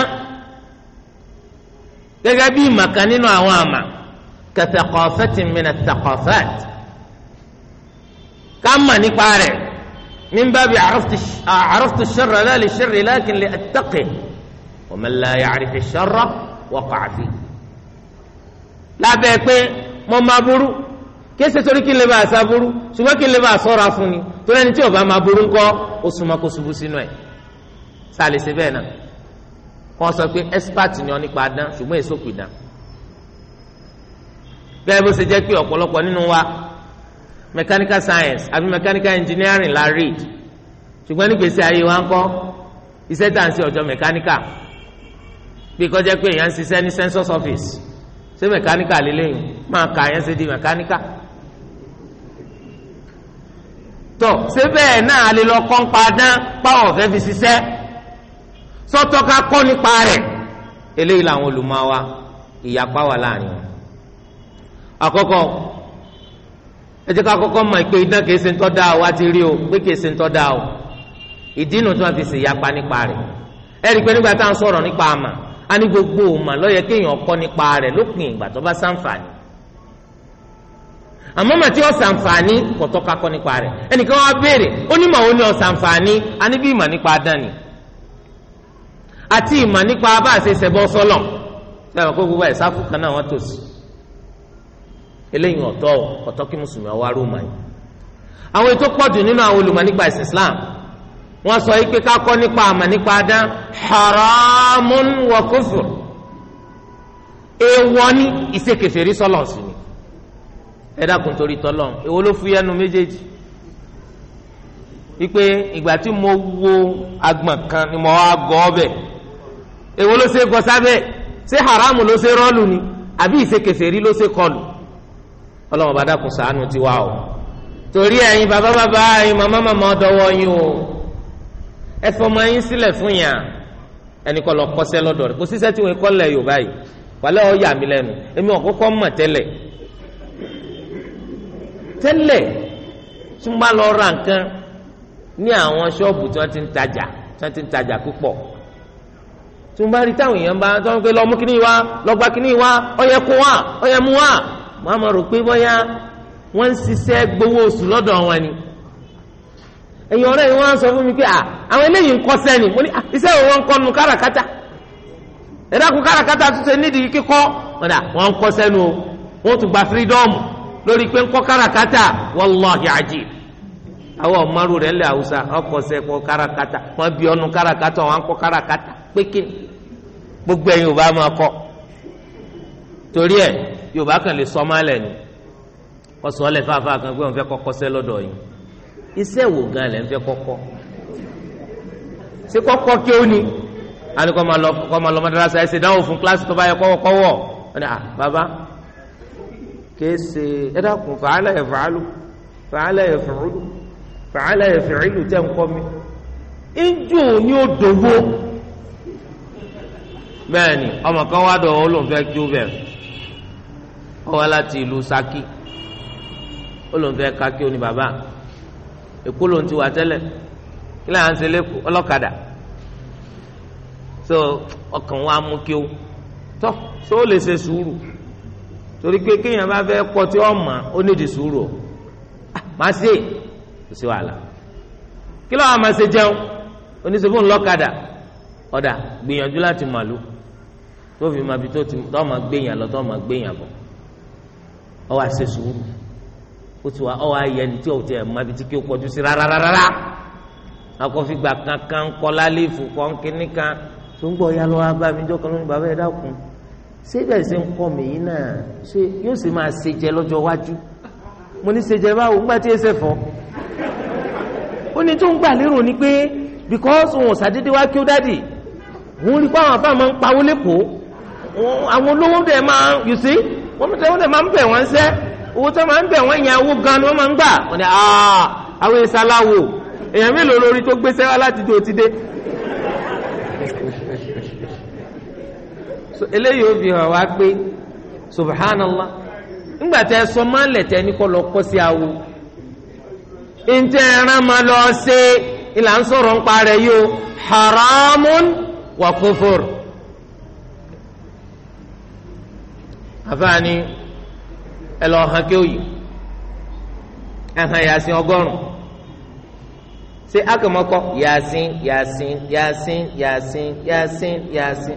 gẹ́gẹ́ bí ìmọ̀kan nínú àwọn àmà kẹtẹkọ̀ọ́fẹ́tì mìíràn tẹkọ̀ọ́fẹ́tì ká mà nípa rẹ̀ من باب عرفت عرفت الشر لا للشر لكن لأتقه ومن لا يعرف الشر وقع فيه lábẹ́ pé mo máa burú kése torí kí n lè bá àṣà burú ṣùgbọ́n kí n lè bá àṣọra fún ni torí ẹni tí ó máa burú ńkọ́ ó súnmọ́ kó ṣubú sínú ẹ̀ sálẹ̀ ṣe bẹ́ẹ̀ náà wọ́n sọ pé expert ni ọ nípa dán ṣùgbọ́n èso kù dán bẹ́ẹ̀ bó ṣe jẹ́ pé ọ̀pọ̀lọpọ̀ nínú wa mechanical science àbí mechanical engineering la read ṣùgbọ́n nígbèsè ayé wa ńkọ́ iṣẹ́ tá ń ṣe ọ̀jọ̀ mechanical bí kọjá pé èèyàn ń ṣiṣẹ́ ní census office ṣé mechanical lélẹ́yìn máa kà yẹn ṣe di mechanical tọ ṣé bẹ́ẹ̀ náà a lè lọ kọ́ ń pa dán páwọ̀ fẹ́ fi ṣiṣẹ́ sọ́tọ́ ká kọ́ nípa rẹ̀ eléyìí làwọn olùmọ̀ wa ìyapa wà láàrin wọn. àkọ́kọ́ ẹ jẹ́ ká kọ́kọ́ mọ̀ pé idán kìí ṣe ń tọ́ da o wá ti rí o pé kìí ṣe ń tọ́ da o ìdí nu tí wọ́n fi ṣe ìyapa nípa rẹ̀ ẹ rí i pé nígbà tá à ń sọ̀rọ̀ nípa àmà a ní gbogbo òmà ló yẹ kéèyàn kọ́ nípa rẹ̀ lópin ìgbà tó bá sáǹfààní àmọ́ mà tí ọ̀sànfààní kò tọ́ka kọ́ nípa rẹ̀ ẹnìkan wá béèrè ó ní mà ó ní ọ̀sànfààní a ní bí ìmọ̀ nípa dání àti ìmọ̀ nípa bá a ṣe ṣẹbọ sọ́lọ̀ sẹ́wọ̀n kó gbogbo ẹ̀sá fún kan náà wọ́n tòsí eléyìí ọ̀tọ̀ ọ̀tọ̀ kí mùsùlùmí ọwá róòmà yìí àwọn ètò pọ̀jù nínú àwọn olùmọ̀ nípa ẹ̀sìn Islam wọ́n sọ ike kakọ́ nípa àmọ̀ nípa dán haramun wa kufur ní ìṣèkèfèrí sọ́lọ̀ sí ẹ dákun torí tọlọ́run èwo ló fúyẹ́ nu méjèèjì wípé ìgbà tí mo wo agbọ̀n kan ni mo wá gọ́ ọbẹ̀ èwo ló ṣe gọ sábẹ́ ṣé haramu ló ṣe rọ́ọ̀lù ni àbí ìṣekèsèrí ló ṣe kọlù ọlọ́run bá dákun ṣàánú tiwa o torí ẹ̀yin bàbá bàbá ẹ̀yin màmá màmá ọ̀dọ́wọ́ yín o ẹ fọmọ yín sílẹ̀ fún yàn ẹnì kan lọ kọ́ṣẹ́ lọ́dọ̀ rẹ̀ kò síṣẹ́ tí wọ́n kọ́ lẹ̀ Yorùbá yìí wàlẹ́ ọ̀ yà mí lẹ́nu èmi ọ̀kọ́kọ́ mọ̀ tẹ́lẹ̀ tẹ́lẹ̀ tí wọ́n bá lọ ra nǹkan ní àwọn ṣọ́ọ̀bù tí wọ́n ti ń tajà tí wọ́n ti ń tajà púpọ̀ tí wọ́n bá rí táwọn èèyàn bá tọ́ pé lọ́mú kíní wá lọ́gbà kíní wá ọyẹ kó wá ọyẹ mú wá wọ́n á máa rò pé bóyá wọ́n ń ṣiṣẹ́ gbowó oṣù lọ́dọ̀ wọn ni èèyàn ọ̀rẹ́ yìí wọ́n á sọ fún mi pé àwọn eléyìí ń kọ́ sẹ́ni mo ní iṣẹ́ òun wọn kọ́ nu káràkátà ẹ̀dá kun káràkátà tún ṣe nídìí kíkọ́ wọn ń kọ́ sẹ́nu o wọ́n tún gba fírídọ́ọ̀mù lórí pé ń kọ́ kárakáta wàláhi àjì àwọn ọmọọrù rẹ̀ lẹ́ àwùsá ọkọ̀ọ̀sẹ̀ karakata kárakáta wọ́n bí ọnu kárakáta wọ́n á gbogbo ẹyin ò bá máa kọ́ torí ẹ̀ yorùbá kan lè sọ máa lẹ̀ ni kọ́sọ́ lẹ̀ kan pé yìí wo gan ń kìí ṣe ẹ dákun fàálà yẹ fàálù fàálà yẹ fàálù fàálà yẹ fàálù tẹ̀ ń kọ́ mi ìjò ni ó dògbò bẹ́ẹ̀ ni ọmọ kan wá dọ̀ olóńfẹ́ kí ó bẹ̀rẹ̀ ó wá láti ìlú Ṣakí olóńfẹ́ kakí ó ti wà tẹ́lẹ̀ kí láà ń ṣe so ọkàn wa mú kí ó tọ́ so ó lè ṣe sùúrù torí pé kéèyàn bá fẹ́ kọ́ tí ó mọ̀ ó ní ìdí sùúrù ah, máa ṣe kò sí wàhálà kí ló wà máa ṣe jẹun oníṣòfò ńlọ́kadà ọ̀dà gbìyànjú láti màlú tó fi máa bi tó ti tó máa gbéyàn lọ tó máa gbéyàn bọ̀ ọ wá ṣe sùúrù ó ti wá ọ wá yẹ ẹni tí ò tiẹ̀ máa bi tí kí ó pọ̀jù sí rárá rárá akọ́fígbà kankan kọ́lá léèfù kọ́ńkínní tó ń gbọ́ ya lọ́wọ́ abámi jọ́kan lónìí bàbá ẹ̀ dákun ṣé bẹ́ẹ̀ ṣe ń kọ́ mi yìí náà ṣé yóò ṣe máa ṣe jẹ lọ́jọ́ iwájú mo ní ṣe jẹ báwo gbà tí ẹsẹ̀ fọ́ ó ní tó ń gbà lérò ni pé because òun ṣàdédé wá kí ó dádì òun rí pé àwọn afá máa ń pawó lẹ́kọ̀ọ́ àwọn olówó dẹ̀ máa you see wọ́n mú tẹ́wọ́n dẹ̀ máa ń bẹ̀ wọ́n ṣẹ́ owó tó máa ń bẹ̀ wọ́n yẹn owó gan ni wọ́n máa ń gbà wọ́n ní àwọn ah, ìsaláwo èèyàn mélòó lórí tó gbéṣẹ́ wá láti dé òtídé eléyìí ó fi hàn wá pé subhanallah ńgbà tẹ sọ máa ń lẹ̀tẹ̀ ní kọ́ lọ kọ́ sí awo ntẹ ṣe ìlà ń ń haramun wa kufur. àfààní ẹ lọ hàn kí ó yìí ẹ hàn yàsín ọgọ́rùn-ún ṣé yàsín yàsín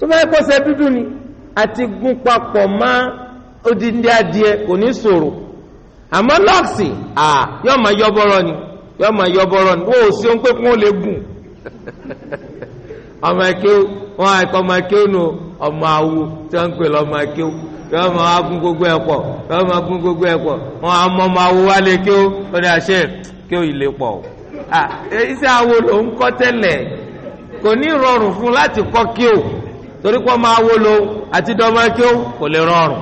tó bá kọ́ sẹ́ dúdú ni àti gun papọ̀ má odindi adìẹ kò ní sòrò àmọ́ lọ́ọ̀sì à yóò máa yọ bọ́rọ̀ ni yóò máa yọ bọ́rọ̀ ni wọ́n ò sí ohun pé kún ó lè gùn ọmọ akéwò wọn àìkọ́ ọmọ akéwò nù ọmọ awo tí wọ́n ń pè lọ́mọ akéwò yọọ ma gun gbogbo ẹ pọ yọọ ma gun gbogbo ẹ pọ wọn a ọmọ awo wa le kí o ó ní àṣẹ kí o yìí lè pọ o iṣẹ́ awo ló ń kọ́ tẹ́lẹ̀ kò ní rọrùn fún láti kọ́ kí o torí kó máa wó lo àti dọ́mọ́kíó kò lè rọrùn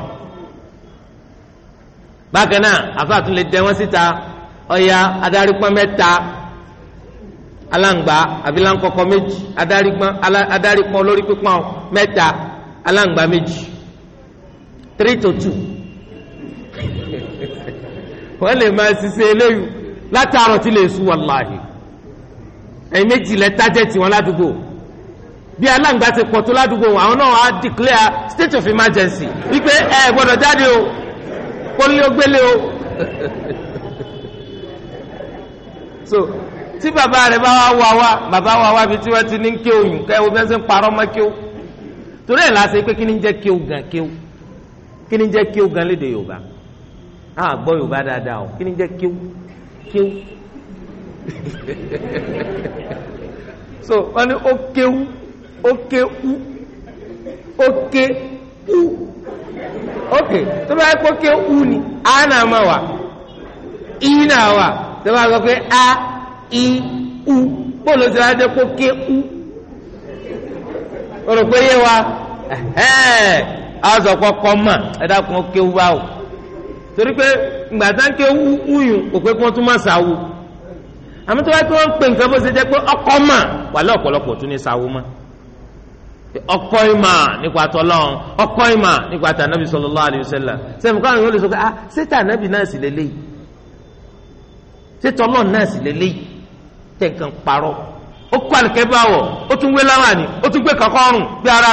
bákan náà àfa tún lè dẹ wọn síta ọ̀ya adarí pọ́n mẹ́ta alangba abilankọkọ méjì adarí pọ́n adarí pọ́n olórí alangba méjì three to two <laughs> wọ́n lè máa ṣiṣẹ́ eléyìí látàárọ̀ tí lè sùn wàláhì ẹ̀yìn méjì lẹ́tàjẹ́ tiwọn ládùúgbò bí aláǹgbá ti pọ̀ tó ládùúgbò wọn àwọn náà á declare state of emergency wípé ẹ gbọ́dọ̀ jáde o kólé ó gbélé o so tí bàbá rẹ̀ bá wá wá wá bàbá wá wá bí tí wọ́n ti ní kí oyún kẹ́ o fẹ́ẹ́ sẹ́ ń parọ́ mọ́ kí o torí ẹ̀ láti pé kí ni jẹ́ kí o gan kí o kí ni jẹ́ kí o gan léde yorùbá a gbọ́ yorùbá dáadáa o kí ni jẹ́ kí o kí o so wọ́n ní ó kéwú ókè ú ókè ú ókè tó bá yẹ kó ni a na máa wà í náà wà tó bá a í ú bóòlù tí wàá jẹ kó ókè ú yé wa a sọ kọkọ mà ẹ dákun ókè ú báwò torí pé gbàtà ń ké wúyùn kò pé tún máa ṣàwò àmọ́ tó bá ọkọ mà wàlẹ́ ọkọ ìmọ̀ nípa tọ́lọ́run ọkọ ìmọ̀ nípa tànàbì sallallahu alaihi sẹ́mi káwọn yóò lè sọ pé ah ṣé tànàbì náà sì lélẹ́yìí ṣé tọ́lọ́run náà sì lélẹ́yìí tẹ̀kàn parọ́ ó kọ́ àlùkẹ́bí àwọ̀ ó tún wé láwàní ó tún gbé kankọ́rùn gbé ara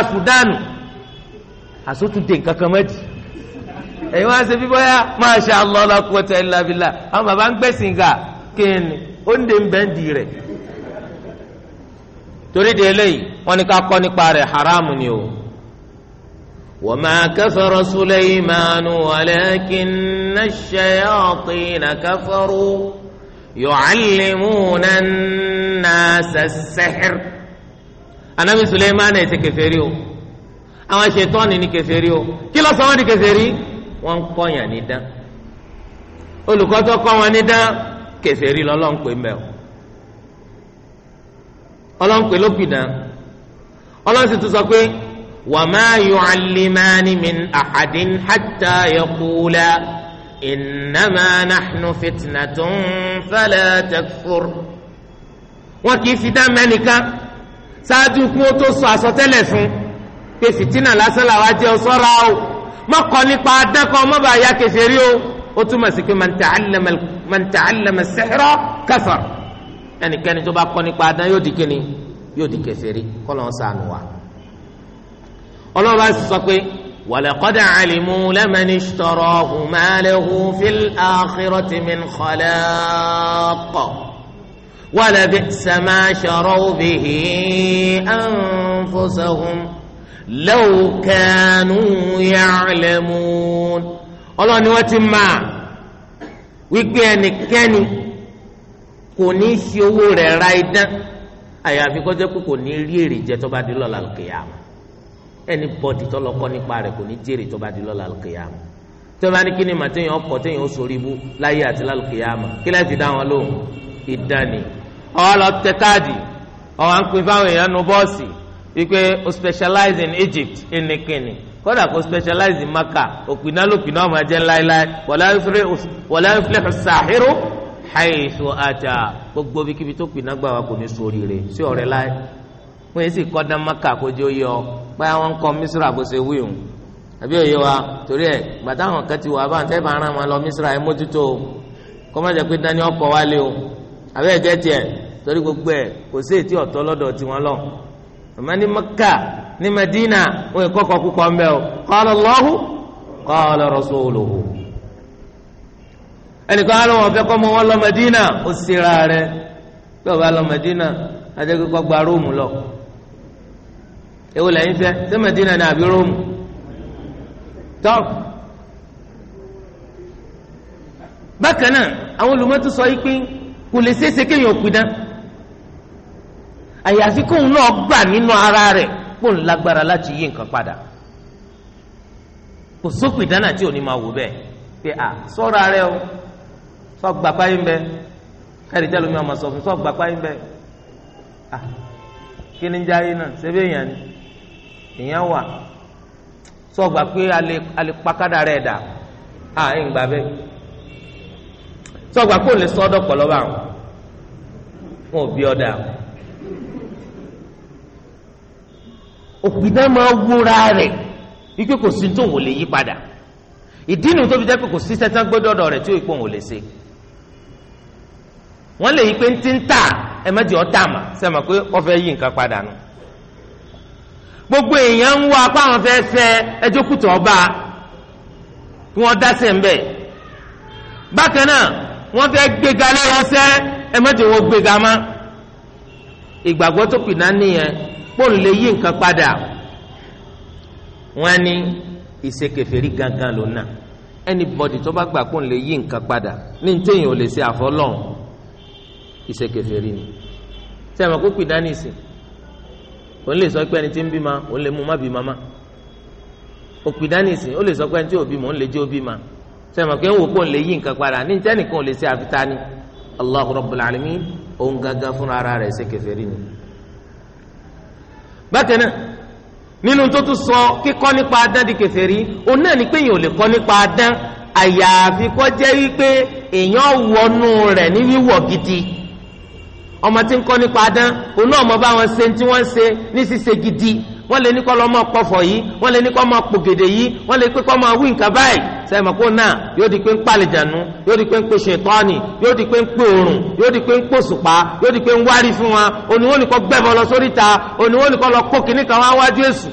àsótúndé kankan mẹ́tì ẹ̀yin wá ṣe torí de eléyìí wọ́n ní ká kọ́ nípa rẹ̀ haramu ni o. wa ma kafara Sulaymanu walakinna ash-shayatina kafaru yu'allimuna an-nasa as-sihr. anabi Sulaymanu ẹ̀ ti kèfèrí o àwọn ṣètọ́ni ni kèfèrí o kí ló sọ wọ́n di kèfèrí wọ́n ń kọ́yàn ní dán olùkọ́ kọ́ wọn ní dán kèfèrí lọ́lọ́ ń pè mẹ́ ọlọ́run pè lópìdán ọlọ́run sì tún sọ pé wa ma yu'allimani min ahadin hatta yaqula innama nahnu fitnatun fala takfur wọn kì í fitá mẹ́nìkan ṣáájú kí wọ́n tó sọ àsọtẹ́lẹ̀ fún pé fìtínà lásán làwọn ajẹ́ sọ́ra o mọ́kọ́ nípa adẹ́kọ̀ọ́ mọ́bàá ya kẹfẹ́ rí o ó túmọ̀ sí pé man ta'allama man ta'allama ẹnikẹ́ni tó bá kọ́ nípa adán yóò di kíni yóò di kèfèrí kọ́lọ́ ń sànù wa. ọlọ́run bá sọ pé walaqad alimu liman ishtarahu ma lahu fil akhirati min khalaq walabi'sa ma sharaw bihi anfusahum law kanu ya'lamun ọlọ́run ni wọ́n ti máa wípé ẹnikẹ́ni kò ní í fi owó rẹ̀ ra idán àyàfi kọjá pé kò ní rí èrè jẹ tó bá di lọ́la lùkìyàmù ẹni bọ́dì tó lọ́kọ́ nípa rẹ̀ kò ní jèrè tó bá di lọ́la lùkìyàmù tó bá ní kíni màtẹ́yìn ọkọ̀ tẹ́yìn ó sórí láyé àti lálùkìyàmù kí láì dá wọn lóhùn ìdánì ọlọ tẹ káàdì ọwọ ń pin fáwọn èèyàn nu bọ́ọ̀sì wípé o specialize in Egypt ẹnìkìnì kódà kó specialize in Maka òpinálòpinà ọmọ ẹjẹ ńláńlá wọlé ìfúlẹ̀ ṣàhírò haythu ata gbogbo bíkíbi tó pinna gbà kò ní sórí rẹ̀ sí ọ̀rẹ́ láyé wọ́n yìí sì maka kójú yọ báyà wọ́n ń misra bó ṣe wí oyewa àbí òye wa torí ẹ gbàtà hàn kan wà bá àtẹ́ bá rán wọn lọ misra ẹ̀ mójútó o kọ́ má jẹ́ pé dání o àbí torí gbogbo kò sí ètí tiwọn lọ ní maka ní ẹnìkan á lọ wọn fẹ́ kọ́ mọ wọn lọ Mẹdínà ó sera rẹ bí ọba lọ Mẹdínà adékè kọ́ gba Róòmù lọ èwo lẹ́yìn fẹ ṣé Mẹdínà ni àbí Róòmù tọ. bákan náà àwọn olùmọ́tò sọ yìí pé kò lè ṣeéṣe kéèyàn pidán àyàfi kóun náà gbà nínú ara rẹ kóun lágbára láti yí nǹkan padà kò sópin dáná tí ò ní máa wò bẹ́ẹ̀ pé à sọ́ra rẹ o. sọgbà páyé ń bẹ ẹ̀rí tẹ́lu mi ọmọ sọ fún sọgbà páyé ń bẹ ah kí ni jáyé náà ṣebí èèyàn ni èèyàn wà sọgbà pé alẹ alẹ pàkádà rẹ dà ah ẹ̀ ń gbà bẹ́ẹ̀ sọgbà kò lè sọ ọdọ pọlọba àwọn wọn ò bí ọdà àwọn. òpìdá máa wúra rẹ̀ wípé kò sí tó wò lè yí padà ìdí nu tó fi jẹ́ pé kò sí sẹ́tàn gbọ́dọ̀dọ̀ rẹ̀ tí ò ipò wò lè ṣe. wọ́n lè yí pé ń ti ń tà ẹ tà mà ma pé yí nǹkan padà nù. gbogbo èèyàn ń wá apá àwọn fẹ́ ọba kí wọ́n dá sẹ́ ń bẹ̀. wọ́n fẹ́ gbéga lẹ́yìn sẹ́ ẹ má jẹ́ ìgbàgbọ́ tó pìnà nìyẹn lè yí nǹkan padà. ní ìṣekèfèrí gangan náà anybody tó bá gbà pọ́ùn lè yí nǹkan padà ní ò lè ṣe ìṣe kèfèrí ni ṣé àwọn kókò ìdánìsì òun lè sọ pé ẹni tí ń bímọ òun lè mú má bímọ má òkú ìdánìsì ó lè sọ pé ẹni tí ò bímọ òun lè jẹ́ ó bímọ ṣé àwọn kẹ́ ń wò kó òun lè yí nǹkan padà ní si ò lè ṣe àfitá ni Allahu Rabbul òun fúnra ara rẹ̀ ṣe ni. bákan náà sọ kíkọ́ nípa adán di òun náà ni pé èèyàn ò lè kọ́ nípa adán àyàfi gidi ọmọ tí ń kọ́ nípa dán òun náà mọ bá wọn ṣe tí wọ́n ṣe ní ṣíṣe gidi wọ́n lè ní kọ́ lọ́mọ pọ̀fọ̀ yìí wọ́n lè ní kọ́ máa pògèdè yìí wọ́n lè pé kọ́ máa wí nǹkan báyìí sẹ́mi kó náà yóò di pé ń pàlejànú yóò di pé ń pe ṣètọ́ni yóò di pé ń pe òrùn yóò di pé ń pòṣùpá yóò di pé ń wárí fún wa òníwó nìkan gbẹ̀bọ lọ sórí ta òníwó nìkan lọ kó kìnnì kan wá wájú èṣù.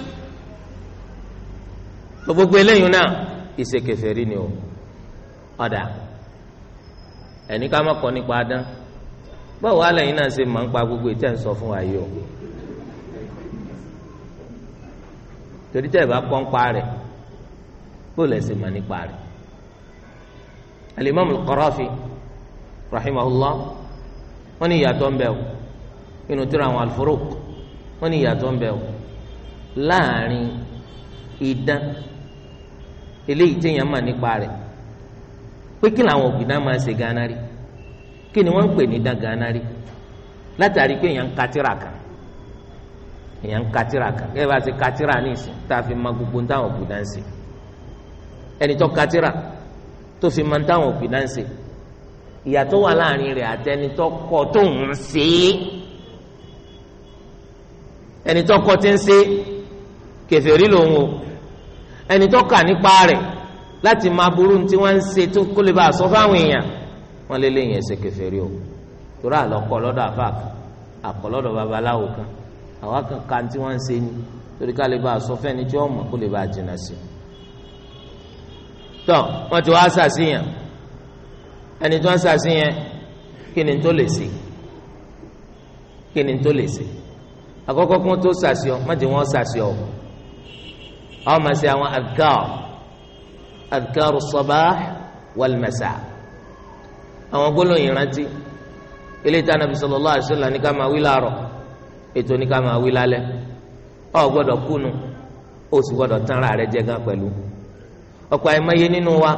gbogbo eléyìí náà ìṣèkèfèrí ni o ọ̀dà ẹ̀ní ká má nípa adán báwo wàhálà yìí náà ṣe máa ń pa gbogbo ìtẹ́ ń sọ fún wa yìí o torí tẹ́ ẹ̀ bá kọ́ ń pa rẹ̀ bó lẹ̀ ṣe máa nípa rẹ̀ alimami Qarafi rahimahullah wọ́n ní ìyàtọ̀ ń bẹ o inú tíra àwọn al-Furuq wọ́n ní ìyàtọ̀ ń bẹ o láàrin idán eléyìí téèyàn máa nípa rẹ̀ pé kí làwọn òbí náà máa ṣe gánà rí kí ni wọ́n ń pè ní danganari látàrí pé èèyàn ń katira kan èèyàn ń katira kan kí ẹ bá ti katira ní ìsìn tá a fi ma gbogbo táwọn òkú náà ń ṣe ẹni tó katira tó fi ma táwọn òkú náà ń ṣe ìyàtọ̀ wà láàrin rẹ̀ àti ẹni tó kọ́ tó ń ṣe é ẹni tó kọ́ ti ń ṣe kèfèrí lòun o ẹni tó kà nípa rẹ̀ láti máa burú tí wọ́n ń ṣe tó kó bá a sọ fáwọn èèyàn wọ́n lé lẹ́yìn ẹsẹ̀ kèfèrí o torí àlọ́kọ́ lọ́dọ̀ àfa kan àkọ́ lọ́dọ̀ babaláwo kan àwa kan kan tí wọ́n ń ṣe ni torí ká lè bá a sọ fẹ́ni tí wọ́n mọ̀ kó lè bá a jìnnà sí i. tọ́ wọ́n ti wá ṣàṣìyàn ẹni tí wọ́n ṣàṣìyàn kí ni tó lè ṣe kí ni tó lè ṣe àkọ́kọ́ kún tó ṣàṣìyọ má jẹ́ wọ́n ṣàṣìyọ àwọn máa ṣe àwọn adkar adkar as-sabah àwọn gbólóyìn rántí eléyìí tí anabi sallallahu alaihi wasallam ní ká máa wí láàárọ̀ ètò ní ká máa wí lálẹ́ ọ gbọ́dọ̀ kúnu ó sì gbọ́dọ̀ tán ara rẹ jẹ gan pẹ̀lú ọ̀pọ̀ àìmọye nínú wa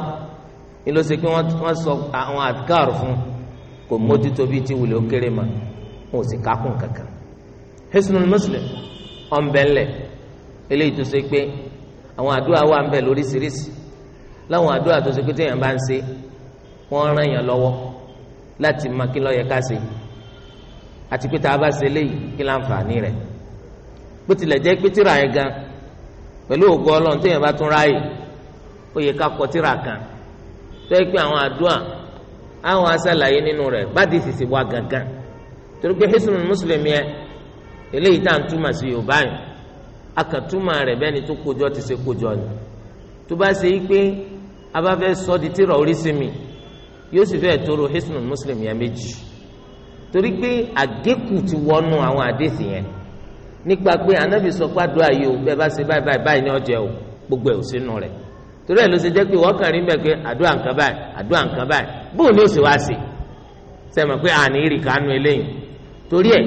ni ló ṣe kí wọ́n sọ àwọn àdkar fún kò mójútó bíi ti wùlé ó kéré ma wọn ò sì kákùn kankan Hisnul Muslim ọ̀nbẹ̀lẹ̀ eléyìí tó ṣe pé àwọn àdúrà wà ń bẹ lóríṣiríṣi láwọn àdúrà tó ṣe pé téèyàn bá ń ṣe wọ́n ràn yàn lọ́wọ́ láti mọ kí ló yẹ ká ṣe àti pé tá a bá ṣe léyìí kí láǹfààní rẹ̀ bó tilẹ̀ jẹ́ pé tíra yẹn gan pẹ̀lú ògo ọlọ́run tó yẹn bá tún ráàyè ó yẹ ká kọ tíra kan tó yẹ pé àwọn àdúrà àwọn aṣàlàyé nínú rẹ̀ bá di wá gangan torí pé Hisnul Muslim yẹn eléyìí tá à ń túmọ̀ sí Yorùbá yìí akàtúmọ̀ rẹ̀ bẹ́ẹ̀ tó kojọ́ ti ṣe kojọ́ ni tó bá ṣe yí pé abáfẹ́ sọ́ di tíra orí sí mi yóò sì fẹ́ẹ̀ tóró hisnul muslim yẹn méjì torí pé àgékù ti wọnú àwọn àdéhìí yẹn nípa pé anábì sọ pé àdúrà yìí o bẹ́ẹ̀ bá ṣe báyìí báyìí báyìí ni ọjọ́ o gbogbo ẹ̀ ò sínú rẹ̀ torí ẹ̀ ló ṣe jẹ́ pé wọ́n kàn rí bẹ́ẹ̀ pé àdúrà nǹkan báyìí àdúrà nǹkan báyìí bóun ni ó sì wá sí sẹ́mi pé àní rì kánú eléyìí torí ẹ̀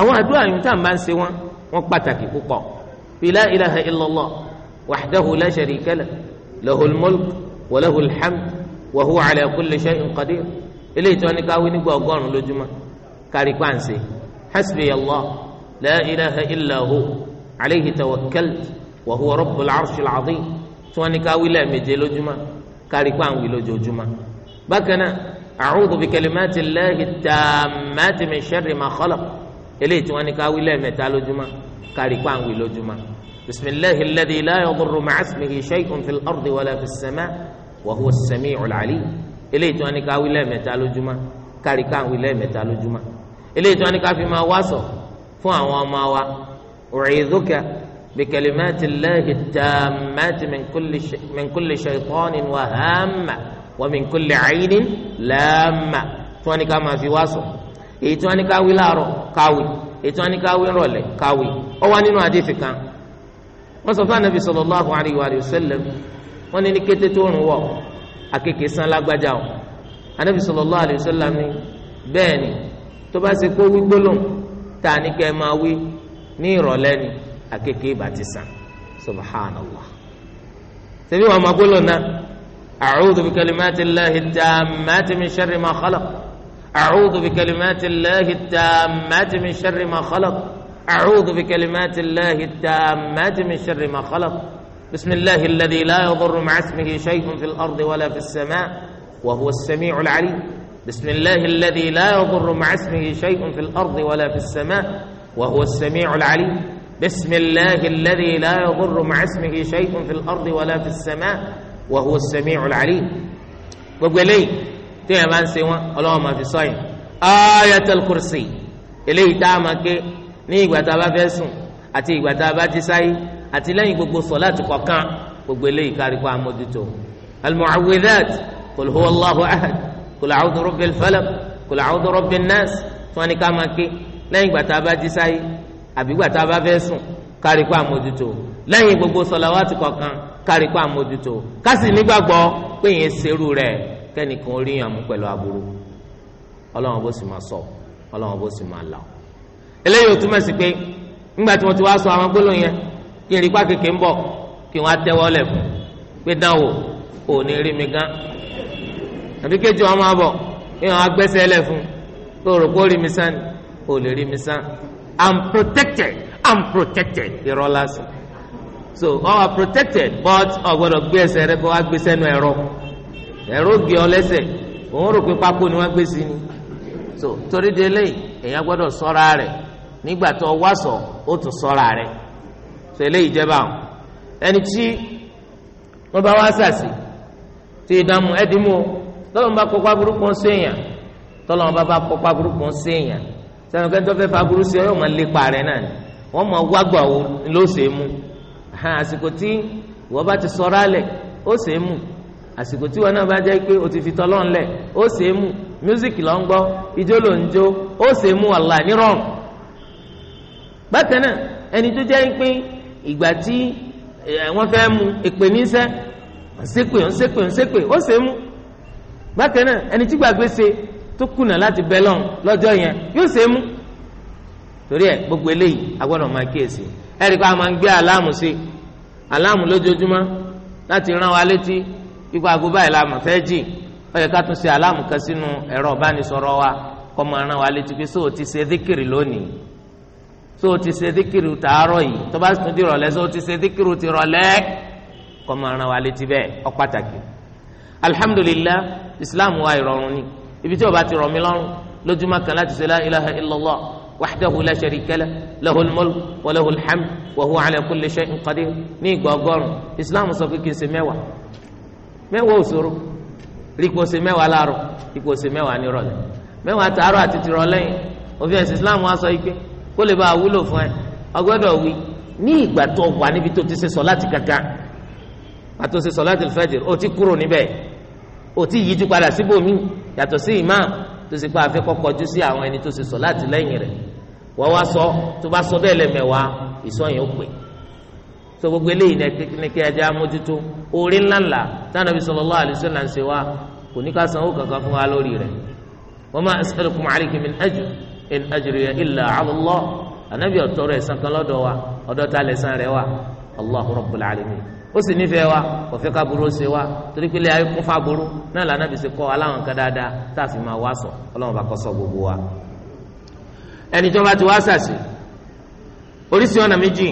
àwọn àdúrà yìí tá à ń bá ń ṣe wọn wọn pàtàkì púpọ̀ bí ilaha illallah wahdahu la sharika lah lahul wa huwa ala kulli shay'in qadir eléyìí tí wọ́n ní ká wí nígbà ọgọ́rùn-ún lójúmọ́ kárí pàǹsẹ̀ hasbi allah la ilaha illa hu alayhi tawakkalt wa huwa rabbul arshil azim tí wọ́n ní ká wí lẹ́ẹ̀méje lójúmọ́ kárí pàǹwì lójoojúmọ́ bákan náà a'udhu bi kalimati llahi tammati min sharri ma khalaq eléyìí tí wọ́n ní ká wí lójúmọ́ kárí pàǹwì lójúmọ́ bismillahi alladhi la yadurru ma'asmihi shay'un fil ardi wala fis samaa wa huwa as-sami'ul 'alim eléyìí tí wọ́n ní ká wí lẹ́ẹ̀mẹ́ta lójúmọ́ kárí ká wí lẹ́ẹ̀mẹ́ta lójúmọ́ eléyìí tí wọ́n ní ká fi máa wàásọ̀ fún àwọn ọmọ wa u'idhuka bi kalimatillahi tammati min kulli shaytanin wa hamma wa min kulli 'aynin lamma tí wọ́n ní ká máa fi wàásọ̀ èyí tí wọ́n ní ká wí láàárọ̀ káwì èyí tí wọ́n ní ká wí rọ̀lẹ́ káwì ó wá nínú àdéhìí kan wọ́n sọ fún Ànábì sallallahu wọ́n ní ní kété tó rùn wọ̀ akéèké san lágbájá o anabi sallallahu alayhi wa sallam ni bẹ́ẹ̀ ni tó bá ṣe kó wí gbólóhùn tá a ní kẹ́ ẹ máa wí ní ìrọ̀lẹ́ ni akéèké bá ti san subhanallah ṣebí wàá máa gbólóhùn náà a'udhu bi kalimati llahi tammati min sharri ma khalaq a'udhu bi kalimati llahi tammati min sharri ma khalaq a'udhu bi kalimati llahi tammati min sharri ma khalaq. بسم الله الذي لا يضر مع اسمه شيء في الأرض ولا في السماء وهو السميع العليم بسم الله الذي لا يضر مع اسمه شيء في الأرض ولا في السماء وهو السميع العليم بسم الله الذي لا يضر مع اسمه شيء في الأرض ولا في السماء وهو السميع العليم gbogbo تي tí yẹn bá ń ما wọn ọlọ́wọ́n máa fi sọ yìí ayatul kursi eléyìí tá a máa ké àti lẹ́yìn gbogbo sọláàtì kọ̀ọ̀kan gbogbo eléyìí kárí kó amójútó almuawidat qul huwa allahu ahad qul a'udhu rabbil falaq qul a'udhu rabbin nas tí wọn ní ká máa ké lẹ́yìn gbàtà bá jí sáyé àbí gbàtà bá fẹ́ sùn kárí kó amójútó lẹ́yìn gbogbo sọláwàtì kọ̀ọ̀kan kárí kó amójútó kásì nígbàgbọ́ pé yẹn serú rẹ̀ kẹ́nìkan ó ríyàn mú pẹ̀lú aburú ọlọ́run bó sì máa sọ ọlọ́run bó sì máa kí n rí pa kékeré ń bọ̀ kí wọ́n á tẹ́wọ́ lẹ̀ fún pé dánwò ò ní rí mi àbí wọn máa bọ̀ kí wọ́n á gbẹ́sẹ̀ lẹ̀ fún pé rí mi sán ò lè rí mi protected i'm protected irọ́ so all are protected but ọ̀gbọ́dọ̀ gbé ẹsẹ̀ rẹ kó wá gbé sẹ́nu ẹ̀rọ ẹ̀rọ ọ lẹ́sẹ̀ òun rò pé ni wọ́n gbé ni so torí délé èèyàn gbọ́dọ̀ rẹ̀ nígbà tó wá sọ ó tún sẹlẹ ìjẹba àwọn ẹni tí wọn bá wá sàṣì tí ìdààmú ẹdínmú tọlọmọ bá kọpá burúkú ń sèèyàn tọlọmọ bá bá kọpá burúkú ń sèèyàn sẹnu kẹntọ fẹẹ fa burú sí ọ yóò máa lépa rẹ náà ni wọn máa wágbà wo ló ṣe é mú àsìkò tí wọn bá ti sọra lẹ ó ṣe é mú àsìkò tí wọn náà bá jẹ́ pé o ti fi tọ́lọ́n lẹ̀ ó ṣe é mú mísíkì ló ń gbọ́ ijó ló ń jó ó ṣe é mú wàhálà nírọ̀rùn bákan náà ẹni tó jẹ́ pín ìgbà tí wọ́n fẹ́ mu èpè níṣẹ́ ṣépè ń ṣépè ń ṣépè ó ṣe é mú bákan náà ẹni tí gbàgbé ṣe tó kùnà láti bẹ lọ́n lọ́jọ́ yẹn yóò ṣe é mú torí ẹ gbogbo eléyìí a gbọ́dọ̀ máa kíyèsí ẹ rí i pé a máa ń gbé aláàmù sí aláàmù lójoojúmọ́ láti rán wa létí ipa aago báyìí la mọ̀ fẹ́ jì ó yẹ ká tún ṣe aláàmù kan sínú ẹ̀rọ ìbánisọ̀rọ̀ wa kọ́ máa rán wa létí pé sóò ti ṣe díkìrì lónìí so ti ṣe díkìrì tààrọ̀ yìí tó bá tún di rọ̀lẹ́ so ti ṣe díkìrì ti rọ̀lẹ́ kọ́ máa ran wa létí bẹ́ẹ̀ ó pàtàkì alhamdulilah islam wa ìrọ̀rùn ni ibi tí ó bá ti rọ̀ mí lọ́rùn lójúmọ́ kan láti ṣe la ilaha illallah wahdahu la sharika lah lahul mulk wa lahul hamd wa huwa ala kulli shay'in qadir ní ìgbà islam sọ pé kí n ṣe mẹ́wàá mẹ́wàá ò ṣòro rí kó ṣe mẹ́wàá láàárọ̀ rí kó ṣe mẹ́wàá nírọ̀lẹ́ mẹ́wàá tààrọ̀ òfin ẹ̀sìn islam wa sọ yìí kó lè bá a wúlò fún ẹ ọgbọ́dọ̀ wí ní ìgbà tó wà níbi tó ti ṣe sọ̀láàtì gangan àti ṣe sọ̀láàtì fẹ́jìrì ó ti kúrò níbẹ̀ ó ti yíjú padà síbòmí yàtọ̀ sí ìmáà tó sì pa àfẹ́ kọ́kọ́jú sí àwọn ẹni tó ṣe sọ̀láàtì lẹ́yìn rẹ̀ wọ́n wá sọ tó bá sọ bẹ́ẹ̀ lẹ́mẹ̀wá ìsọ̀yìn ó pè so gbogbo eléyìí ní kí ẹja mójútó orí ńláńlá tánàbí sallallahu alaihi wasallam ń ṣe wá kò ní ká sanwó kankan fún wa lórí rẹ̀ wa ma as'alukum alayhi in ajriya ila ala Allah anabi ọtọrọ ẹ̀san kan lọ́dọ̀ wa ọ̀dọ̀ ta wa Allahu rabbul alamin ó sì nífẹ̀ẹ́ wa kò fẹ́ ká ṣe wa torí pé ilé ayé kún fáburú náà lànà bí ṣe kọ́ aláwọn kan dáadáa a fi máa wá sọ ọlọ́run bá sọ gbogbo wa. ẹni wa ti wá ṣàṣì oríṣi ọ̀nà méjì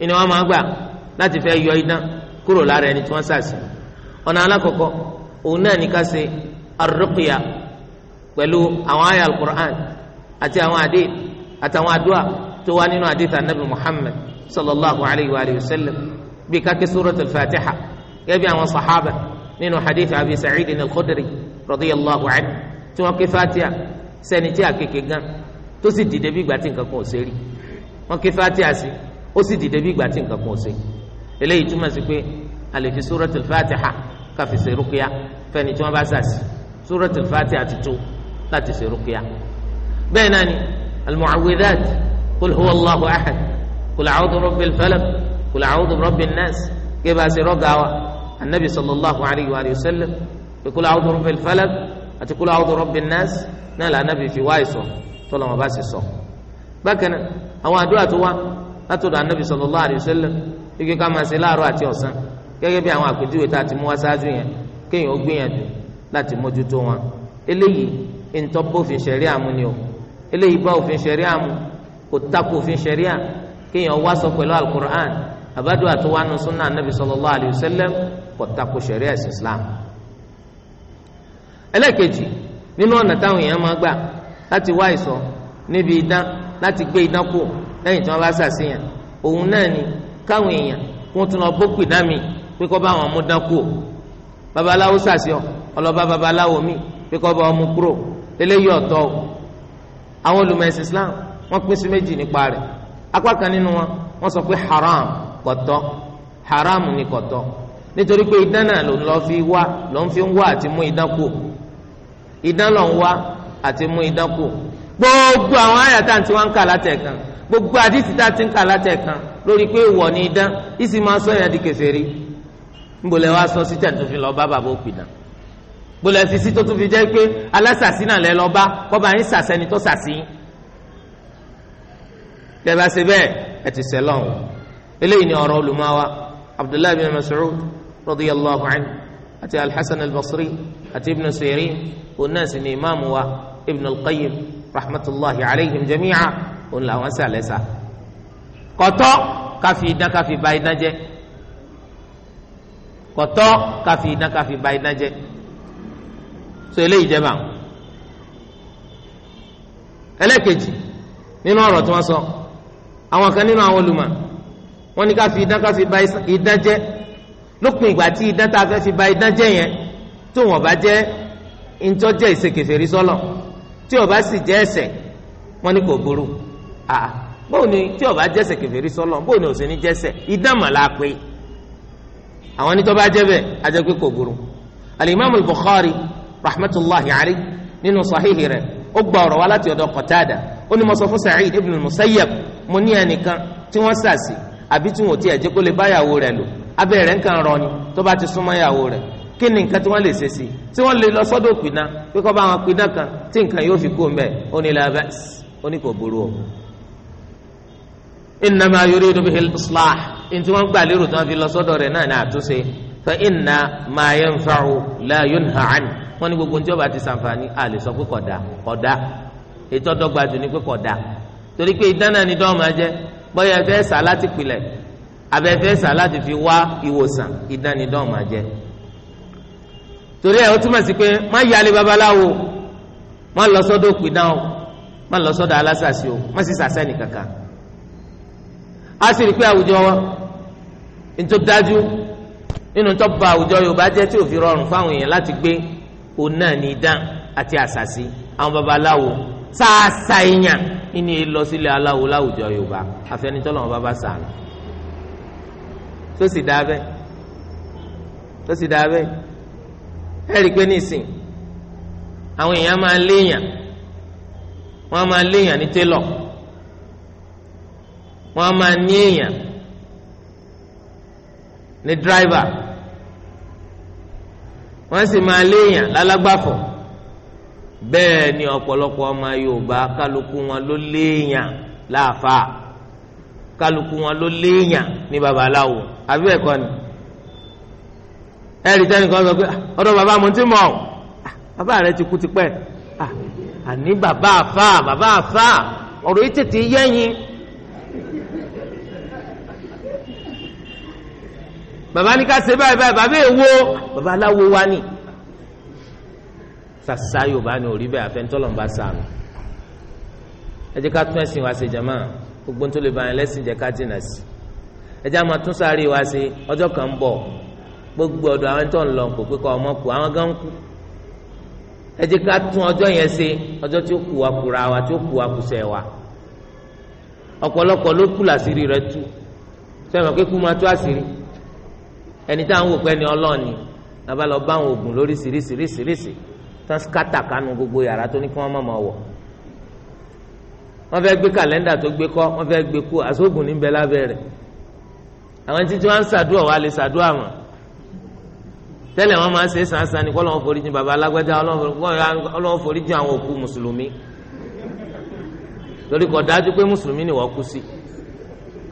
ni wọ́n máa gbà yọ kúrò lára ẹni tí wọ́n ọ̀nà alákọ̀ọ́kọ́ òun náà ní ká ṣe pẹ̀lú àwọn àyà àti àwọn àdé àtàwọn àdúà tó wá nínú àdé tà nàbì Muhammad sallallahu alayhi wa sallam bí ká ké suratul Fatiha gẹ́gẹ́ bí àwọn sàhábà nínú hadith Abi Sa'id al-Khudri radiyallahu anhu tí wọ́n ké Fatiha sẹ́ni tí a kéke gan tó sì dìde bí ìgbà tí nǹkan kan ò ṣe wọ́n ké Fatiha sí ó sì dìde bí ìgbà nǹkan kan ò ṣe eléyìí túmọ̀ sí pé a fi suratul Fatiha ká rúkìá fẹ́ni tí wọ́n bá sàsì suratul Fatiha ti tó láti ṣe rúkìá bẹ́ẹ̀ náà ni almuawwidat kul huwa allahu ahad kul a'udhu rabbil falaq kul a'udhu birabbin nas kébà sí rọ́gà wa anabi sallallahu alayhi wa sallam kul a'udhu rabbil falaq àti kul a'udhu birabbin nas náà là anabi fi wáyé sọ tọ́lọ́mọ bá sì sọ. bákan náà àwọn àdúrà tó wá látọ̀dọ̀ anabi sallallahu alayhi wa sallam ike ká máa ṣe láàárọ̀ àti ọ̀sán gẹ́gẹ́ bí àwọn àpèjúwe tá a ti mú wá ṣáájú yẹn kéèyàn ó gbìyànjú láti mójútó wọn eléyìí ntọ́ bófin ṣẹ̀rí àmúni o eléyìí bá òfin ṣẹ̀ríà mu kò tako òfin ṣẹ̀ríà kéèyàn wá sọ pẹ̀lú alukur'an àbádọ àtiwánu sunna anabi sallallahu alayhi wa sallam kò tako ṣẹ̀ríà ẹ̀sìn islam. ẹlẹ́kejì nínú ọ̀nà táwọn èèyàn máa gbà láti wá ìsọ níbi idán láti gbé idán kù lẹ́yìn tí wọ́n bá ṣàṣeyàn òun náà ni káwọn èèyàn kó tún lọ gbókù idán mi pé kó bá wọn mú dán kù babaláwo ṣàṣeyàn ọlọ́ba babaláwo mi pé kó bá wọn mú kúrò àwọn olùmọ̀ẹ́sì islam wọ́n pín sí méjì nípa rẹ̀ apá kan nínú wọn wọ́n sọ pé haram kò haram ni kò tọ́ nítorí pé idán náà ló ń lọ fi wá ló ń fi wá àti mú idán kù idán ló ń wá àti mú idán kù gbogbo àwọn àyàtà tí wọ́n ń kà látẹ̀kan gbogbo àdìsí tá a ti ń kà látẹ̀kan lórí pé ìwọ ni idán ìsì máa sọ yẹn di kèfèrí ńbọ̀lẹ́ wa sọ sí tẹ̀tún fi lọ bá bàbá òpìdán gbọ́dọ̀ ẹ̀sìn sí tó tún fi jẹ́ pé alásàsí náà lẹ́ lọ́ọ́ bá kọ́ba yín sàsẹ́ni tó sàsí. tẹ́lá ṣe bẹ́ẹ̀ ẹ ti sẹ́ lọ́hùn eléyìí ni ọ̀rọ̀ olùmọ́wá abdullahi bin mas'ud radiyallahu anhu àti alhassan albasri àti ibn sirin òun náà sì ni imaamu wa ibn alqayyim rahmatulahi alayhim jami'a òun làwọn sàlẹ̀ sà. kọ́tọ́ káfí iná káfí ba iná jẹ́ kọ́tọ́ káfí iná káfí ba iná jẹ́ so eléyìí jẹba àwọn ẹlẹ́ẹ̀kejì nínú ọ̀rọ̀ tí wọ́n sọ àwọn kan nínú àwọn olùmọ̀ wọ́n ní ká fi idán ká fi ba idán jẹ́ lópin ìgbà tí idán tá a fẹ́ fi ba idán jẹ́ yẹn tó wọ́n bá jẹ́ ntọ́jẹ́ ìṣekèfèrí sọ́lọ̀ tí ó bá sì jẹ́ ẹ̀ṣẹ̀ wọ́n ní kò burú àà bóò ni tí ó jẹ́ ẹ̀ṣẹ̀ sọ́lọ̀ bóò ni ò ní jẹ́ ẹ̀ṣẹ̀ idán mà la pé àwọn onítọ́ bá jẹ́ bẹ́ẹ̀ a pé kò burú al bukhari rahmatulahi alayhi nínú sahihi rẹ̀ ó gba ọ̀rọ̀ wa láti ọ̀dọ̀ Qatada ó ní mo sọ fún Sa'id ibn Musayyab mo ní ẹnìkan tí wọ́n sàsì àbí tí wọ́n ti ẹ̀jẹ̀ kó lè bá yàwó rẹ̀ lò abẹ́ rẹ̀ ń kàn rọ ni tó bá ti súnmọ́ yàwó rẹ̀ kí ni nǹkan tí wọ́n lè ṣe sí tí wọ́n lè lọ sọ́dọ̀ pìná pé kọ́ bá wọn pìná kan tí nǹkan yóò fi kú mbẹ́ ó ní la ó ní kò burú o. innama yuridu bihi al ntí wọ́n gbà lérò tí wọ́n fi lọ sọ́dọ̀ rẹ̀ náà ní àtúnṣe fa inna ma yanfa'u la yunha anhu wọ́n ní gbogbo tí ó bá ti sànfàní a lè sọ pé kódà kódà ètò ọdọgba jù ní pé kódà torí pé ìdáná ni dọ́ọ̀ máa jẹ́ bóyá ẹ fẹ́ sà láti pilẹ̀ abẹ fẹ́ sà láti fi wá ìwòsàn ìdáná ni dọ́ọ̀ máa jẹ́ torí ẹ o túmọ̀ sí pé má yálé babaláwo má lọ sọ́dọ̀ òpìdán o má lọ sọ́dọ̀ alásàsì o má sì sàṣẹ́ nìkankan a sì rí pé àwùjọ wọn ní tó dájú nínú tó ba àwùjọ Yorùbá jẹ́ tí ò fi rọrùn fáwọn èèyàn láti gbé òun náà ní idán àti àṣàṣì àwọn babaláwo sáàsà èèyàn nínú ìlọ sílẹ̀ aláwo láwùjọ yorùbá àfẹnitọ́lọ́ wọn bàbá sàánù tó sì dáa bẹ́ẹ̀ tó sì dáa bẹ́ẹ̀ ẹ rí i pé nísìn àwọn èèyàn máa léèyàn wọ́n máa léèyàn ní télọ̀ wọ́n máa ní èèyàn ní dráìvà wọ́n sì máa léèyàn lálágbàfọ̀ bẹ́ẹ̀ ni ọ̀pọ̀lọpọ̀ ọmọ Yorùbá kálukú wọn ló léèyàn láàfáà kálukú wọn ló léèyàn ní babaláwo àbí ẹ̀kọ́ ni ẹ̀rí tẹ́nìkan sọ pé ah, ọ̀dọ̀ bàbá mo ti mọ̀ ah, bàbá rẹ ti kú tipẹ́ ah, àní bàbá àfáà bàbá àfáà ọ̀rọ̀ yìí tètè yẹ́yìn bàbá ní ká ṣe báyìí báyìí bàbá èwo bàbá aláwo wa ni sàṣà yorùbá ni òrí bẹ́ẹ̀ àfẹnutọ́lọ̀ ń bá sàánù ẹ jẹ́ ká tún ẹ̀sìn wa ṣe jàmá gbogbo tó lè bàyàn lẹ́sìn jẹ́ ká jìnà sí ẹ jẹ́ àmọ́ tún sáré wa ṣe ọjọ́ kan ń bọ̀ gbogbo ọ̀dọ̀ àwọn tó ń lọ kò pé kọ́ ọmọ kù àwọn gan kù ẹ jẹ́ ká tún ọjọ́ yẹn ṣe ọjọ́ tí ó kù wa kura wa tí ó kù wa kù wa ọ̀pọ̀lọpọ̀ ló kù làṣírí rẹ̀ tú sẹ́wọ̀n kéku máa tú àṣírí ẹni tá à ń wò pé ẹni ọlọ́ọ̀ni làbá lọ bá àwọn oògùn lóríṣiríṣiríṣiríṣi tán skátà kanu gbogbo yàrá tó ní kí wọ́n má máa wọ̀ wọ́n fẹ́ gbé kàlẹ́ndà tó gbé kọ́ wọ́n fẹ́ gbé kú àsóògùn níbẹ̀ lábẹ́ rẹ̀ àwọn títí wọn ń ṣàdúrà wà lè ṣàdúrà mọ́ tẹ́lẹ̀ wọ́n máa ń ṣe sàǹsàn ni kọ́lọ́wọ́n forí jìn bàbá alágbájá ọlọ́wọ́n forí jìn àwọn òkú mùsùlùmí torí kò dájú pé mùsùlùmí ni wọ́n kú sí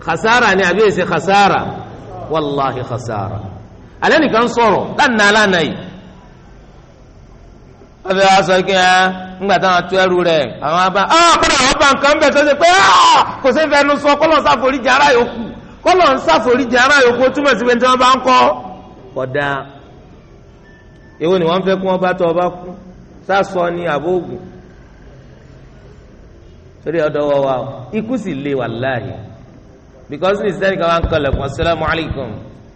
khasara ni àbí èsè khasara wàláhi khasara alẹ́ nìkan sọ̀rọ̀ lánàá lánàá yìí wọ́n fi wá sọ kí ah, ẹ ńgbà táwọn tó ẹrú rẹ̀ àwọn abá ah kọ́nà àwọn bá nǹkan bẹ̀ sọ́sẹ̀ pé ah kò sí fẹ́ẹ́ nu sọ kọ́lọ̀ sáforíjì ara yòókù kọ́lọ̀ sáforíjì ara yòókù túmọ̀ sí pé tí wọ́n bá ń kọ́ kọ̀dá èwo ni wọ́n fẹ́ kí wọ́n bá tọ́ ọ bá kú sásọ ni àbóògùn torí ọ̀dọ̀ wọ wa ikú sì le wàláhì because ní sẹ́ni kan wá ń kọlẹ̀ kún assalamu alaikum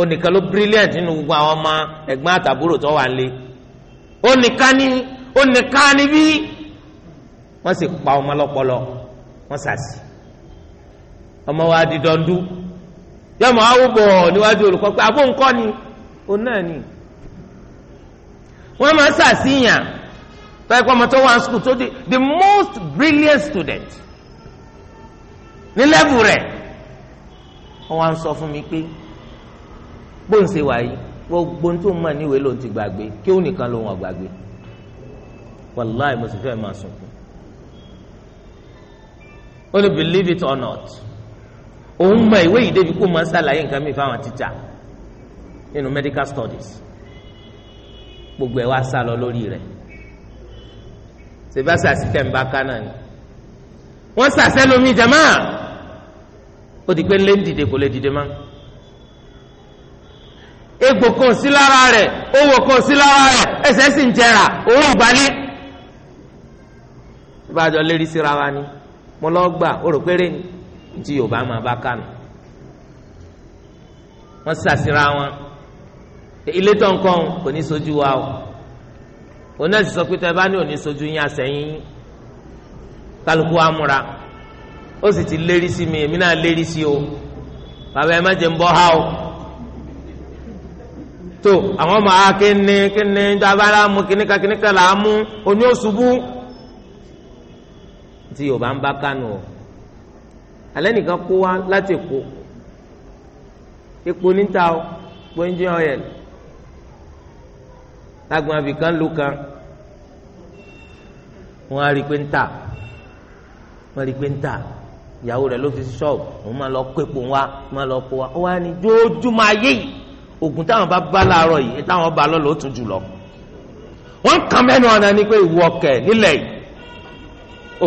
onìkan ló brilliant nínú gbogbo àwọn ọmọ ẹ̀gbọ́n àtàbúrò tó wà nílé onìkan ní onìkan ní bí wọ́n sì pa ọmọ lọ́pọlọ wọ́n sàṣì ọmọ wa di dọ́ndú yọmọ awúbọ̀ níwájú olùkọ́ pé àbó nǹkan ni òun náà ni wọ́n máa sàṣìyàn tọ́yẹ kó ọmọ tó wà ní school tó di the most brilliant student ní lẹ́bù rẹ̀ wọ́n wá ń sọ fún mi pé bó ń ṣe wà yìí gbogbo tó ń mọ̀ níwèé ló ń ti gbàgbé kí ó nìkan ló wọn gbàgbé wàláì mo sì fẹ́ máa sunkún ó ní believe it or not òun mọ ìwé yìí débi kó máa ń ṣàlàyé nǹkan mi fáwọn tíjà nínú medical studies gbogbo ẹ̀ wá sá lọ lórí rẹ̀ sebasa sitẹ ń bá kánà ni wọ́n sàṣẹ́ lómi jama ó di pé ńlẹ́ ń dìde kò lè dìde máa. egbò kan sí lára rẹ̀ owó kan sí lára rẹ̀ ẹsẹ̀ sì ń jẹrà òun ìbájọ́ lérí síra wa ni mo lọ gbà ó rò péré ni tí yorùbá máa bá kánú. wọ́n sàṣìra wọn ilé tó ń kọ́ ọ́n kò ní sojú wa o òun náà sì sọ pé tẹ́ bá ní òní sojú yín àsẹ̀yìn kálukú wa múra ó sì ti lérí sí mi èmi náà lérí sí o bàbá ẹ má jẹ́ ń bọ́ o. tó àwọn ọmọ àá kíni kíni dábàrà mu kíníkà kíníkà là á mú oní òṣùbù tí yorùbá ń bá kánú o alẹ́ nìkan kó wá láti èkó epo níta o epo engine oil lágbọn abìkan ló kan wọn á rí i pé ń tà wọn á rí i pé ń tà ìyàwó rẹ̀ ló fi ṣọ́ọ̀bù òun máa lọ kó epo wá máa lọ kó wá ó wá ní jójúmọ́ ayé yìí oògùn táwọn bá bá láàárọ̀ yìí táwọn bá lọ́la ó tún jù lọ wọ́n ń kàn mẹ́nu ọ̀nà ni pé ìwọ ọ̀kẹ́ nílẹ̀ yìí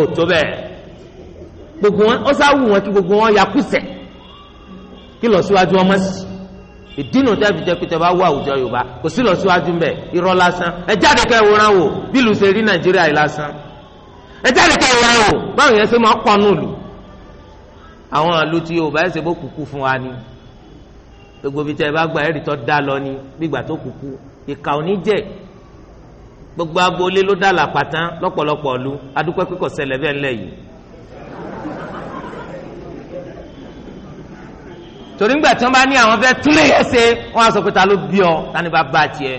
ò tó bẹ́ẹ̀ gbogbo wọn ọ̀sá wù wọn kí gbogbo wọn ya kùsẹ̀ kí lọ síwájú ọmọ sí ìdínà tí a fi jẹ pé tẹ bá wọ àwùjọ Yorùbá kò sí lọ síwájú mbẹ irọ́ lásán ẹ jáde ká ìwòran wò bí ìlú ṣe rí Nàìjíríà yìí lásán ẹ jáde ká ìwòran wò báwo yẹn ṣe máa pọnú lù àwọn àlùtí Yorùbá ẹ ṣe bó kúkú fún wa ni gbogbo bíi tẹ ẹ bá gba ẹrì tó dá lọ ni gbígbà tó kúkú ìka òní jẹ gbogbo agboolé ló dá làpàtán lọ́pọ̀lọpọ̀ ọlú adúpẹ́ pé kò ṣẹlẹ̀ bẹ́ẹ̀ ńlẹ̀ yìí. torí ńgbà tí wọ́n bá ní àwọn fẹ́ẹ́ túlé yẹn ṣe wọ́n á sọ pé ta ló bí ọ tani bá bá tiẹ̀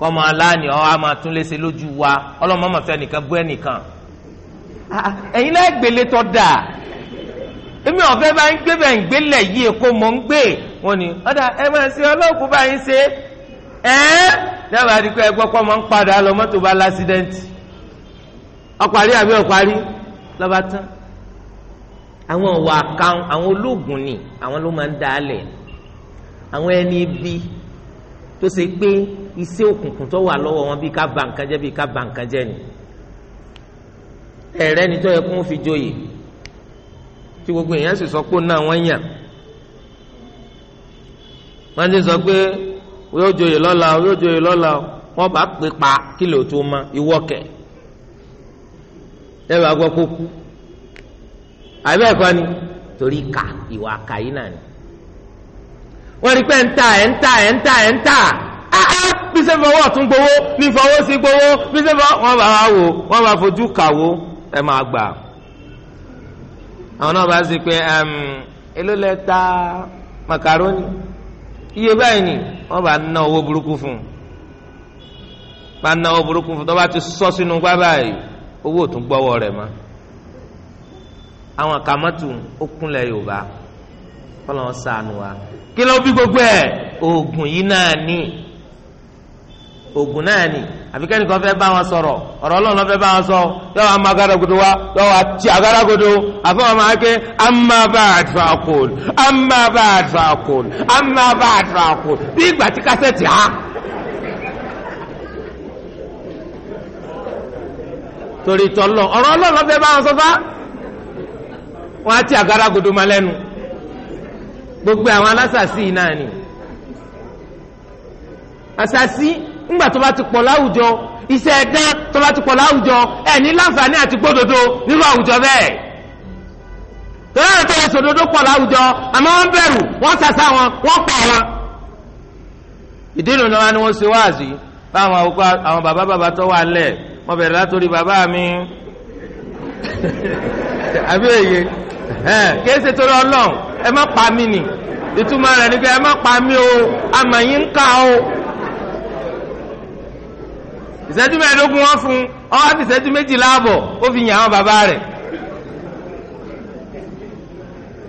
kọmọ aláàní ọ a máa tún léṣe lójú wa ọlọmọ ọmọ nìkan bú ẹnìkan ẹ̀yin náà gbélé tọ dáa èmi ọ̀fẹ́ bá ń gbé bẹ́ẹ̀ ń gbélẹ̀ yí èkó mọ̀ ń gbé wọn ni ọ̀dà ẹ máa ṣe ọlọ́ọ̀kú bá yín ṣe ẹ́ dábàá di pé ẹgbẹ́ pọ́ máa ń padà lọ mọ́tò bá lásìdẹ́ǹtì ọ̀parí àbí ọ̀parí lọ́ba tán àwọn ọ̀wà kan àwọn ológun ni àwọn ló máa ń dalẹ̀ àwọn ẹni bí tó ṣe pé iṣẹ́ òkùnkùn tó wà lọ́wọ́ wọn bí ká bà nǹkan jẹ́ bí ká bà nǹkan jẹ́ ni ẹ̀rẹ́ ni tó yẹ kó fi joyè tí gbogbo èèyàn sì sọ pé ó náà wọ́n yàn wọ́n ti sọ pé yóò joyè lọ́la yóò joyè lọ́la o bá pè pa kí lè tó ma ìwọ kẹ̀ ẹ bá gbọ́ kó kú àbí ẹ̀kọ́ ni torí ka ìwà àkàyí náà ni wọ́n rí pé ń ta ẹ̀ ń ta ẹ̀ ń ta ẹ̀ ń ta ah, ah, bí sẹ́fọ̀ wọ̀ tún gbowó ní fọwọ́ sí gbowó bí sẹ́fọ̀ wọ́n bá wò wọ́n bá fojú kà wò ẹ̀ máa gbà á àwọn náà bá ṣe pé èló lẹ iye báyìí ni wọ́n bá ná owó burúkú fún un bá ná owó burúkú fún un tó bá ti sọ sínú gbá báyìí owó ò tún gbọ́wọ́ rẹ̀ mọ́ àwọn kàmátù ó yorùbá kọ́ lọ́n sànù wa kí ló bí gbogbo ẹ̀ oògùn yìí náà ní. oògùn náà ni àfikẹ́ni kan fẹ́ bá wọn sọ̀rọ̀ ọ̀rọ̀ ọlọ́run ló fẹ́ bá wọn sọ yọ wa yọ wà ti àgàdàgodo àfọwọ́n máa ké amma ba'd fa aqul amma ba'd fa aqul amma ba'd fa aqul bí ìgbà tí kásẹ̀tì á. torí tọ́lọ̀ ọ̀rọ̀ ọlọ́run ló fẹ́ bá wọn sọ fá wọn ma lẹ́nu gbogbo àwọn alásàsí náà ni ńgbà tó bá ti pọ̀ láwùjọ iṣẹ́ ẹ̀dá tó bá ti pọ̀ láwùjọ ẹ̀ láǹfààní àti gbódodo nínú àwùjọ bẹ́ẹ̀ torí àwọn tó pọ̀ láwùjọ àmọ́ wọ́n bẹ̀rù wọ́n sàṣà wọn wọ́n pa wọn. ìdílù náà ni wọ́n ṣe wáàzì fáwọn àwọn bàbá bàbá tó wà lẹ̀ wọ́n bẹ̀rẹ̀ látòrí bàbá mi <laughs> àbí èyí kí ẹsẹ̀ tó lọ́ọ́ ẹ má pa mí ni ìtumọ̀ rẹ̀ ni pé ẹ má pa mí o àmọ̀ yín ń ká o. ìṣẹ́jú mẹ́ẹ̀ẹ́dógún wọ́n fún ọ fi ìṣẹ́jú ó fi yàn àwọn bàbá rẹ̀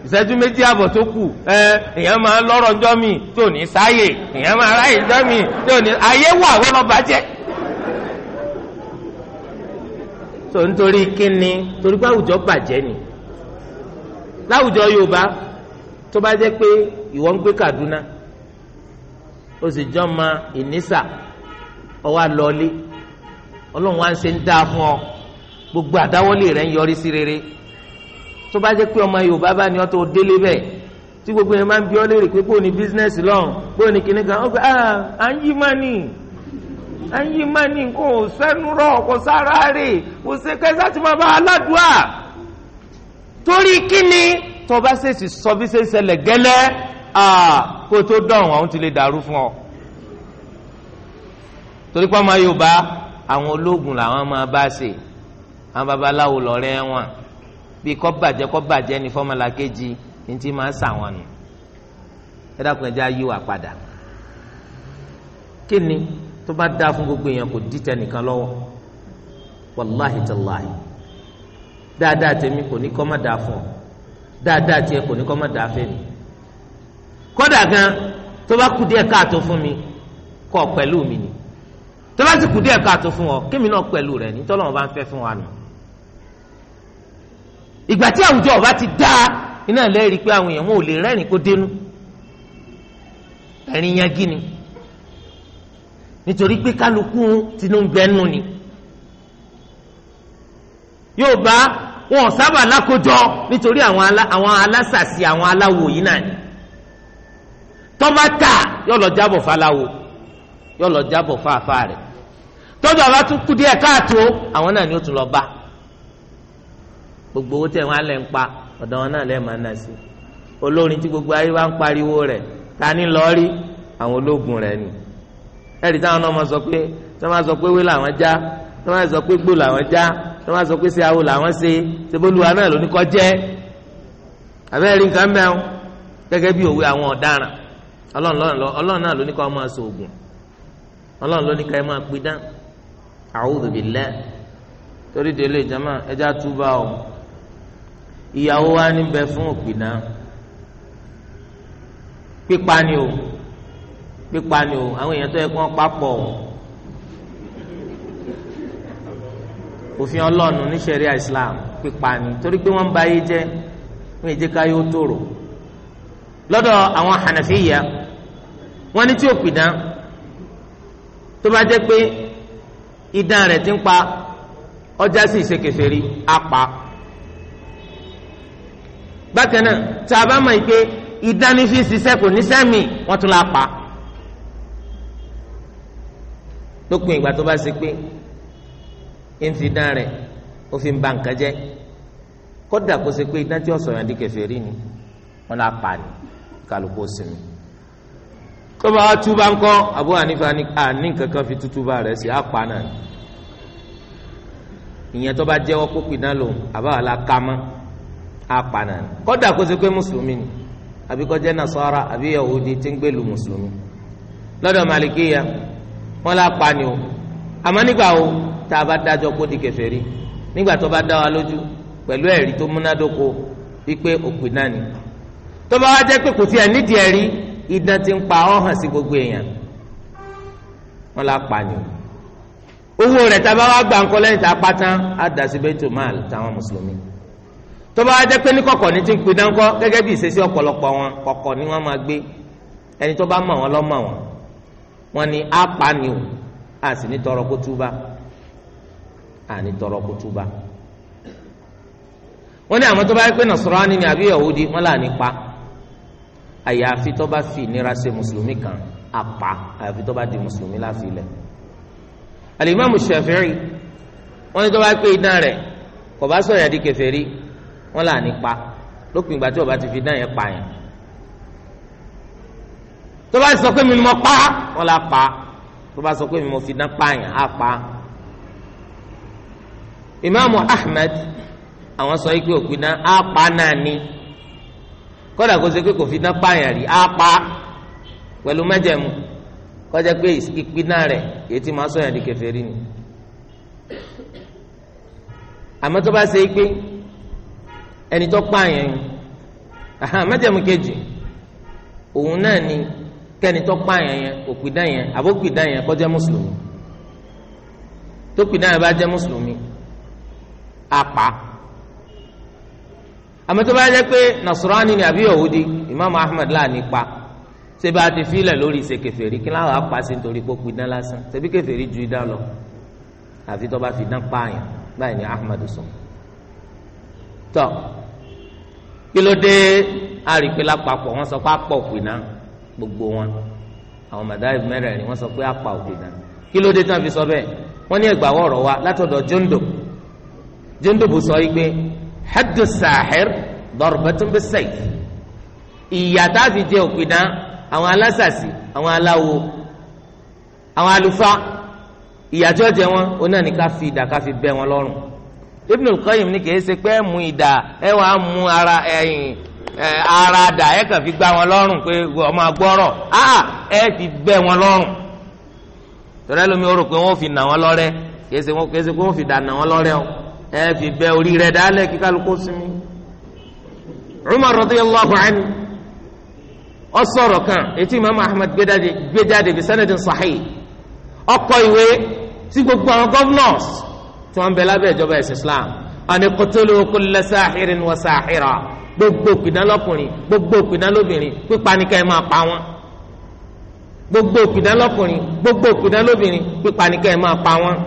ìṣẹ́jú méjì àbọ̀ tó kù ẹ èèyàn máa ń lọ́rọ̀ mi tó ní sáyè èèyàn máa ráyè mi tó ní ayé wà bàjẹ́. tó kíni torí pé àwùjọ bàjẹ́ ni láwùjọ Yorùbá tó Kaduna ó sì jọ́ ma Ìnísà ọwọ́ ọlọ́run wá ń ṣe ń dáa fún ọ gbogbo àdáwọ́lé rẹ̀ ń yọrí sí rere tó bá jẹ́ pé ọmọ yorùbá bá ní ọ tó délé bẹ́ẹ̀ tí gbogbo yẹn máa ń bí ọ léèrè pé bóòní bísínẹ́sì lọ́hùn bóòní kìnnì kan ọgbẹ́ ah à ń yí mọ́nì à ń yí mọ́nì kò sẹ́nu rọ̀ kò sára rè kò ṣe kẹsà tí máa bá aládùá torí kíni tó bá ṣèṣì sọ bí ṣe ń ṣẹlẹ̀ gẹ́lẹ́ ah kó tó dọ̀hún àwọn ti lè dàrú fún ọ torí pé ọmọ yorùbá àwọn ológun làwọn máa bá ṣe àwọn babaláwo lọ́rẹ́ wọn bí kọ́ bàjẹ́ kọ́ bàjẹ́ ní fọ́mọlá kejì ní ti máa sà wọn nù ẹ dákun ẹ ayé wa padà kí ni tó bá dáa fún gbogbo èèyàn kò dìtẹ̀ nìkan lọ́wọ́ wàláhì tàláhì dáadáa tèmi kò ní kọ́ má dáa fún ọ dáadáa tiẹ̀ kò ní kọ́ má dáa fẹ́ mi kódà gan tó bá kú díẹ̀ káàtó fún mi kọ́ pẹ̀lú mi ni tó bá sì kù díẹ̀ káàtó fún ọ kémi náà pẹ̀lú rẹ̀ ní tọ́lọ́wọ́n bá ń fẹ́ fún wa nù. ìgbà tí àwùjọ ọba ti dá iná lẹ́rìí pé àwọn èèyàn wọn ò lè rẹ́rìn kó dénú ẹ̀rín yẹn gíni nítorí pé kálukú tinú ń bẹ́nu ni yóò bá wọn sábà lákòjọ nítorí àwọn alásàsì àwọn aláwo yìí náà ni tọ́ba yóò lọ jábọ̀ fáláwo yóò lọ jábọ̀ fáfá rẹ̀ tọ́jú àbá tún kú díẹ̀ káàtó àwọn náà ni ó tún lọ bá gbogbo owó tẹ̀ wọ́n á lẹ̀ ń pa ọ̀dọ̀ wọn náà lẹ̀ máa ń nà sí olórin tí gbogbo ayé wa ń pariwo rẹ̀ ta ni lọ àwọn ológun rẹ̀ ni ẹ̀rí táwọn náà máa sọ pé tí wọ́n máa sọ pé wé làwọn já tí wọ́n máa sọ pé gbó làwọn já tí wọ́n máa sọ pé ṣe àwo làwọn ṣe ṣebóluwa náà ló ní kọ́ jẹ́ àbẹ́rẹ́ nǹkan mẹ́rin gẹ́gẹ́ bí òwe àwọn ọ̀daràn ọlọ́run náà ló kọ́ máa sọ ògùn ọlọ́run ló kọ́ máa pidán a'udhu billahi torí délé ìjàmá ẹja túbà o ìyàwó wa níbẹ̀ fún òpìnà pípa ni o pípa ni o àwọn èèyàn tó yẹ kó wọn papọ̀ o òfin ọlọ́run ní ṣẹ̀ríà Islam pípa ni torí pé wọ́n ń ba ayé jẹ́ wọ́n èjé ká yóò tòrò lọ́dọ̀ àwọn Hanafiya wọ́n ní tí òpìdán tó bá jẹ́ pé idán rẹ̀ ti ń pa ọjà sí ìṣekèfèrí apá bákan náà tá a bá mọ̀ yìí pé idán ní fi ṣiṣẹ́ kò ní sẹ́mi wọ́n tún la pa lópin ìgbà tó bá ṣe pé ń fi idán rẹ̀ ó fi ń ba nǹkan jẹ́ kódà kó ṣe pé idán tí ó sọ̀rọ̀ àdìkẹ̀fẹ̀ rí ni wọ́n la pa ni kálukú sinmi tó bá wá túbá Abu Hanifa àní kankan fi tútúbá rẹ̀ sí apá náà ìyẹn tó bá jẹ́wọ́ kó pìdán lòun àbáwá la ká mọ́ apá náà kọ́dà kó ṣe pé mùsùlùmí ni àbí kó jẹ́ nasara àbí yahudi tí ń gbèlú mùsùlùmí lọ́dọ̀ màlìkíyà wọn la pa ni o àmọ́ nígbà wo tá a bá dájọ́ kó di kèfèrí nígbà tó bá dá wa lójú pẹ̀lú ẹ̀rí tó múnádóko wípé òpin náà ni tó bá wá jẹ́ pé kò tiẹ̀ nídìí ẹ̀rí idán ti ń pa ọ́ hàn sí gbogbo èèyàn wọn la pa owó rẹ̀ tá a bá wá gbà ńkọ́ lẹ́yìn tá a pa tán á dà sí bẹ́ẹ̀ tó máa táwọn mùsùlùmí tó bá wá ni gbé ẹni tó bá mọ̀ wọn lọ́mọ̀ wọn wọn ni á pa ni o sì ní tọrọ kó túbà ní tọrọ kó túbà wọn àwọn ni àbí àyàfi tó bá fi ìnira ṣe mùsùlùmí kan apá àyàfi tó bá di mùsùlùmí láfilẹ̀. alimami shafi'i wọ́n ní tó bá pé idán rẹ̀ kò bá sọ̀rọ̀ ẹ̀dí kèfèrí wọ́n là nípa lópin ìgbà tí ó bá ti fi idán yẹn pa yẹn. tó bá sọ pé mi ni mo pa wọ́n là pa tó bá sọ pé mi mo fi idán pa yẹn á pa. imaamu ahmed àwọn sọ yìí pé òpin náà á pa náà ni kódà kó ṣe pé kò fi iná pààyàn rí á pa pẹ̀lú mẹ́jẹ̀mú kọjá pé ìpinna rẹ̀ èyí tí máa sọ̀yàn di kèfèrí ni. àmọ́ tó bá ṣe é pé ẹni tó pààyàn yìí mẹ́jẹ̀mú kejì òun náà ni kẹ́ni tó pààyàn yẹn òpìdá yẹn àbópìdá yẹn kó jẹ́ mùsùlùmí tó pìdá yẹn bá jẹ́ mùsùlùmí á pa á àmọ́ tó bá yẹ pé nasurani ni àbí yahudi imaamu ahmed láàánú pa ṣé bá a ti filẹ̀ lórí ìṣe kẹfẹ́rí kí láwọn apá sí nítorí pé ó pidán lásán ṣebí kẹfẹ́rí ju idán lọ àfi tó bá fi dán pààyàn báyìí ni ahmed sùn tọ kí ló dé àrípé lápapọ̀ wọ́n sọ pé apá òpinà gbogbo wọn àwọn madhaib mẹ́rẹ̀ẹ̀rin wọ́n sọ pé apá òpinà kí ló dé tí fi sọ bẹ́ẹ̀ wọ́n ní ẹgbàá wọ̀rọ̀ wa látọ̀dọ̀ jondo jondo bó sọ yìí pé. hadu saaxir darbatun bisayf ìyà tá a fi jẹ òpìdán àwọn alasasi àwọn aláwo àwọn alufa ìyà tí ó jẹ wọn fi ìdà ká fi bẹ́ wọn lọ́rùn Ibn al-Qayyim ní kì í ṣe ara ẹyìn ara dà ẹ kàn fi gbá wọn lọ́rùn pé ọmọ agbọ́rọ̀ áà ẹ fi fi fi ẹ fi bẹ orí rẹ dálẹ̀ kí kálukú sinmi Umar radiyallahu anhu ó sọ̀rọ̀ kan etí imam ahmed gbé jáde bí sanadin sahih ó kọ ìwé sí gbogbo àwọn governors tí wọ́n bẹ lábẹ́ ìjọba ẹsẹ islam àni qutulu kulla sahirin wa sahira gbogbo òpìdán lọ́kùnrin gbogbo òpìdán lóbìnrin pípa ni ká máa pa wọ́n gbogbo òpìdán lọ́kùnrin gbogbo òpìdán lóbìnrin pípa ni ká máa pa wọ́n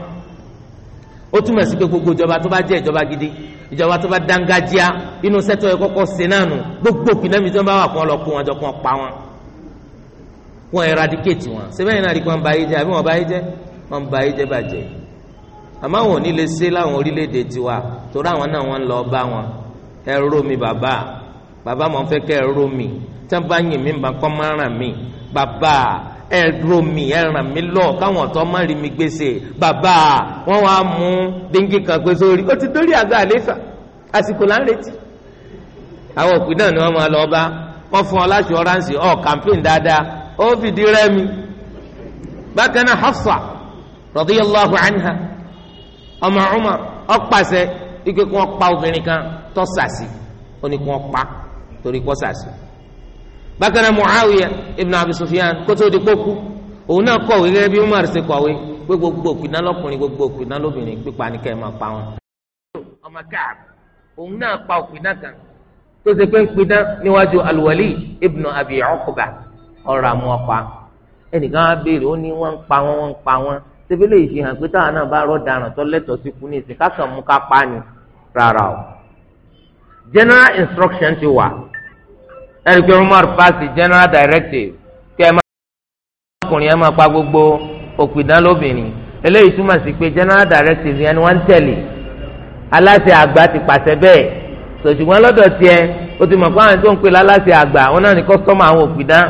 ó túmọ̀ sí pé gbogbo ìjọba tó bá jẹ́ ìjọba gidi ìjọba tó bá dángájíá inú sẹ́tọ̀ yẹ kọ́kọ́ sí náà nù gbogbo ìpínlẹ̀mí tó ń bá wà kó lọ kó wọn jọ kó pa wọn kó eradicate wọn sẹ́fẹ̀yìn náà rí kó wọn ba yé jẹ́ àbí wọn ba yé jẹ́ wọn ba yé jẹ́ bàjẹ́ àmọ́ àwọn ò ní lè ṣe láwọn orílẹ̀-èdè tiwa torí àwọn náà wọ́n lọ bá wọn ẹ ró mi bàbá bàbá mọ̀ fẹ́ kẹ́ ẹ ró mi tí wọ́n bá yìn mí bá kọ́ márùn-ún mi bàbá ẹ̀rọ mi mi lọ káwọn tó má rí mi gbèsè bàbá wọn wàá mú dengue kan gbé sórí ó ti dórí àga àléfà àsìkò là ń retí. àwọn òpin ni wọn máa lọ bá wọn fún ọ láṣọ ọ̀ránsì ọ kàmpéìn dáadáa ó fìdí rẹmi bákan náà radiyallahu anha ọmọ ike kí wọn pa obìnrin kan tó sàṣì ó ní bákan náà muawiya ibn abi sufyan kótó di kpóku òun náà kọ̀wé gẹ́gẹ́ bí umar ṣe kọ̀wé pé gbogbo òkùnà lọ́kùnrin gbogbo òkùnà lóbìnrin pípa ni kẹ́ẹ̀ máa pa wọn. ọmọ káàb òun náà pa òkùnà kan tó ṣe pé ń pidán níwájú alwali ibn abi ọkùbà ọ̀rọ̀ àmú ọ̀pá ẹnìkan á béèrè ó ní wọ́n ń pa wọ́n ń pa wọ́n ṣebí lè fi hàn pé táwọn náà bá rọ̀ daràn tó lẹ́tọ̀ọ́ sí kú ní kákan mú ká pa ni rárá o general instruction ti wà ẹni pé Umar pass general directive kẹ́ ẹ máa ọkùnrin ẹ máa pa gbogbo òpìdán lóbìnrin eléyìí túmọ̀ sí pé general directive yẹn ni wọ́n ń tẹ̀lé aláṣẹ àgbà ti pàṣẹ bẹ́ẹ̀ sòṣùgbọ́n lọ́dọ̀ tiẹ̀ o ti mọ̀ pé àwọn tó ń pè láláṣẹ àgbà àwọn náà ní kọ́sọ́mù àwọn òpìdán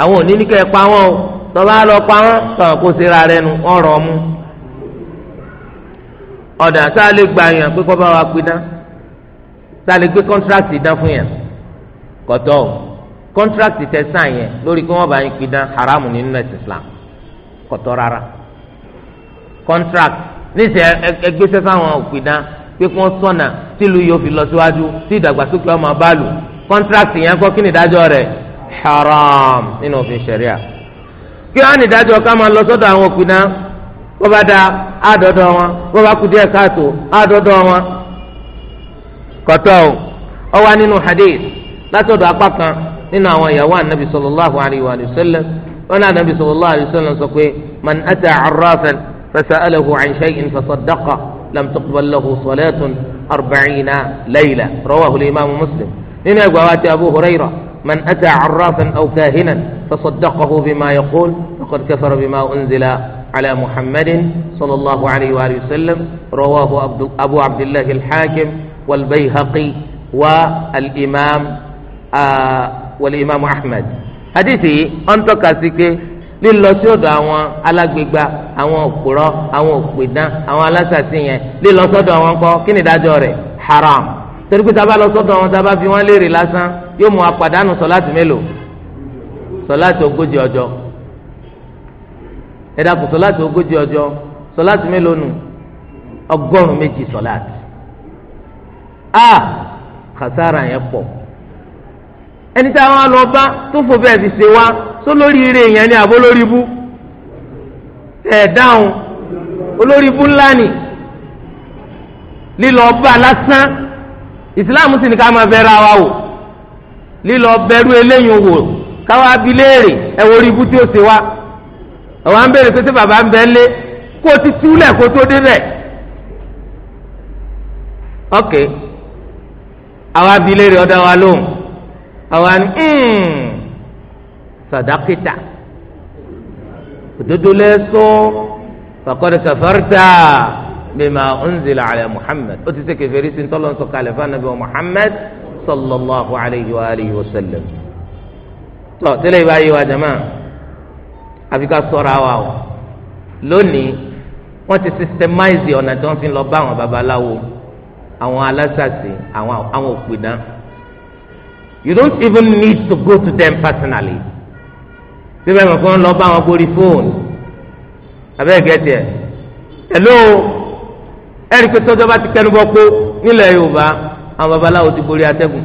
àwọn òní ní kẹ́ ẹ pa wọ́n o tọ́ba lọ pa wọ́n tọ̀ kó sera rẹ nu ọ̀rọ̀ ọmú ọ̀dà tá a lè gba yàn pé kọ́ bá wa pidán tá a lè gbé kọ́ńtrákì dán fún yàn. kọtọ o kọ́ńtrákìtì tẹ sáà yẹn lórí pé wọ́n bá yín pidán haramu nínú ẹ̀sìn Islam kọ̀tọ́ rárá kọ́ńtrákìtì níṣẹ́ ẹgbẹ́sẹ̀ fáwọn òpidán pé kí yóò fi lọ síwájú tí ìdàgbàsókè ọmọ bá lù kọ́ńtrákìtì yẹn kọ́ kí ni ìdájọ́ rẹ̀ haram nínú òfin ṣẹ̀ríà kí wọ́n ní ìdájọ́ ká máa lọ sọ́dọ̀ àwọn òpidán bó bá da àádọ́dọ́ wọn bá kú káàtó wọn látọ̀dọ̀ apá kan nínú àwọn ìyàwó anabi sallallahu alayhi wa sallam wọn náà anabi sallallahu alayhi wa sallam sọ pé man ata arrafan fasa'alahu an shay'in fasaddaqa lam tuqbal lahu salatun arba'ina layla rawahu al-imam muslim nínú ẹgbàá wa ti abu hurairah من أتى عرافا أو كاهنا فصدقه بما يقول فقد كفر بما أنزل على محمد صلى الله عليه وآله وسلم رواه أبو عبد الله الحاكم والبيهقي والإمام wọlé imaamu ahmed hadithi ọ̀ntọ́ka sí pé lílọ sí ọ̀dọ̀ àwọn alágbègbà àwọn òkúrọ̀ àwọn òpìdán àwọn alásàtì yẹn lílọ sọ́dọ̀ àwọn kọ́ kí ni ìdájọ́ rẹ̀ haram torí pé tábà lọ sọ́dọ̀ àwọn tábà fi wọ́n léèrè lásán yóò mú apàdánù sọ̀láàtì mélòó sọ̀láàtì ogójì ọjọ́ ẹ dákun sọ̀láàtì ogójì ọjọ́ sọ̀láàtì mélòó nù ọgọ́rùn-ún méjì sọ̀láàtì ah! a kàtàrà yẹn pọ̀ ẹni tá a wá lọ bá tó fò bẹ́ẹ̀ fi ṣe wá tó lórí ire èèyàn ni àbó lórí ibú ẹ̀ dáhùn olórí ibú ńlá ni lílọ bá lásán ìsìláàmù sì ni ká máa bẹ̀rẹ̀ àwa wò lílọ bẹ̀rù eléyìí wò káwa bi léèrè ẹ̀ wò orí ibú tí ó ṣe wá àwọn à ń bèrè pé bàbá ń bẹ lé kó ti túlẹ̀ kó tó débẹ̀ ok àwa bi ọ̀dọ̀ wa lóhùn àwọn àni hmm, sadakita òdodo lẹ́sọ́ fàkọ́dé sàfárítà bima unzila ala muhammed ó ti ṣe kèfèrí sí ntọ́lọ́ nsọ kalẹ̀ fún anabi muhammed sallallahu alayhi wa alihi wa sallam tọ́ tẹ́lẹ̀ ìbá yìí wa jama àfi ká sọ̀rọ̀ àwa o lónìí wọ́n ti systemize ọ̀nà tí wọ́n fi lọ bá àwọn babaláwo àwọn alásàsì àwọn òpìdán you don't even need to go to them personally síbẹ̀ mọ̀ kó ń lọ bá wọn borí fóònù abẹ́ẹ̀ gẹ̀ẹ́tì ẹ̀ hello ẹ̀rí pé tọ́jọ́ bá ti kẹnu bọ́ kó nílẹ̀ Yorùbá àwọn babaláwo ti borí atẹ́gùn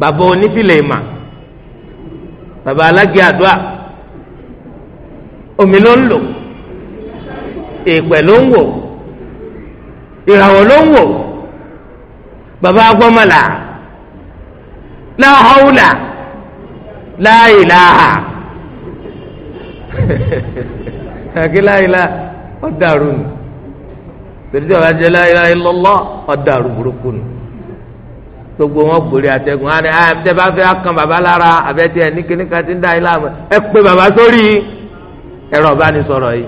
bàbá onífìlẹ̀ ìmà bàbá alágé àdúrà omi ló ń lò èèpẹ̀ ló ń wò ìràwọ̀ ló ń wò baba agbọ́mọ̀là láhàúlà láìláha kàkí <laughs> láìlá ọ̀dàrú nù tòlítì ọ̀rọ̀ ajẹ́ láìlá illallah ọ̀dàrú burúkú nù gbogbo wọn gbòòrè àtẹgùn á ní ẹ tẹ bá fẹ́ kàn bàbá lára àbẹ́tẹ ẹ ní kíní kan ti ń dá ilá àmọ́ ẹ pé bàbá sórí ẹ̀rọ ọ̀bánisọ̀rọ̀ yìí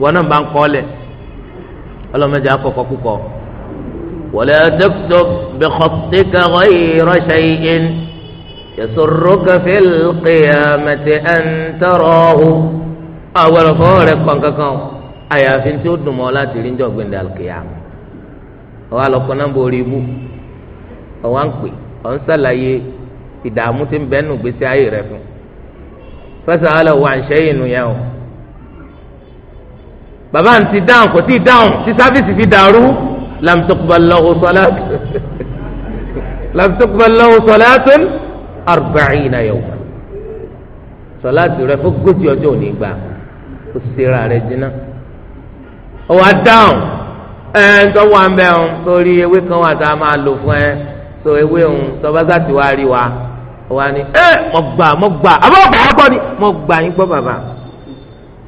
wọn náà bá ń kọ́ lẹ̀ ọlọ́mọdé akọ̀kọ̀ kúkọ̀. ولا تكتب بخطك غير شيء يسرك في القيامة أن تراه أول فارق كنككم أيا في تود مولا تلين عند القيامة وعلى كنا بوريبو وانقي أنسى ìdààmú tí ń bẹ́ẹ̀ nù gbèsè ayé rẹ fún fẹsẹ̀ alẹ́ wà ń ṣe ìnù yẹn o bàbá ń lam tuqbal lahu salat lam tuqbal lahu salatun arba'ina yawman sọláàtì rẹ fógójì ọjọ́ òní gbà ó sera rẹ jiná ó wá dáhùn ẹ ń tọ́ wà ń bẹ̀ ń torí ewé kan wà tá a máa lò fún ẹ tó ewé ń tọ́ba sàtì wá rí wa ó wá ní ẹ mo gbà mo gbà àbọ̀ ọkọ ni mo gbà yín gbọ́ bàbá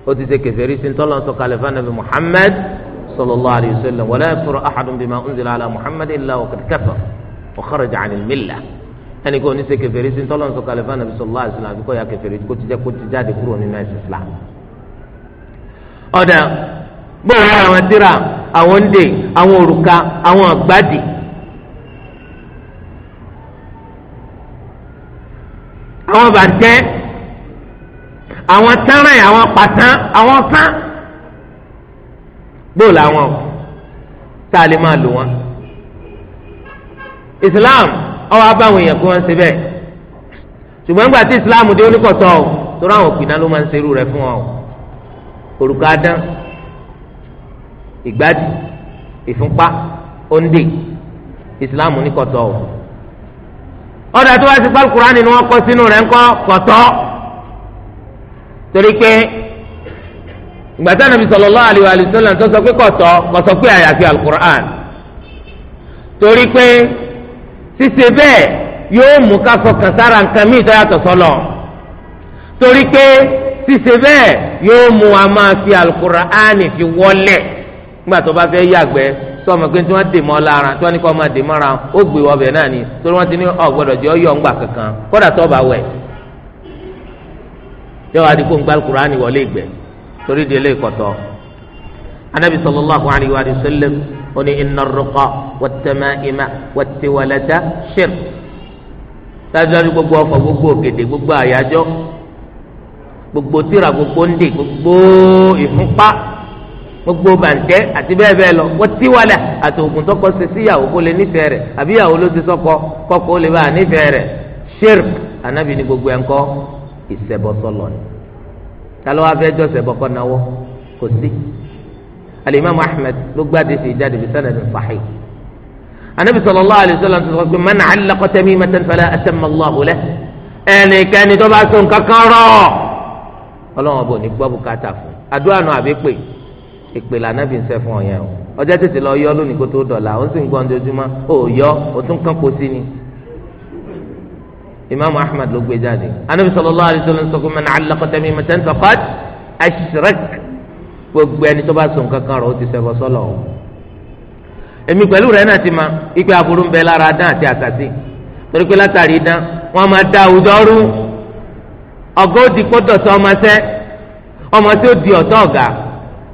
ó ti ṣe kẹfẹ́ rí sí ń sọ kalẹ̀ fún anabi Muhammad صلى الله عليه وسلم ولا يكفر أحد بما أنزل على محمد إلا وقد كفر وخرج عن الملة ẹnì kò ní ṣe kèfèrí sí tọ́lọ́ nsọ kalẹ̀ fún anabiṣọ allah islam àbíkọ́ ya kèfèrí kó ti jẹ́ kó ti jáde kúrò nínú ẹ̀sìn islam. ọ̀dà gbọ́dọ̀ wá àwọn tíra àwọn ndè àwọn òrùka àwọn àgbàdì. àwọn bàtẹ́ àwọn tánrẹ̀ àwọn pàtán àwọn sán bóò làwọn o tá a lè máa lò wọn islam ọwọ abáwọn èèyàn kí wọn ṣe bẹ́ẹ̀ ṣùgbọ́n nígbà islam dé oníkọ̀tọ́ o torí àwọn òpinna ló máa ń ṣerú rẹ̀ fún wọn o òrùka dán ìgbádìí ìfúnpá òǹdè islam oníkọ̀tọ́ o ọ̀dà tó wá sí pálukùránì ni wọ́n kọ́ sínú rẹ̀ ńkọ́ kọ̀tọ́ torí pé. gbàtà nàbì sallallahu alaihi wa sallam tó sọ pé kọtọ kọsọ pé àyàfi alukur'an torí pé ṣíṣe bẹ́ẹ̀ yóò mú ká fọkàn sára nǹkan míì tó yàtọ̀ sọlọ torí pé ṣíṣe bẹ́ẹ̀ yóò mú fi alukur'an fi wọlé nígbà tó bá fẹ́ yàgbẹ́ tó ọmọ pé tí wọ́n dè mọ́ lára tí wọ́n ní kó ọmọ dè mọ́ra ó gbé náà ni torí wọ́n ti ní ọ̀gbọ́dọ̀ jẹ́ ọyọ̀ ńgbà kankan kódà tó bá wẹ̀ yọ torí di ilé ìkọ̀tọ̀ anabi sallallahu alayhi wa sallam ó ní inna ruqa wa tamaima wa tiwalata shirk dájúdájú gbogbo ọfọ̀ gbogbo òkèdè gbogbo àyájọ́ gbogbo tíra gbogbo ndè gbogbo ìfúnpá gbogbo bàǹtẹ́ àti bẹ́ẹ̀ bẹ́ẹ̀ lọ wọ́n ti àti oògùn tọkọ ṣe síyàwó kó lè nífẹ̀ẹ́ rẹ̀ àbí ìyàwó ló ti sọkọ kọ́kọ́ ó lè bá a nífẹ̀ẹ́ rẹ̀ ṣírk ànábì ní gbogbo ẹ̀ ń kọ́ ìṣẹ̀bọ sọlọ talo wa fẹ́ jọsẹ bọ kọ nawọ kò sí alimami ahmed ló gbàdé sí ìjáde bí sanadu sahih anabi sallallahu alayhi wa sallam ti sọ pé man allaqa tamimatan fala atamma Allahu lahu ẹnikẹ́ni tó bá so nǹkan kan rọ Ọlọ́run ọbọ ní gbọ́ bùkátà fún adúlá nù àbí pè ìpè là anabi ń sẹ fún o ọjọ́ tètè lọ yọ lónìí kó tó dọ̀la ó sì ń gbọ́ ọdún ojúmọ́ ó tún kán kó sí imaamu ahmed ló gbé jáde anabi sallallahu alayhi wa sallam sọ pé man allaqa tamimatan faqad ashrak gbogbo ẹni tó bá sọ nǹkan kan rẹ̀ ó ti ṣẹbọ sọ́lọ̀ o èmi pẹ̀lú rẹ̀ náà ti ma ipe aburú ń bẹ lára dán àti àtàtì torí pé látàrí dán wọn máa da àwùjọ rú ọgá ó di kó dọ̀tọ̀ ọmọ sẹ́ ọmọ tí ó di ọ̀tọ̀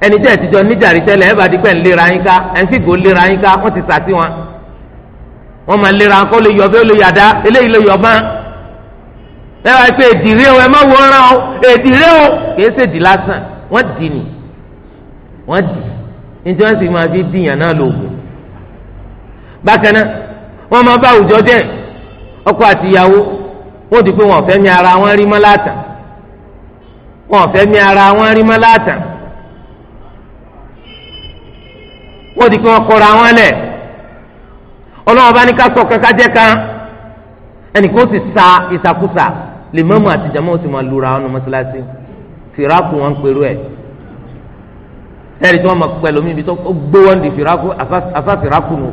ẹni tẹ́ ẹ̀ ti jọ níjàrí bá di pẹ́ yín ká ẹ̀ ń yín ká wọ́n ti sàtí wọn wọ́n máa lera kó lè yọ bí lè yàdá eléyìí lè yọ bán lẹ́wọ̀n àti èdìrí o ẹ má wo ọ̀ràn o èdìrí o kìí ṣe dì lásán wọ́n dì ní wọ́n dì nítorí wọ́n sì máa fi dìyàn náà lóògùn. bákan náà wọ́n máa bá àwùjọ jẹ́ ọkọ àtìyàwó wọ́n di pé wọ́n fẹ́ mi ara wọn rí mọ́ látàn wọ́n fẹ́ mi ara wọn rí mọ́ látàn wọ́n di pé wọ́n kọra wọn lẹ̀ ọlọ́wọ́n ní ká sọ kankan jẹ́ kan ẹnì kó sì sa ìsàkúsà lè mọ́mú àti jàmọ́ sì máa lura ọ̀nà mọ́sálásí fìràkù wọn pẹ̀lú ẹ̀ ẹ̀rí tí wọ́n máa pẹ̀lú mi ibi tó gbé wọn di fìràkù afá fìràkù nù.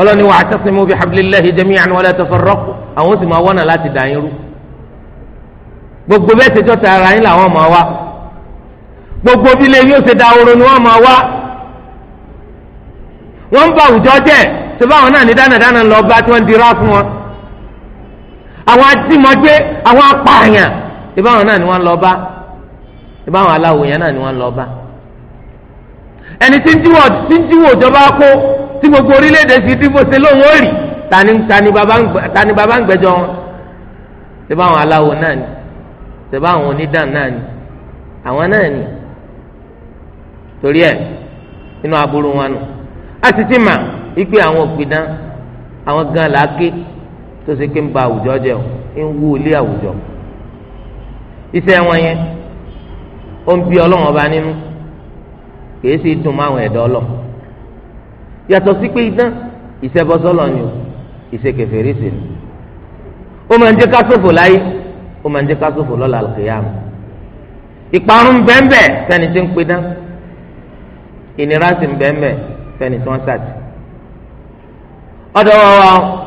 ọlọ́ni wa àtẹ́sìmọ́ bí hablillahi jami'an wala tafarraqu àwọn sì máa wọ́nà láti dà yín rú. gbogbo bẹ́ẹ̀ ṣe jọ́ta ara yín làwọn máa wá gbogbo bí lè yóò ṣe da oorun ni wọ́n máa wá. wọ́n ń bá àwùjọ jẹ́ ṣe báwọn náà ní dánadáná lọ àwọn adímọ̀gbé àwọn apààyàn ìbáwọn náà ni wọ́n lọ bá ìbáwọn aláwo náà ni wọ́n lọ bá ẹni tí ń jíwò tí ń jíwò ìjọba kó tí gbogbo orílẹ̀-èdè sì ti bó ṣe lóun ó rì tani tani baba ń gbẹ́jọ́ wọn ìbáwọn aláwo náà ni ìbáwọn onídàn náà ni àwọn náà ni torí ẹ inú aburú wọn nù a sì ti mà ipe àwọn òpìdán àwọn gan làáké tó ṣe pé ń ba àwùjọ jẹ o ń wú ilé àwùjọ iṣẹ́ wọn yẹn ó ń bí ọlọ́wọ́n bá nínú kìí sì dùn mọ́ àwọn ẹ̀dọ́ lọ yàtọ̀ sí pé idán ìṣẹ́bọ́sọ́lọ̀ ni o ìṣèkèfèrè sí ni ó máa ń jẹ́ ká ṣòfò láyé ó máa ń jẹ́ ká ṣòfò lọ́la àlùkìyàmù ìparun bẹ́ẹ̀nbẹ́ fẹ́ni tí ń pe dán ìnira sì ń bẹ́ẹ̀nbẹ́ fẹ́ni tí wọ́n sàtì ọ̀dọ̀ wọn wọ́n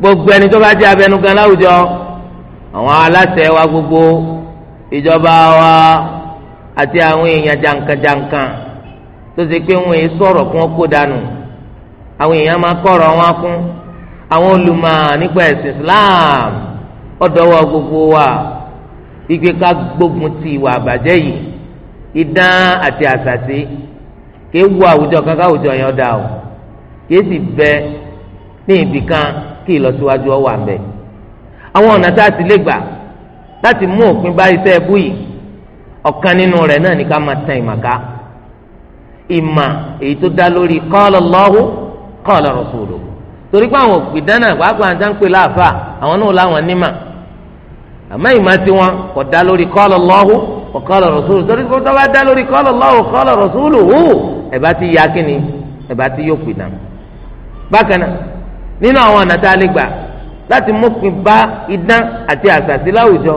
gbogbo ẹni tó bá jẹ́ abẹnugan láwùjọ àwọn aláṣẹ wa gbogbo ìjọba wa àti àwọn èèyàn jankan-jankan tó ṣe pé wọn èyí sọ̀rọ̀ kí wọ́n kó dànù àwọn èèyàn máa kọ̀rọ̀ wọn kún àwọn olùmọ̀ nípa ẹ̀sìn Islam ọ̀dọ́wọ́ gbogbo wa ìgbé ká gbógun ti ìwà àbàjẹ́ yìí idán àti àṣàṣe kì í àwùjọ kankan àwùjọ yẹn dà o kì bẹ ní ibìkan kí ìlọsíwájú ọ wà ń bẹ àwọn ọ̀nà tá a sì lè gbà láti mú òpin bá iṣẹ́ ẹbú yìí ọ̀kan nínú rẹ̀ náà ní ká máa tan ìmàká ìmà èyí tó dá lórí qala Allahu qala Rasuluhu torí pé àwọn òpìdán náà gbàgbọ́ àjá ń pè láàfà àwọn náà láwọn nímà àmọ́ ìmà tiwọn kò dá lórí qala Allahu qala Rasuluhu torí pé tó bá dá lórí qala Allahu qala Rasuluhu nínú àwọn ọ̀nà tá a lè gbà láti mọ́pin bá idán àti àṣàṣì láwùjọ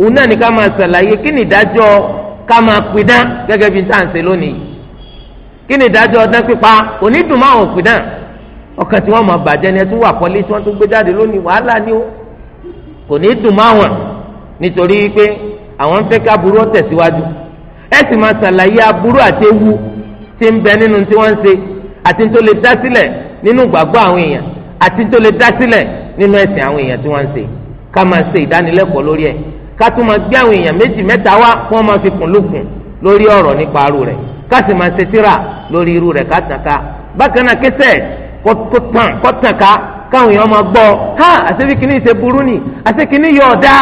òun náà ni ká máa ṣàlàyé kí ni ìdájọ́ ká máa pidán gẹ́gẹ́ bí tá à ń ṣe lónìí kí ni ìdájọ́ ọdún pípa onídùn máa wọn pidán ọkàn tí wọ́n máa bàjẹ́ ni ẹ tún wà pọ́lé tí wọ́n tún gbé jáde lónìí wàhálà ni ó kò ní dùn máa wọn nítorí pé àwọn ń fẹ́ ká burú ó tẹ̀síwájú ẹ sì máa ṣàlàyé aburú àti ewu tí ń bẹ nínú tí wọ́n ń ṣe àti tó lè dá sílẹ̀ nínú ìgbàgbọ́ àwọn èèyàn àti tó lè dá sílẹ̀ nínú ẹ̀sìn àwọn èèyàn tí wọ́n ń ṣe ká máa ṣe ìdánilẹ́kọ̀ọ́ lórí ẹ̀ ká tún máa gbé àwọn èèyàn méjì mẹ́ta wá kí wọ́n máa fi kùn lókun lórí ọ̀rọ̀ nípa aró rẹ̀ ká sì máa ṣe tíra lórí irú rẹ̀ ká tàn ká bákan náà kẹsẹ̀ kó tàn ká káwọn èèyàn máa gbọ́ ha àṣẹ bí kìíní ṣe burú ni àṣẹ kìíní yọ ọ̀dá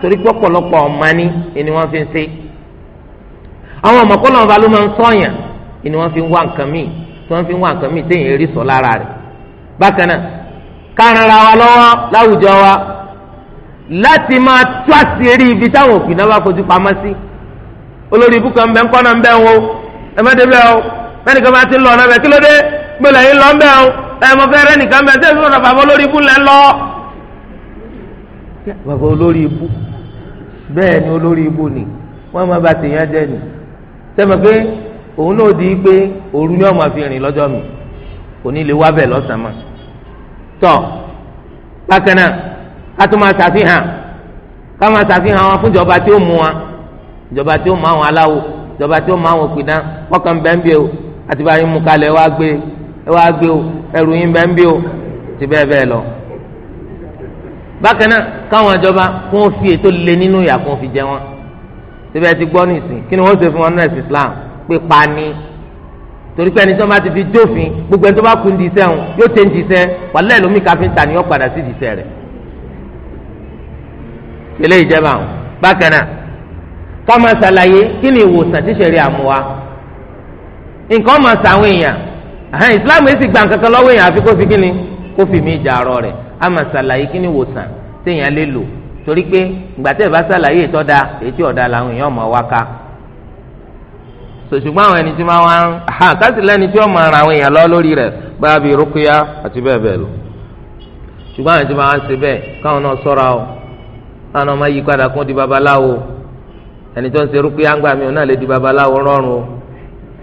torí pé ọ̀pọ̀lọpọ̀ ọ̀mání ni wọ́n fi ń ṣe àwọn ọ̀mọ̀kọ́lọ́ ọba ló máa ń bákan náà kárànra wa lọ́wọ́ láwùjọ wa láti máa tú àṣírí ibi táwọn òfin náà bá fojú pamọ́ sí olórí ibú kan bẹ́ẹ̀ ńkọ́nà ńbẹ́ wo ẹ má débẹ̀ o mẹ́rin kan bá ti lọ ọ̀nà bẹ́ẹ̀ kí ló dé gbọ́dọ̀ yín lọ ńbẹ́ o ẹ mọ fẹ́ rẹ́ nìkan bẹ́ẹ̀ sẹ́yìn lọ́dọ̀ bàbá olórí ibú lẹ́ lọ. bàbá olórí ibú bẹ́ẹ̀ ni olórí ibú ni wọ́n máa bá tèèyàn jẹ́ ni sẹ́mi pé òun náà di pé òru ni ọmọ àfihàn lọ́jọ́ mi kò ní tọ bákan náà ká tó máa ṣàfihàn ká máa ṣàfihàn wọn fún ìjọba tí ó mú wọn ìjọba tí ó mú àwọn aláwo ìjọba tí ó mú àwọn òpìdá kọkàn bẹ́ẹ̀ ń bí o àti bá yín mú kalẹ̀ wá gbé ẹ wá gbé o ẹrù yín bẹ́ẹ̀ ń bí o ti bẹ́ẹ̀ bẹ́ẹ̀ lọ. bákan náà káwọn ìjọba kún fi ètò lé nínú ìyà kún fi jẹ wọn síbẹ̀ ti gbọ́ nìsín kí ni wọ́n ṣe fún wọn náà Islam pé pa ni torí pé ẹni tó máa ti fi dófin gbogbo ẹni tó bá kun disẹ́ ń yóò tẹ́ ń disẹ́ wàlẹ́ ni yóò padà sí disẹ́ rẹ̀ ilé ìjẹba bákan náà kí ni ìwòsàn tíṣe rí àmúwa nǹkan máa èèyàn àhán ìsìláàmù gba nǹkan lọ́wọ́ èèyàn àfi kó fi kí kó fi mí ìjà ọ̀rọ̀ rẹ̀ á máa ṣàlàyé kí ni ìwòsàn lè torí pé ìgbà sòṣùgbọ́n àwọn ẹni tí máa wá ń ha káàsì lẹ́ni tí wọ́n máa ra àwọn èèyàn lọ lórí rẹ̀ bá bíi rúkúyà àti bẹ́ẹ̀ bẹ́ẹ̀ lọ. ṣùgbọ́n àwọn ẹni tí máa ń ṣe bẹ́ẹ̀ káwọn náà sọ́ra o káwọn máa yí padà kún di babaláwo ẹni tó ń ṣe rúkúyà ńgbà mi ò náà lè di babaláwo rọrùn o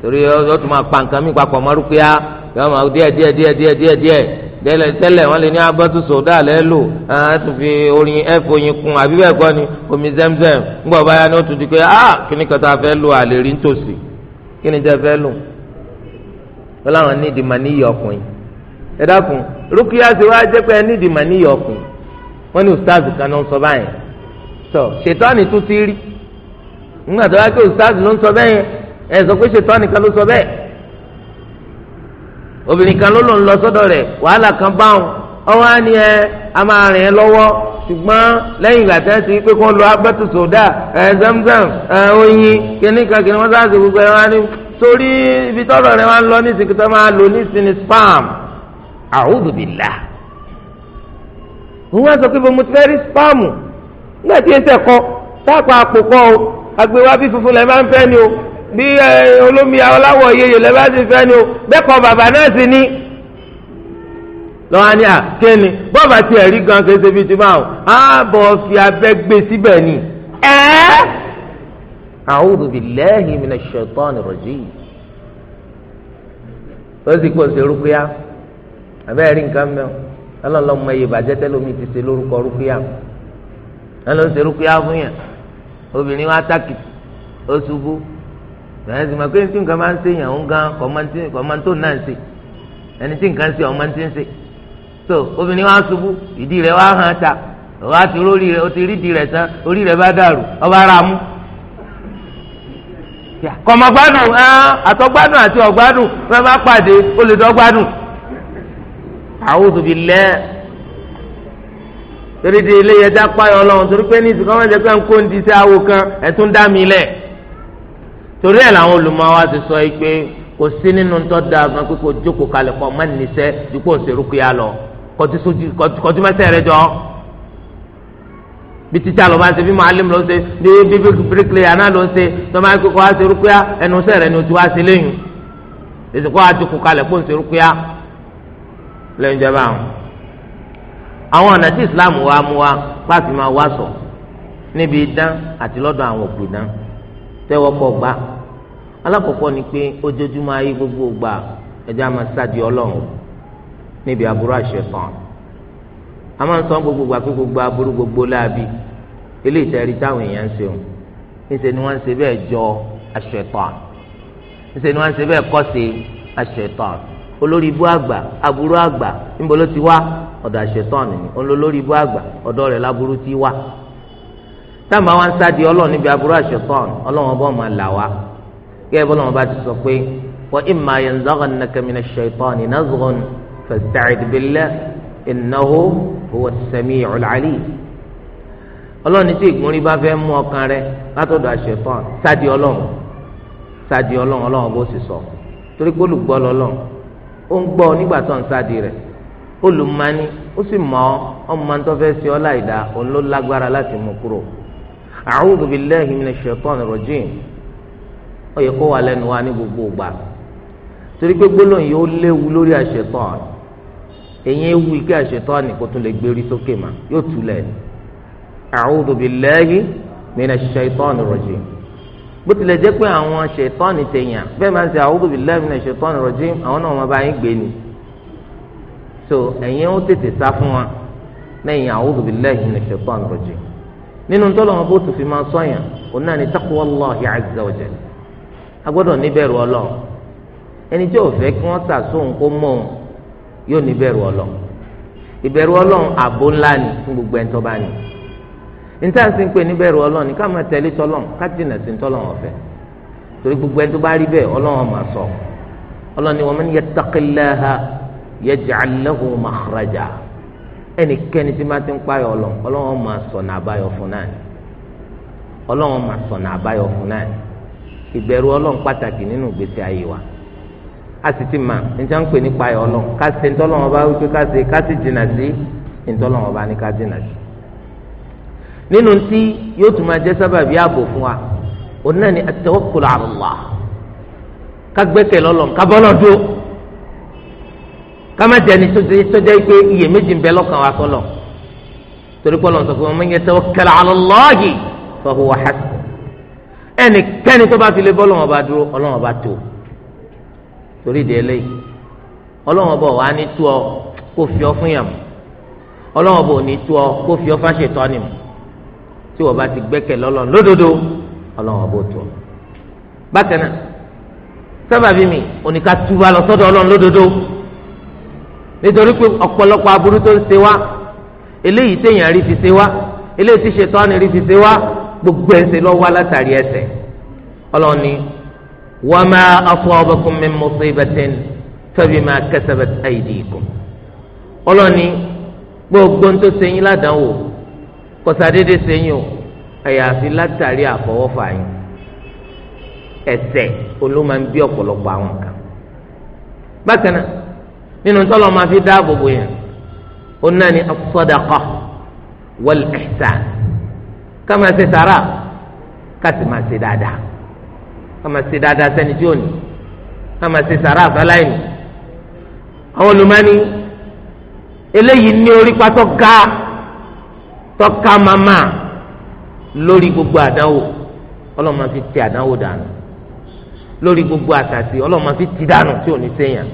torí ó tún máa pa nǹkan mi papọ̀ mọ́ rúkúyà yóò máa díẹ̀ díẹ̀ díẹ̀ díẹ̀ díẹ̀ díẹ̀ tẹ́lẹ̀ tẹ́lẹ̀ wọ́n lè ní abọ́tú sòdá lẹ́lò àti fi zemzem ńgbọ̀ báyà ni ah kíní kẹta fẹ́ lo kí ni jẹ́ fẹ́ lò wọ́n láwọn nídìí mà níyì ọkùnrin ẹ dákun rúkìá ṣe wá jẹ́ pé ẹ nídìí mà níyì ọkùnrin wọ́n ní ustaazu kan ló ń sọ báyìí tọ́ ṣètọ́ni tún ti rí nígbà tó wá pé ustaazu ló ń sọ bẹ́ẹ̀ ẹ sọ pé ṣètọ́ni kan ló sọ bẹ́ẹ̀ obìnrin kan ló lòun lọ sọ́dọ̀ rẹ̀ wàhálà kan báwọn ọwọ́ á ní ẹ a máa rìn ẹ lọ́wọ́ ṣùgbọ́n lẹ́yìn ìgbà tẹ́ ti pé kó lo abẹ́tù sódà ẹ̀ zamzam ẹ̀ oyin kìnnìkan kìnnìkan wọ́n sáà ṣe gbogbo ẹ̀ wá ní torí ibi tọ́rọ̀ rẹ̀ wá ń lọ nísìnyí tó máa lò nísìnyí spam a'udhu billah wọ́n sọ pé mo ti fẹ́ rí spam nígbà tí ẹsẹ̀ kọ táàpù àpò kọ o àgbéwá bí funfun lẹ́ máa ń fẹ́ ni o bí olómi aláwọ̀ yeye lẹ́ bá ti fẹ́ ni o bẹ́ẹ̀ lọ́wọ́ ni àkéni bọ́ọ̀bà tí ẹ̀rí gan kì í ṣe fi ti bá wọn ààbọ̀ fi abẹ́ gbé síbẹ̀ ni. ẹ́ a'udhu billahi minash shaitani rajim. ó sì pọ̀ sí rúkúyà abẹ́ ẹ̀rí nǹkan mẹ́wọ́ ọlọ́lọ́mọ iye bàjẹ́ tẹ́lómi ti ṣe lórúkọ rúkúyà ẹlọ́n ṣe rúkúyà fún yàn obìnrin wa tákìtì ó ṣubú bẹ́ẹ̀ sì máa pé tí nǹkan máa ń ṣe yàn ó ń gan kọ́mọ́ntò ẹni tí nǹkan ń ń ṣe. so obìnrin wa ṣubú ìdí rẹ̀ wá hàn ta ọba ti rórí rẹ̀ o ti rí ìdí rẹ̀ tán orí rẹ̀ bá dàrú ọba ara mú. kọ̀mọ̀gbádùn àtọ̀gbádùn àti ọ̀gbádùn fẹ́ bá pàdé ó lè dọ́gbádùn. àwùjọ bíi lẹ́ torí di ilé yẹn dápá yọ torí pé ní ìsìnkú ọmọdé pé ń kó ń di sí awo kan dá mi lẹ̀ torí ẹ̀ làwọn ti sọ yìí pé kò sí nínú tó dáa gan kò jókòó kalẹ̀ kọ́ mọ́ kọtí mẹsẹ rẹ jọ bí títí àlọ́ bá ṣe bí màálìm ló ṣe bí bí bíríkìlìyà náà ló ṣe tó kíkọ́ wá ṣe rúkúyà ẹnu sẹ́rẹ̀ ni o ti wá ṣe lẹ́yìn èsì kó wá ti kú kalẹ̀ kó ń ṣe rúkúyà lẹ́yìn ìjọba àwọn. àwọn ọ̀nà tí Islam wa mú wa pàṣẹ máa wá sọ níbi idán àti lọ́dọ̀ àwọn òkú idán tẹ́wọ́ pọ̀ gbá alákọ̀ọ́kọ́ ni pé ojoojúmọ́ ayé gbogbo gbà ẹ̀jẹ̀ máa ṣáàdì ọlọ́run níbi aburú àṣetán a máa ń sọ gbogbo gbà pé gbogbo aburú gbogbo láabi eléyìí tẹ̀rí táwọn èèyàn ń ṣeun níṣẹ́ ni wọ́n ń ṣe bẹ́ẹ̀ jọ àṣetán níṣẹ́ ni wọ́n ń ṣe bẹ́ẹ̀ kọ́sí àṣetán olórí ibú àgbà aburú àgbà níbo ló ti wá ọ̀dọ̀ àṣetán ni olórí ibú àgbà ọ̀dọ̀ rẹ̀ láburú ti wá táwọn àwọn sáàdì ọlọ́run níbi aburú àṣetán ọlọ́run ọba ọmọ là wá gẹ́gẹ́ bọ́lọ́run ọba ti sọ pé wọ́n ìmọ̀ àyẹ̀nzọ́gàn nàkàmìnà ṣẹ̀tàn ìnázọ́gàn فاستعذ بالله innahu هو السميع العليم 'alim ọlọ́run tí ìgbónrí bá fẹ́ mú ọkàn rẹ látọ̀dọ̀ àṣetán sáàdì ọlọ́run sáàdì ọlọ́run ọlọ́run bó sì sọ torí pé olùgbọ́ lọ́lọ́run ó ń gbọ́ nígbà tó ń sáàdì rẹ̀ olùmọ́ni ó sì mọ̀ ọ́ ọmọ tó fẹ́ sí ọ láìda òun ló lágbára láti mú kúrò. a'udhu billahi minash shaitani rajim ó yẹ wà lẹ́nu wa ní gbogbo ìgbà torí pé gbólóhùn yìí léwu lórí àṣetán èyí ewu ike àṣetọ́ni kó tún lè gbérí sókè mà yóò túlẹ̀ ni a'udhu billahi minash shaitani rajim bó tilẹ̀ jẹ́ pé àwọn ṣètọ́ni tèèyàn bẹ́ẹ̀ máa ń ṣe a'udhu billahi minash shaitani rajim àwọn náà wọn bá yín gbé ni so ẹ̀yin ó tètè sá fún wa lẹ́yìn a'udhu billahi minash shaitani rajim nínú tọ́lọ́wọ́n bó tún fi máa sọ́yàn òun náà ni yóò ní ìbẹ̀rù ọlọ́run ìbẹ̀rù ọlọ́run ààbò ńlá ni fún gbogbo ẹni tó bá ní níta sì ń pè ní ìbẹ̀rù ọlọ́run ká máa tẹ̀lé tọ́lọ́run ká jìnà sí tọ́lọ́run ọ̀fẹ́ torí gbogbo ẹni tó bá rí bẹ́ẹ̀ ọlọ́run máa sọ ọlọ́run ni wa man yattaqillaha yaj'al lahu makhraja ẹnikẹ́ni tí máa ti ń páyọ̀ ọlọ́run ọlọ́run máa sọ̀nà àbáyọ fún náà ni ọlọ́run máa sọ̀nà àbáyọ fún a sì ti mà níta ń pè nípa ẹ̀ ọlọ́ ká ṣe ntọ́lọ́wọ́n bá wípé ká ṣe ká sì jìnnà sí ntọ́lọ́wọ́n bá ní ká jìnnà sí. nínú tí yóò tún máa jẹ́ sábàbí ààbò fún wa òun náà ni at-tawakkul ala Allah ká gbẹ́kẹ̀ lọ́lọ́ ká bọ́lọ́ dúró ká má jẹ́ ni tó jẹ́ pé iyèméjì ń bẹ lọ́kàn wa sọ́lọ̀ torí pé Ọlọ́run sọ fún wa man yatawakkal ala Allahi fa huwa hasbuh ẹnikẹ́ni tó bá fi lé bọ́lọ́wọ́n bá dúró Ọlọ́run bá tó o torí ìdí eléyìí ọlọ́run ọba wa ní tú ọ kó fi ọ fún yàn ọlọ́run ọba ò ní tú ọ kó fi ọ fáṣetọ́ ni mu tí wọ́n bá ti gbẹ́kẹ̀ lọ́lọ́run lódodo ọlọ́run ọba ò tú ọ. bákan náà sábàbí mi oníka túbà lọ sọ́dọ̀ ọlọ́run lódodo nítorí pé ọ̀pọ̀lọpọ̀ aburú tó ń ṣe wá eléyìí téèyàn rí fi ṣe wá eléyìí tí ṣetán rí fi ṣe wá gbogbo ẹsẹ̀ lọ́wọ́ látàrí ẹsẹ̀ ọlọ́run ni وما أصابكم من مصيبة فبما كسبت أيديكم. kẹsàbẹ̀ àyèdè ikùn. ọlọ́ni gbogbo tó sẹ́yìn ládàáwò kọ́sàdédé sẹ́yìn o àyàfi látàrí àfọwọ́fà yín ẹ̀ṣẹ̀ olóma ń bí ọ̀pọ̀lọpọ̀ àwọn kan. bákan náà nínú tọ́lọ̀ máa fi dáàbò bò yẹn ó náà ní as-sadaqa wal ihsan ṣe sàrà ká ṣe dáadáa kama se dáadáa sẹ́ni tí ò ní kama ṣe sàrà àbáláyìn àwọn olùmọ́ni eléyìí ní orí pátọ́ ga tọ́ka màmá lórí gbogbo àdánwò ọlọ́mọ fi ti àdánwò dànù lórí gbogbo àtàtì ọlọ́mọ fi ti dànù tí ò ní ṣèyàn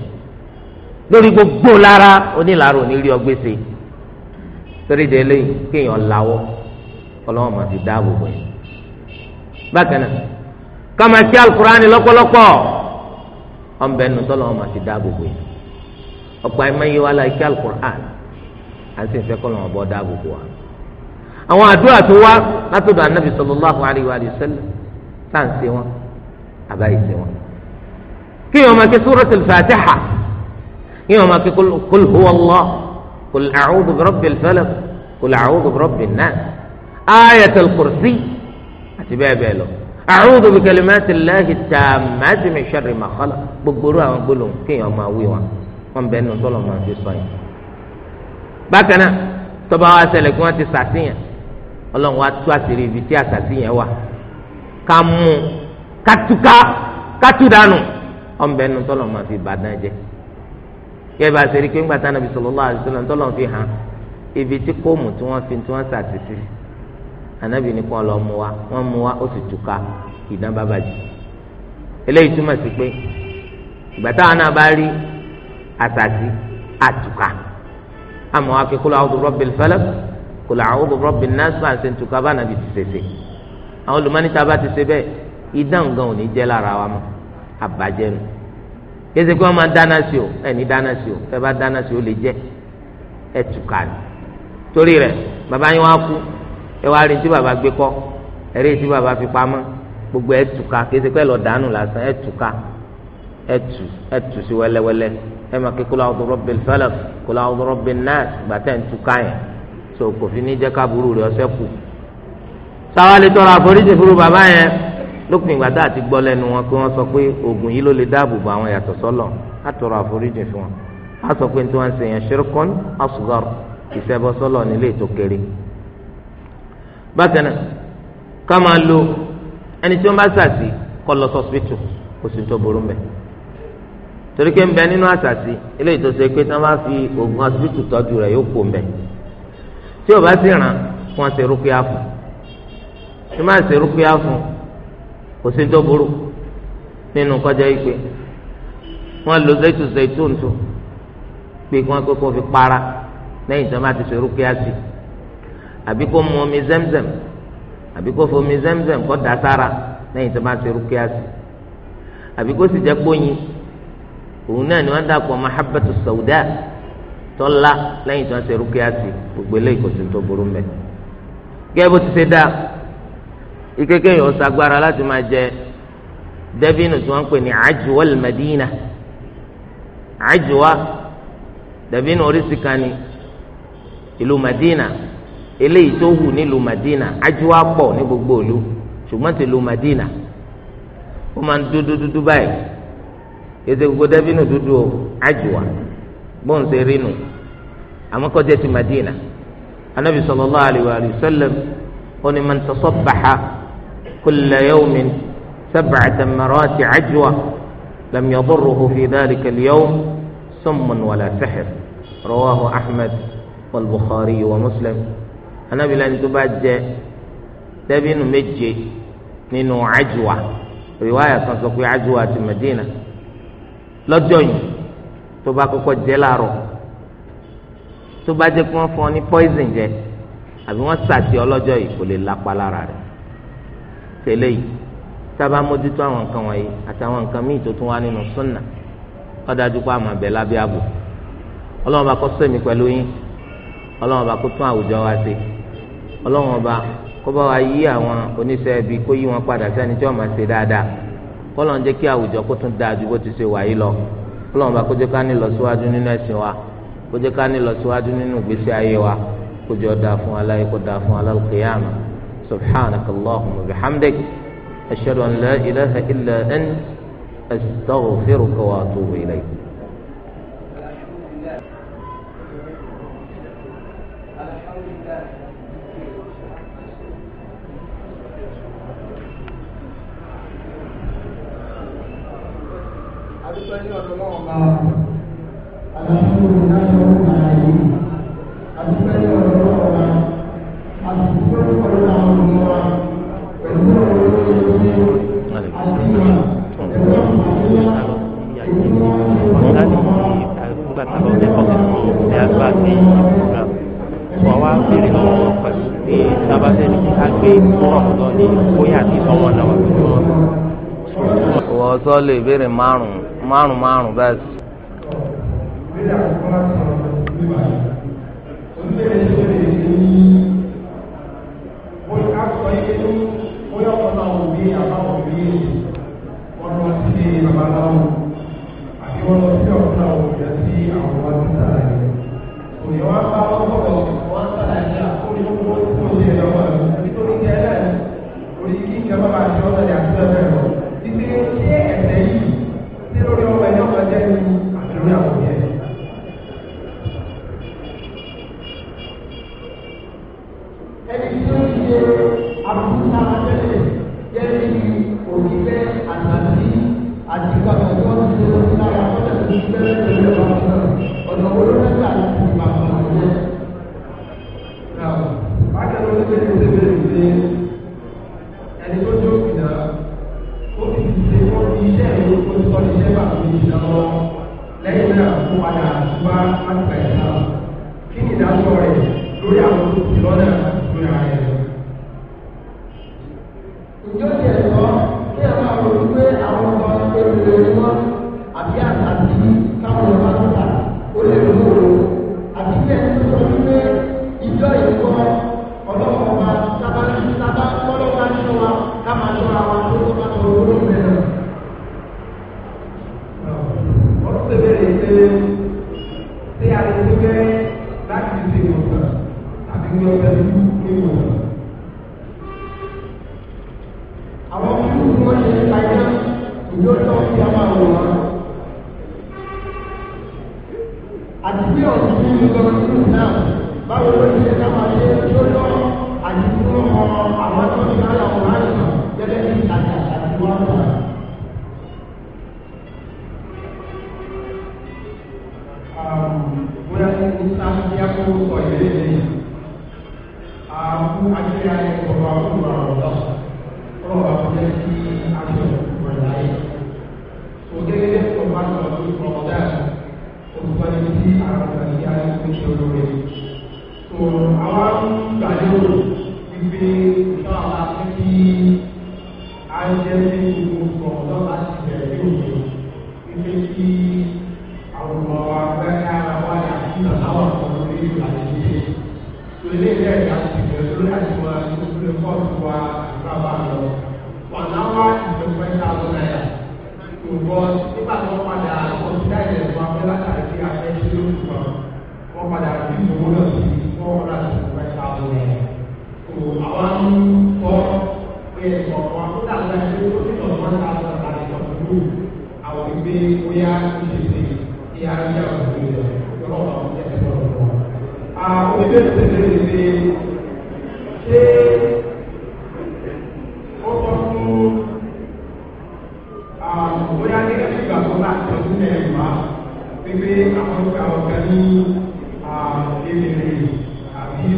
lórí gbogbo lára onílàrá ò ní rí ọgbẹ́sẹ torí de eléyìí kéèyàn lawọ́ ọlọ́mọ fi dáàbò bọ̀ yìí bákan náà kama sí alukurani lọ́pọ̀lọpọ̀ ọ̀nbẹ nù tọ́lọ̀ ọmọ ti dá gbogbo yìí ọ̀pọ̀ ẹ̀ma yìí wà láì sí alukurani àti ìfẹ́ kọ́ lọ́wọ́ bọ́ dá gbogbo wa. àwọn àdúrà tó wá látọ̀dọ̀ anabi sallallahu alayhi wa sallam tá à ń ṣe wọn àbá yìí ṣe wọn. kí ni wọn máa ké suratul fatiha kí ni wọn máa ké kul huwa kul a'udhu bi rabbil kul a'udhu bi rabbin nas ayatul àti bẹ́ẹ̀ bẹ́ẹ̀ lọ a'udhu bi kalimati llahi tammati min sharri ma khalaq gbogbo ru àwọn gbólóhùn kéèyàn máa wí wọn wọn bẹ nù sọlọ máa fi sọ yẹn. bákan náà tọba wa ṣẹlẹ̀ kí wọ́n ti sàtìyàn ọlọ́run wa tú àṣírí ibi tí àsàtìyàn wà ká mú katuka katudanu wọn bẹ nù sọlọ máa fi bàdàn jẹ. kí ẹ bá ṣe rí i pé ńgbà tí Ànábì sallallahu alaihi wasallam tọ́lọ̀ fi hàn ibi tí kò tí wọ́n fi tí wọ́n sàtìsí anabi ní kó lọ mú wa wọ́n mú wa ó sì túká ìdán bàbà jù eléyìí túmọ̀ sí pé ìgbà táwọn náà bá rí àtàtì àtùkà àmọ́ akẹ́ kó lọ àwọn rọ́bìn fẹlẹ́ kó lọ àwọn rọ́bìn násìlá ṣe ń túká báyìí nàbì ti ṣèṣe àwọn olùmọ́nìta bá ti ṣe bẹ́ẹ̀ ìdán gan ò ní jẹ́ lára wa mọ́ àbàjẹ́ nu kése kí wọ́n máa dáná sí o ẹ̀ dáná sí o ẹ bá dáná sí o lè jẹ́ ẹ̀ ni torí rẹ̀ bàbá yín wá kú ẹ wá rí tí bàbá gbé kọ́ ẹ rí tí bàbá fi pamọ́ gbogbo ẹ tùka kéde pé lọ dànù lásán ẹ tùka ẹ tù ẹ tù sí wẹ́lẹ́wẹ́lẹ́ ẹ máa ké kólà ọdún rọbìn fẹlẹ kólà ọdún rọbìn náà gbàtẹ ń tùka yẹn so kò fi ní jẹ káàbùrù rẹ ọsẹ kù. sáwálé tọrọ àforíjì fúru bàbá yẹn lópin ìgbà tá a ti gbọ́ lẹ́nu wọn pé wọ́n sọ pé oògùn yìí ló lè dáàbò bò àwọn yàtọ̀ sọ́lọ̀ á tọrọ àforíjì fún wọn á sọ pé tí wọ́n ń ṣe yẹn ṣirkun asghar ìṣẹ́bọ sọ́lọ̀ nílé ètò kéré bákan náà ká máa lo ẹni tí wọ́n bá sàṣì kọ́ lọ sọ́sìpìtì kò sì tó burú mbẹ́ torí pé ń bẹ nínú àṣàṣì eléyìí tó ṣe pé tí wọ́n bá fi oògùn ọsibítù tọ́jú rẹ̀ yóò kó mbẹ́ tí ò bá sì ràn fún ọ̀sẹ̀ rúkúyà fún tí wọ́n bá ṣe rúkúyà fún kò sí tó burú nínú kọjá yìí pé wọ́n lo zaitu zaitu ntò pé kí wọ́n kókó fi para lẹ́yìn tí wọ́n bá ti ṣe rúkúyà sí i àbí kó mu omi zemzem àbí kó fomi zemzem kó da sára lẹ́yìn tó bá ti rúkìá sí àbí kó sì jẹ́ kpóyin òun náà ni wọ́n dà pọ̀ mahabatu sawuda tọ́lá lẹ́yìn tó ń ṣe rúkìá sí gbogbo eléyìí kò sí tó burú mẹ́. gẹ́gẹ́ bó ti ṣe dá ikeke yìí ó láti máa jẹ dẹ́bínù tí wọ́n ń pè ní àjùwá lẹ́mẹ̀dínà àjùwá dẹ́bínù oríṣi kan ìlú mẹ́dínà eléyìí tó hù nílùú Madina ajúwà pọ̀ ní gbogbo òlu ṣùgbọ́n ti lu Madina ó máa ń dúdú dúdú báyìí ètò gbogbo dẹ́bínú dúdú o ajúwà bóun ṣe rí nu àmọ́ kọjá ti Madina anabi sallallahu alayhi wa sallam ó ní man tasabbaha kulla yawmin sab'ata marati ajwa lam yadurruhu fi dhalika al-yawm summun wala sihr rawahu Ahmad wal Bukhari wa Muslim. anábìlẹ̀ ni tó bá jẹ dàbínù méje nínú àjùwà rìwáyà kan sọ pé àjùwà ti Mẹdínà lọ́jọ́ yìí tó bá kọ́kọ́ jẹ láàárọ̀ tó bá jẹ kí wọ́n fún ọ ní poison jẹ àbí wọ́n sàti ọlọ́jọ́ yìí kò lè lápá lára rẹ̀ tẹ́lẹ̀ yìí sábà mójútó àwọn nǹkan wọ̀nyí àtàwọn nǹkan míì tó tún wá nínú súnà ọ̀dájú pa àmọ̀ abẹ́ lábẹ́ ààbò ọlọ́run bá kó sẹ́mi pẹ̀lú yín ọlọ́run kó tún àwùjọ wa ṣe ọlọ́wọ́n ọba kó bá wa yí àwọn oníṣẹ́ ibi kó yí wọn padà sẹ́ni tí wọ́n máa ṣe dáadáa kọ́lọ́n jẹ́ kí àwùjọ kó tún dáa ju bó ti ṣe wáyé lọ kọ́lọ́n ọba kó jẹ́ ká ní lọ́síwájú nínú ẹ̀sìn wa kó jẹ́ ká ní lọ́síwájú nínú ìgbésí ayé wa kó jọ dáa fún aláyé kó dáa fún al-qiyama wa bihamdik pẹ́ ní ọ̀dọ̀ náà bá wà. Àlàfo láti ọdún àlàyé. Àdúgbẹ́ ní ọ̀dọ̀ náà wà. Àdúgbẹ́ ní ọ̀dọ̀ náà wà. Pẹ̀lú ọ̀rọ̀ lórí ẹgbẹ́ àdúrà. Ẹ̀rọ àdúrà. Ìgbàlè nígbà tí a lọ lẹ́kọ̀ọ́ kan ní àgbà tí ìgbà wọ́n wá béèrè lọ́wọ́ pẹ̀lú pé tábàtẹ́ ní ká gbé ọ̀rọ̀ lọ ní bóyá àti sọ́wọ́n náà wà. Wọ́n sọ lè béèrè márùn-ún márùn márùn bẹ́ẹ̀ sí. Thank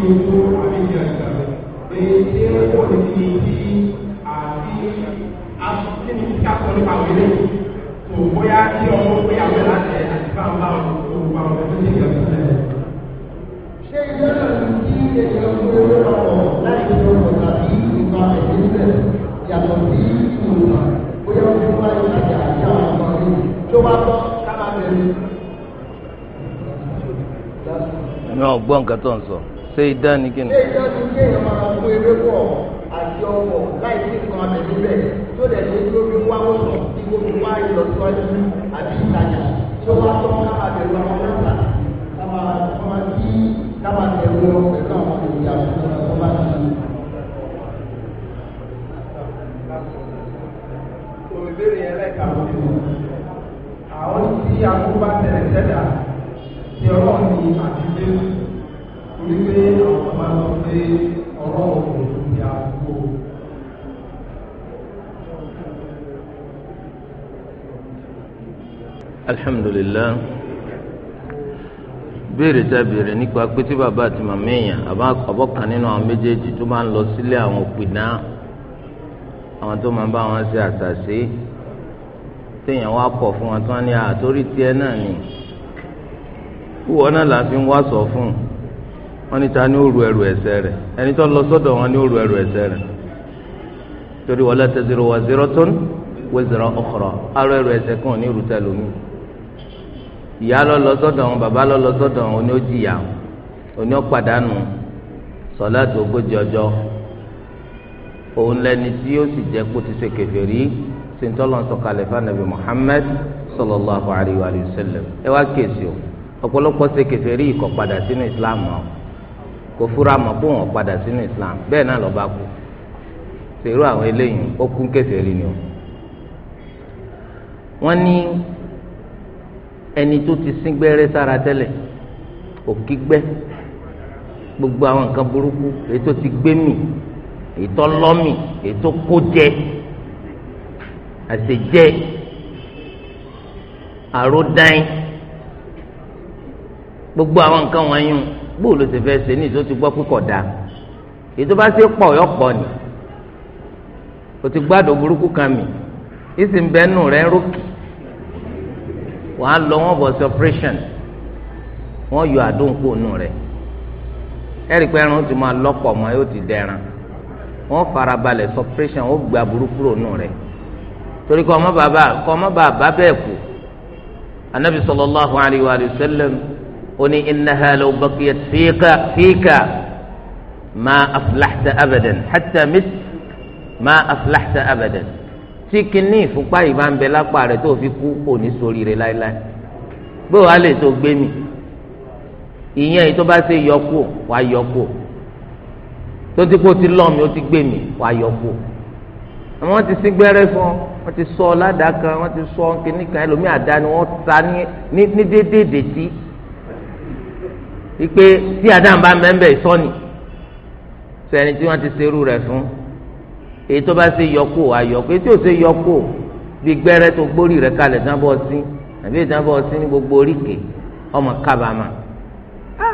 ojú àbíkí àgbà èyí tí ó pọ̀ nǹkan tó ń sọ ṣe ìdáni kí ni. ṣé ìdáni kí ni máa mú ewé pọ̀ àti ọwọ́ láì sí nǹkan abẹ níbẹ̀ tó dẹ̀ ṣe tó fi wá wọ̀sán tí kò fi wá ìlọsíwájú àti ìtajà tí ó wá tọ́ káma bẹ̀rù àwọn mẹ́ta káma káma kí káma bẹ̀rù wọn pẹ̀lú àwọn ènìyàn àti ọ̀sán bá ti. olùbéèrè yẹn lẹ́ka àwọn ènìyàn àwọn tí akóbá tẹ̀lẹ̀ tẹ̀dá tí ọlọ́run ní àti jésù wípé àwọn ọmọ lọ pé ọ̀rọ̀ òkùnkùn ni àbúkò. alhamdulillah béèrè dábìrì nípa pé tí bàbá àti màmá èèyàn àbọ̀kan nínú àwọn méjèèjì tó máa ń lọ sílé àwọn òpìdá àwọn tó máa ń bá wọn ṣe àṣàṣe téèyàn wá pọ̀ fún wọn tí wọ́n ní àtórí tiẹ̀ náà ni wíwọ náà là ń wá sọ fún un wọ́n ní ta ni ó ru ẹrù ẹ̀ṣẹ̀ rẹ̀ ẹni tó lọ sọ́dọ̀ wọn ni ó ru ẹrù ẹ̀ṣẹ̀ rẹ̀ torí wala taziru waziratun wizra ukhra arọ ẹrù ẹ̀ṣẹ̀ kan ní rúta lómi ìyá lọ lọ sọ́dọ̀ wọn bàbá lọ lọ sọ́dọ̀ wọn ni ó jìyà òní ó pàdánù sọláàtì ogójì ọjọ́ òun lẹni tí ó sì jẹ́ kó ti ṣe kèfèrí sèǹtọ́lọ́ sọ̀kalẹ̀ fanabi Muhammad sallallahu alayhi wa sallam ẹ wá kéésì o ọ̀pọ̀lọpọ̀ ṣe kèfèrí ìkọ̀ padà sínú ìsìláàmù ọ̀ kò fura mọ̀ pé wọ́n padà sínú islam bẹ́ẹ̀ náà lọ́ba kú ṣèrú àwọn eléyìí ó kún kèfèrí ni o wọ́n ní ẹni tó ti sín gbẹ́rẹ́ sára tẹ́lẹ̀ òkígbẹ́ gbogbo àwọn nǹkan burúkú èyí tó ti gbé mì èyí tó lọ́mì èyí tó kó jẹ àṣejẹ àròdáin gbogbo àwọn nǹkan wọ̀nyí bóòlù ló ti fẹ́ ṣe ní ìṣó ti gbọ́ púpọ̀ dáa ètò bá yọ ni o ti gbádùn burúkú kan mi ìsì ń bẹnu rẹ ń rókì wà á lọ wọn bọ sí operation wọn yọ àdóńkò nù rẹ pé ẹran ti máa lọ́pọ̀ mọ́ yóò ti dẹran wọn farabalẹ̀ sí operation gba burúkú nù rẹ torí kọ́ ọmọ bàbá ọmọ bàbá anabi sallallahu alayhi wa ó ní innaha law baqiyat fika fika ma aflahta abadan hatta mit ma aflahta abadan tí kinní ìfúnpá yìí bá ń bẹ lápá rẹ tó fi kú òní ṣoríire láéláé bó wàá lè tó gbé mi ìyẹn èyí tó bá ṣe yọkù wàá yọkù tó ti kó ti lọ́ mi ó ti gbé mi wàá yọkù ti sín gbẹ́rẹ́ fún ọ ti sọ ọ ládàá kan wọ́n ti sọ ọ kìnnìkan ẹlòmíì àdáni wọ́n ta ní ní déédéé dètí wípé tí adam bá mẹ́ńbẹ̀ ìsọ́ni sẹ́ni tí wọ́n ti serú rẹ̀ fún èyí tó bá ṣe yọkó ayọ̀kó èyí tí ò ṣe yọkó bí gbẹ́rẹ́ tó gbórí rẹ̀ kalẹ̀ tán bọ́ sí àbí ìtàn bọ́ sí ní gbogbo oríkèé ọmọ kábàámà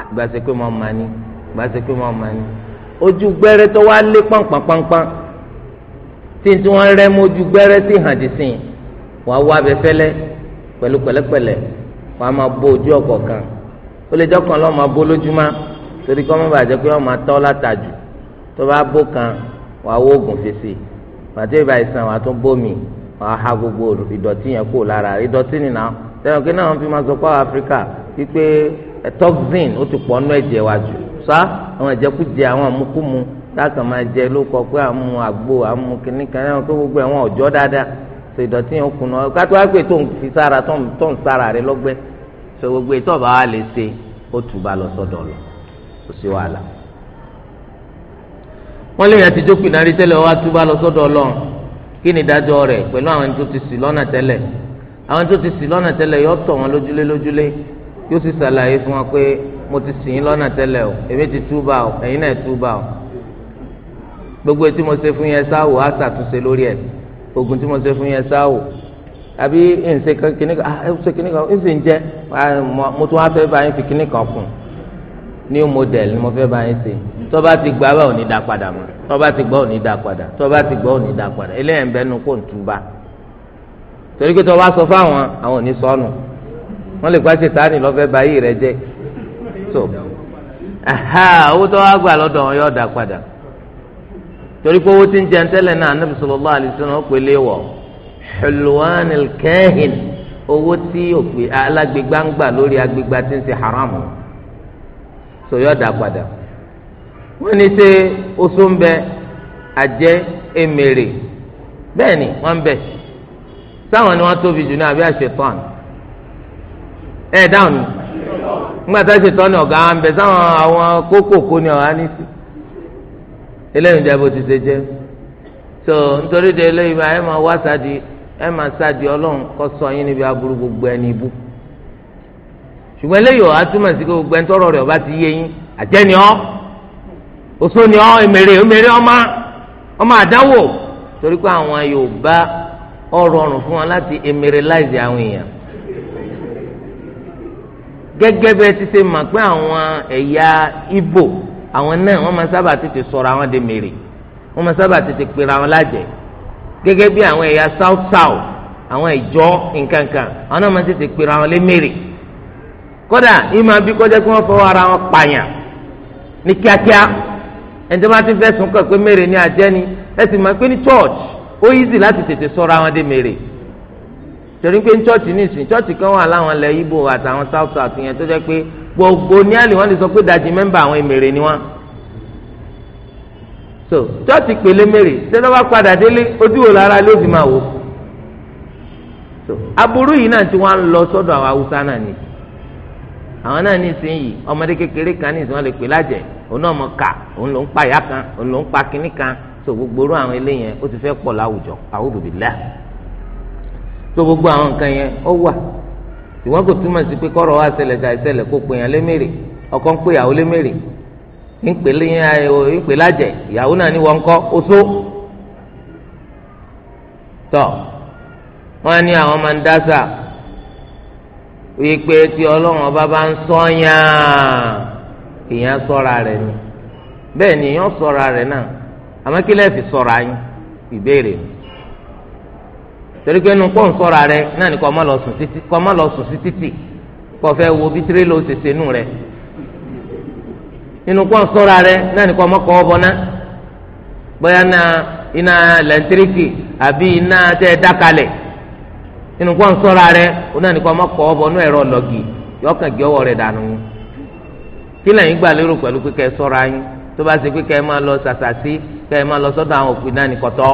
ìgbà ṣe pé mo mà ní ìgbà ṣe pé mo mà ní ojú gbẹ́rẹ́ tó wá lé pọ́npọ́npọ́npọ́n tí tí wọ́n rẹ́ mójú gbẹ́rẹ́ sí hàn dì sí wàá wá abẹ́fẹ́lẹ́ pẹ̀lú pẹ̀lẹ́pẹ̀lẹ́ wàá máa bó ojú ọ̀kọ̀ọ̀kan ó lè jọkàn lọ́ọ́ máa bó lójúmọ́ torí kọ́ mọ́ba àjẹ́ pé wọ́n máa tọ́ látàjù tó bá bó kan wàá wó oògùn fèsì pàtó ìbá ìsàn wàá tún bómi wàá ha gbogbo ìdọ̀tí yẹn kúrò lára ìdọ̀tí nìyà sẹ́wọ̀n kí náà wọ́n fi máa sọ pàwọ́ áfíríkà wípé toxin ó ti pọ̀ nú ẹ̀jẹ̀ wa jù sá àwọn ìjẹkújẹ àwọn àmúkúmu táàkà máa jẹ ló kọ pé àmú àgbo àmú kìnnìkan náà pé gbogbo àwọn ọ̀jọ́ dáadáa ṣèdọ̀tí yẹn ó kùnà kátó wá pé tó ń fi sára tó ń sára rẹ lọ́gbẹ́ so gbogbo ètò ọba wa lè ṣe ó túbà lọ sọ́dọ̀ lọ kò sí wàhálà wọn lè yàn àtijọ́ pìnnarí tẹ́lẹ̀ wá túbà lọ sọ́dọ̀ lọ kí ni ìdájọ́ rẹ̀ pẹ̀lú àwọn tó ti ṣì lọ́nà tẹ́lẹ̀ àwọn tó ti ṣì lọ́nà tẹ́lẹ̀ yóò tọ̀ wọn lójúlé lójúlé yóò sì ṣàlàyé fún wọn pé mo ti ṣì yín lọ́nà tẹ́lẹ̀ o èmi ti túbà o ẹ̀yin náà túbà o gbogbo tí mo ṣe fún yẹn sáwò á ṣàtúnṣe lórí ẹ̀ ogun tí mo ṣe fún yẹn sáwò àbí ẹnse kìnnì kan ẹnse kìnnì kan ah, ah, mo tún wá fẹ́ bá fi kan kùn new model ni mo fẹ́ bá yín ṣe tó bá ti gbà bá òní dá padà mọ́ tó bá ti gbà òní dá padà tó bá ti gbà òní dá padà eléyìí ń bẹ ń túba torí pé tó bá sọ fáwọn àwọn òní so owó tó wá gbà lọ́dọ̀ wọn yóò dá padà torí pé owó ń jẹun tẹ́lẹ̀ náà xulwan alkahin owó tí òpè alágbègbà ń gbà lórí agbègbà tí ń ṣe haram so yọ dà padà wọ́n ní ṣe oṣù ń bẹ àjẹ́ emèrè bẹ́ẹ̀ ni wọ́n ń bẹ sáwọn ni wọ́n tóbi jù náà àbí àṣetán ẹ dáhùn nígbà ṣetán ni ọ̀gá ń bẹ sáwọn àwọn kókòkò ni ọ̀gá ní sí eléyìí ń jẹ bó ti ṣe jẹ so nítorí de eléyìí bá ẹ máa wá sáà di ẹ máa sáàdì ọlọ́run kó ṣọ́ yín níbi aburú gbogbo ẹni ibú ṣùgbọ́n eléyìí ọ̀ atúmọ̀ sí gbogbo ẹni tọrọ rẹ̀ ọba ti yé yín àjẹni ọ́ oṣó ni ọ́ èmèrè èmèrè ọmọ ọmọ àdáwò torí pé àwọn Yorùbá ọ rọrùn fún wọn láti èmèrè láìsí àwọn èèyàn gẹ́gẹ́ bẹ́ẹ̀ ti ṣe mọ̀ pé àwọn ẹ̀yà Ìgbò àwọn náà wọ́n máa sábà tètè sọ̀rọ̀ àwọn dèmèrè wọ́n máa sábà tètè pèrè àwọn lájẹ̀ẹ́ gẹ́gẹ́ bí àwọn ẹ̀yà south south àwọn ìjọ nkankan àwọn náà máa tètè pèrò àwọn lémèrè kódà ìmọ̀ bí kọjá kí wọ́n fọwọ́ ara wọn pààyàn ní kíákíá ẹni bá ti fẹ̀sùn kàn pé mèrè ni àjẹ́ ni ẹ sì máa pé ní church ó easy láti tètè sọ́ra wọn dé mèrè torí pé ní church ní ìsìn church kan wà láwọn ilẹ̀ Ìgbò àtàwọn south south yẹn tó jẹ́ pé gbogbo ní àlè wọn lè sọ pé dajì mẹ́mbà àwọn èmèrè ni wọn so chọọchì pèlè mèrè tẹ́lẹ̀ bá padà délé ojú wo lára ló fi máa wò so aburú yìí náà tí wọ́n á lọ sọ́dọ̀ àwọn haúsá náà ni àwọn náà ní ìsinyìí ọmọdé kékeré kan ní ìsìn wọn lè pè lájẹ òun náà mọ ká òun ló ń pa ìyá kan òun ló ń pa kinní kan so gbogbo orú àwọn eléyẹn ó ti fẹ́ pọ̀ láwùjọ a'udhu billah so gbogbo àwọn nǹkan yẹn ó wà ìwọ́n kò túmọ̀ sí pé kọ́rọ̀ wá ṣẹlẹ̀ ṣàìṣẹlẹ̀ kó pè ìpele ìpele àjẹ ìyàwó náà ní wọn kọ́ oṣó tọ́ wọ́n ní àwọn máa ń dásà wípé tí ọlọ́run ọba bá ń èèyàn sọ́ra rẹ ni bẹ́ẹ̀ ni èèyàn sọ́ra rẹ náà àmọ́ fi sọ́ra yín ìbéèrè torí pé inú pọ́ùn rẹ̀ náà ni má lọ sùn wo bí nínú kó sọ́ra rẹ náà ní kó ọmọ kọ́ ọbọ náà bóyá náà iná lẹ́ńtíríkì àbí iná tẹ́ ẹ dákalẹ̀ nínú kó sọ́ra rẹ náà ní kó ọmọ kọ́ ọbọ náà ẹ̀rọ lọ́gì yọkàn gé ọwọ́ rẹ̀ dànù yín kí lẹ́yìn gbà lérò pẹ̀lú pé kẹ́ ẹ sọ́ra yín tó bá ṣe pé kẹ́ ẹ máa lọ na kẹ́ ẹ máa lọ sọ́dọ̀ àwọn òpin náà ní kọ́tọ́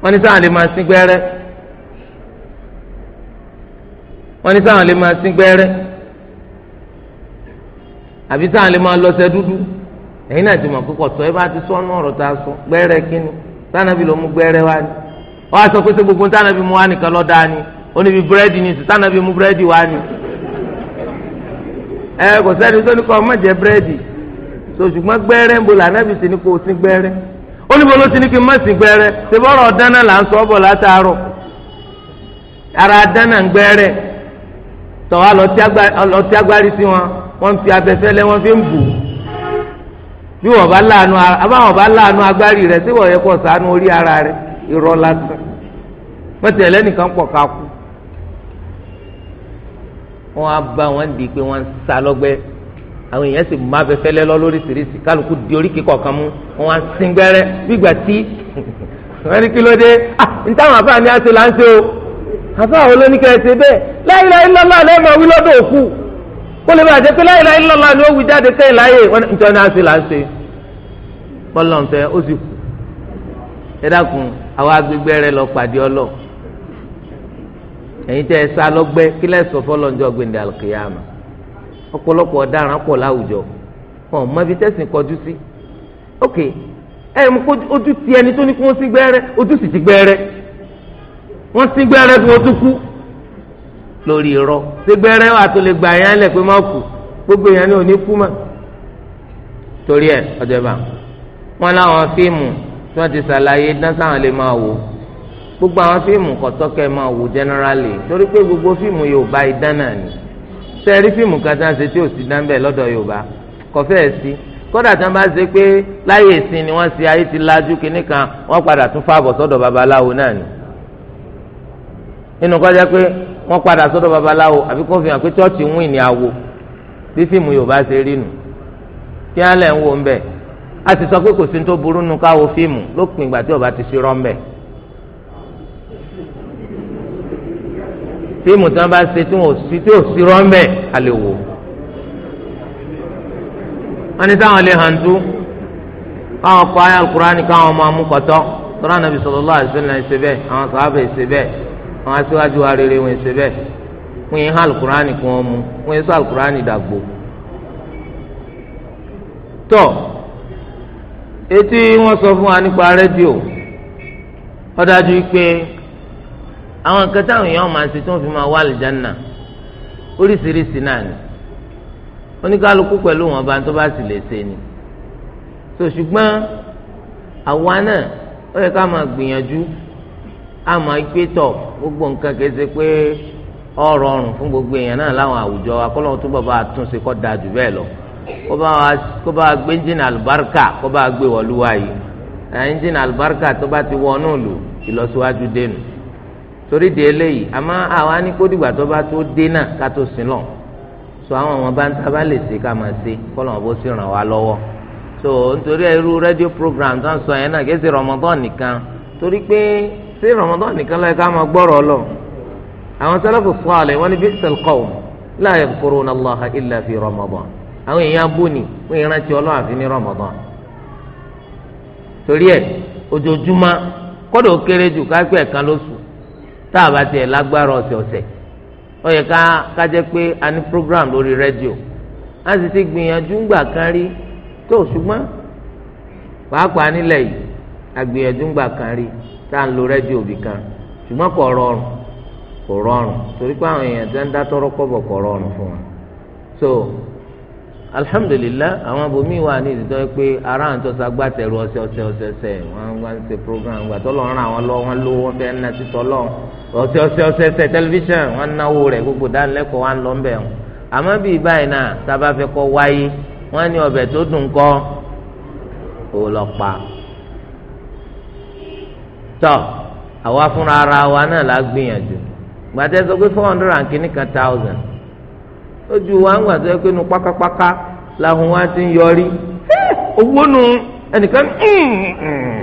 gbogbo e wọ́n ní sáwọn lè máa sín gbẹ́rẹ́ àbí sáwọn lè máa lọ́sẹ̀ dúdú ẹ̀yin náà ti mọ̀ pípọ̀ tọ́ ẹ bá ti sọ́nù ọ̀rọ̀ tá a sọ gbẹ́rẹ́ kínní tánàbí ló mú gbẹ́rẹ́ wá ní wọ́n á sọ pé gbogbo tánàbí mú wá nìkan lọ́ọ́ ni ó níbi búrẹ́dì ní sùn tánàbí mú búrẹ́dì wá ni ẹ kò sẹ́ni tó ní kọ́ má jẹ búrẹ́dì so ṣùgbọ́n gbẹ́rẹ́ ń bo lànàbí ti ní kó o sín gbẹ́rẹ́ ó níbo ló ti ní kí n má sín gbẹ́rẹ́ ṣe bọ́rọ̀ dáná là ń sọ ọ́ bọ̀ látàárọ̀ ara dáná ń gbẹ́rẹ́ tọ̀ wá lọ tí agbárí sí wọn wọ́n fi abẹfẹ́lẹ́ wọ́n fi ń bù bí wọ́n bá láàánú abáwọn bá láàánú agbárí rẹ̀ tí wọ́n yẹ kó ṣàánú orí ara rẹ̀ irọ́ lásán mọ́tì ẹlẹ́nìkan pọ̀ ká kú wọ́n á bá wọn di pé wọ́n ń sá lọ́gbẹ́ àwọn èèyàn sì má abẹfẹ́lẹ́ lọ lóríṣiríṣi kálukú di oríkì kọ̀ọ̀kan mú wọ́n á sin gbẹ́rẹ́ bí ìgbà tí <laughs> wọ́n ní kí ló dé ah ntàwọn àbáwọn ni a ṣe là ń o. àfa àwọn olóníkẹ́ ẹ̀ ṣe bẹ́ẹ̀ láìláì lọ́lá lẹ́ẹ̀ máa wí lọ́dọ̀ òkú kó lè bàjẹ́ pé láìláì lọ́lá ni ó wí jáde kẹ́yìn láyè ìjọ ni ṣe là ń ṣe bọ́lá ń fẹ́ ó sì kù ẹ dákun àwọn agbègbè rẹ lọ pàdé ọlọ ẹ̀yin tẹ́ ẹ sá lọ́gbẹ́ kí lẹ́sọ̀ fọlọ́njọ́ gbẹ̀ndẹ̀ ọ̀pọ̀lọpọ̀ ọ̀daràn pọ̀ láwùjọ wọ́n sín gbẹ́rẹ́ kí wọ́n tún kú lórí irọ́ sí gbẹ́rẹ́ wà tó lè gbà yẹn lẹ̀ pé má kú gbogbo yẹn ni ò ní kú mọ́ torí ẹ̀ ọjọ́ bá wọn láwọn fíìmù tí wọ́n ti ṣàlàyé dáńsáwọn lè máa wò gbogbo àwọn fíìmù kọ̀tọ́kẹ́ máa wò generally torí pé gbogbo fíìmù Yorùbá ìdáná ni sẹ́ẹ̀rí fíìmù kan tí wọ́n ṣe tí ò sí dáńbẹ̀ lọ́dọ̀ Yorùbá kọfẹ́ sí kódà tí wọn bá ṣe pé láyé ìsìn ni wọn ṣe ayé ti lajú kínní kan wọn padà tún fáàbọ̀ sọ́dọ̀ babaláwo náà ni nínú kọjá pé wọ́n padà sọ́dọ̀ babaláwo àfi kó fi hàn pé chọ́ọ̀chì ń wìn ní awo bí fíìmù yorùbá ṣe rí nù kí á lẹ̀ ń wo ńbẹ̀ a ti sọ pé kò sí tó burú nu káwo fíìmù lópin ìgbà tí ó ti ṣe rọ́ńbẹ̀ fíìmù tí wọ́n bá ṣe tí wọ́n sí tí ò sí rọ́ńbẹ̀ a lè wò wọ́n ní táwọn lè hàn tú káwọn kọ ayé alukurani káwọn ọmọ amúkọ̀tọ́ tọ́lá nàbì sallallahu alaihi wasallam ṣe bẹ́ẹ̀ àwọn sàhábà ṣe bẹ́ẹ̀ àwọn aṣíwájú wa rere wọn ṣe bẹ́ẹ̀ wọn yẹn alukurani kí wọn mu wọn yẹn sọ alukurani dàgbò. tọ etí wọn sọ fún wa nípa rédíò ó dájú pé àwọn nǹkan táwọn èèyàn máa ṣe tí wọn fi máa wá àlìjáná oríṣiríṣi náà ni oníkálukú pẹ̀lú wọn bá ń tó bá sì lè ṣe ni so ṣùgbọ́n àwa náà ó yẹ ká máa gbìyànjú ama ìgbétọ̀ gbogbo nǹkan kìí ṣe pé ọ̀rọ̀ ọ̀rùn fún gbogbo èèyàn náà láwọn àwùjọ akọ́lọ́wọ́ tó bàbá àtúnṣe kọ́ da jù bẹ́ẹ̀ lọ kó bá gbé ẹ́ńjìnì àlùbáríkà kó bá gbé wọ̀lú wáyé ẹ́ńjìnì àlùbáríkà tó bá ti wọnú lò ìlọsíwájú dénú torí de eléyìí àmọ́ àwa ní kó dìgbà tó bá tó dé náà ká tó sin lọ so àwọn ọmọ bá ń tábà lè ṣe ká máa ṣe kọ́lọ́wọ́ bó sì ràn wá lọ́wọ́ so nítorí irú rédíò program tó ń sọ yẹn náà kì í ṣe Ramadan nìkan torí pé ṣé Ramadan nìkan lọ́yẹ ká máa gbọ́rọ̀ lọ àwọn sálàfù sọ́ọ̀lẹ̀ wọ́n ní bi'sal qawm n'ala yadhkuruna Allaha illa fi Ramadan àwọn èèyàn n'i wọ́n yẹn rántí Ọlọ́run àfi ní Ramadan torí ẹ̀ ojoojúmọ́ kọ́dọ̀ ó kéré jù kápẹ́ ẹ̀kan lóṣù tá a bá tiẹ̀ lágbára ọ̀sẹ̀ọ̀sẹ̀ ó yẹ ká ká jẹ́ pé a ní program lórí rédíò a sì ti gbìyànjú ńgbà kan rí tó ṣùgbọ́n pàápàá nílẹ̀ yìí tá à ń lo rẹ́díò bì kan ṣùgbọ́n kò rọrùn kò rọrùn torí pé àwọn èèyàn tó ń dá tọrọ kọ́bọ̀ kò rọrùn fún wọn. so alhamdulillah àwọn abomi wà ní ìdíjọ́ pé ara àwọn tọ́sí agbátẹrù ọ̀sẹ̀ ọ̀sẹ̀ ọ̀sẹ̀ ọ̀sẹ̀ wọ́n wá ń ṣe program gbà tó lọ́ọ́ ràn wọ́n lọ́ wọ́n ló wọ́n fẹ́ ná títọ́ lọ́ ọ̀sẹ̀ ọ̀sẹ̀ ọ̀sẹ̀ ọ̀sẹ̀ tẹlifíṣàn wọ́n náwó rẹ̀ gbogbo dánilẹ́kọ̀ọ́ wa ń lọ wọn. àmọ́ bíi báyìí náà tá a bá fẹ́ kọ́ wáyé wọ́n ní ọbẹ̀ tó dùn kọ́ òun lọ pa tọ́ àwa fúnra ara wa náà la gbìyànjú gbàtẹ́ sọ pé four hundred and kìíní kan thousand ojú wa ń gbà sọ pé nu pákápáká làwọn wa ti ń yọrí owó nu ẹnìkan hmm, hmm.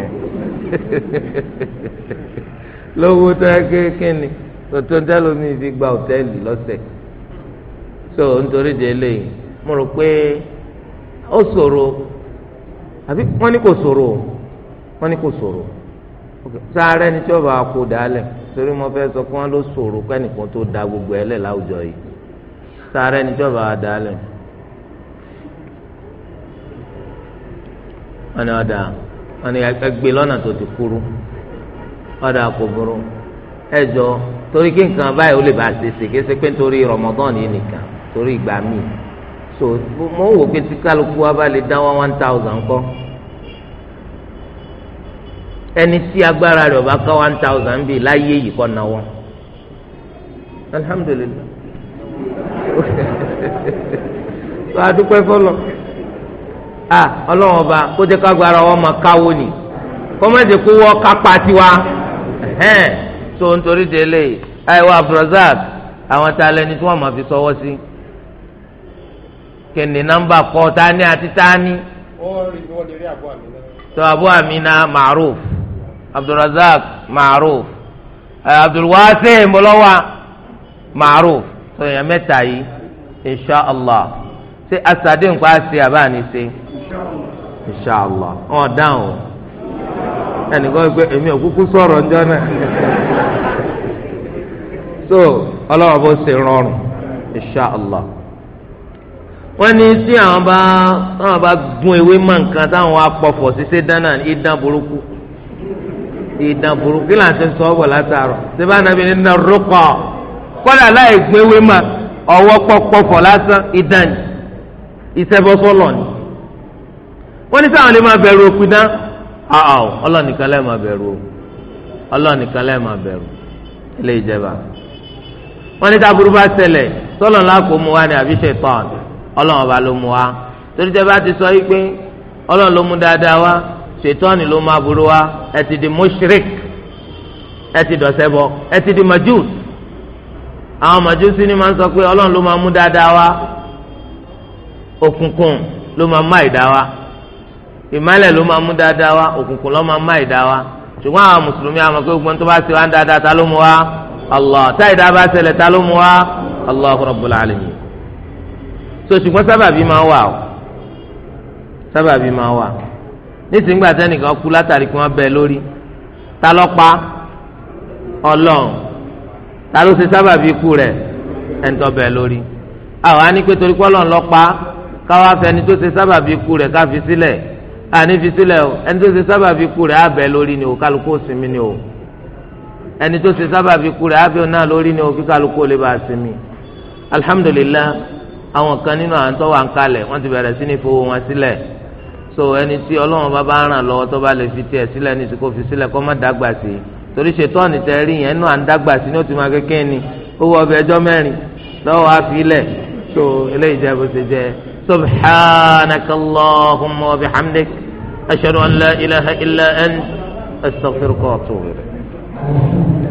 <laughs> lówó tó yẹ kékeré tòtò ń tẹ́lẹ̀ omi fi gba òtẹ́ẹ̀lì lọ́sẹ̀ so nítorí de mo rò pé ó ṣòro àbí wọ́n ní kò wọ́n ní kò sáré ni tí ọba kó dálẹ̀ torí mo fẹ́ sọ pé wọ́n ló ṣòro kẹ́nìkan tó da gbogbo ẹlẹ́ láwùjọ yìí sáré ni tí ọba dálẹ̀ wọ́n ní ọ̀dà wọ́n ní ẹgbẹ́ e lọ́nà tó ti kúrú ọ̀dà kò burú ẹ̀jọ̀ torí kí nǹkan báyìí ó lè bá a ṣe ṣe kéṣe pé nítorí Ramadan yìí nìkan torí ìgbà míì so mo wò pé tí kálukú wa bá lè dá one one thousand kọ́. ẹni tí agbára ọba ká one thousand bíi láyé yìí kọ́ náwó alhamdulilayi tó <laughs> dúpẹ́ fọlọ́ a ọlọ́run ọba kó jẹ́ kágbára wọn máa káwó ni kọ́mẹ́tì kó tiwa ẹ̀hẹ́n tó ń torí délé àìwá abdulrasaq àwọn tá a lẹni tí fi sọwọ́ sí na nọ́mbà kọ́ tani àti tani abdulrazak maruf abdulwase mbọlọwa maruf sọyìn mẹ́ta yìí inshallah ṣe asade nǹkan àti àbáni ṣe inshallah wọn dáhùn ẹnìkan pé èmi ò kúkú sọ̀rọ̀ ọjọ́ náà so ọlọ́wọ́ bó ṣe rọrùn inshallah wọ́n ní tí àwọn bá táwọn bá gún ewé mọ̀ nǹkan táwọn apọ̀fọ̀ ṣiṣẹ́ dáná ìdán burúkú ìdàn burúkú kí làǹtí sọ ọ bọ látàárọ̀ síbá nàbí ní nà rúkọ kọlá láì gbéwé mà ọwọ́ pọpọfọ lásán ìdàn ìṣẹbọsọlọ ni wọn ní sáwọn lè máa bẹ̀rù òkú dán ọ̀ọ́ ọlọ́nìkan lẹ́ẹ̀ máa bẹ̀rù o ọlọ́nìkan lẹ́ẹ̀ máa bẹ̀rù ilé ìjẹba wọn ní sábúrú bá ṣẹlẹ̀ sọlọ́n lákòó mu wá ní àbí ṣètọ́n ọlọ́run ọba ló mu wá torí jẹba ti sọ yí pé ọlọ́run ló mu dáadáa wá ṣètọ́ni ló máa burú wa ẹ ti di mushrik ẹ ti dọ̀sẹ̀ bọ̀ ẹ ti di majus àwọn majus ni máa ń sọ pé ọlọ́run ló máa mú dáadáa wa òkùnkùn ló máa má ìdá wa ìmálẹ̀ ló máa mú dáadáa wa òkùnkùn ló máa má ìdá wa ṣùgbọ́n àwọn mùsùlùmí àwọn pé gbọ́n tó bá ṣe wá ń dáadáa ta ló mú wa allah tá ìdá bá ṣẹlẹ̀ ta ló mú wa allahu rabbul alamin so ṣùgbọ́n sábàbí máa wà o sábàbí máa wà o nísìnyí gbà tẹnìkan kú látàrí kí wọ́n bẹ lórí ta ló pa Ọlọ́run ta ló ṣe sábàbí ikú rẹ̀ ẹnitọ́ bẹ lórí àwọn anípe torí pé Ọlọ́run ló pa káwá fẹni tó ṣe sábàbí ikú rẹ̀ ká sílẹ̀ àní fi sílẹ̀ o ẹni tó ṣe sábàbí ikú rẹ̀ á lórí ni o kálukú sinmi ni o ẹni tó ṣe sábàbí ikú rẹ̀ á náà lórí ni o kí kálukú lè bá sinmi alihamudulilayi àwọn kan nínú àwọn tó wà ń kalẹ̀ wọ́n ti bẹ̀rẹ̀ sí ní fowó wọn sílẹ̀ so ẹni tí ọlọ́run bá bá ràn lọ́wọ́ tó bá lè fi tiẹ̀ sílẹ̀ ní ìsìnkú fi sílẹ̀ kọ́ má dàgbà sí i torí ṣètọ́ọ̀nì tẹ rí yẹn inú à ń dàgbà sí ní ó ti máa kékeré ni owó ọbẹ̀ ẹjọ́ mẹ́rin lọ́wọ́ á fi ilẹ̀ so eléyìí jẹ́ bó ṣe jẹ́ subhanakallahumma wa bihamdik ashhadu an la ilaha illa ant astaghfiruka wa atubu ilayk.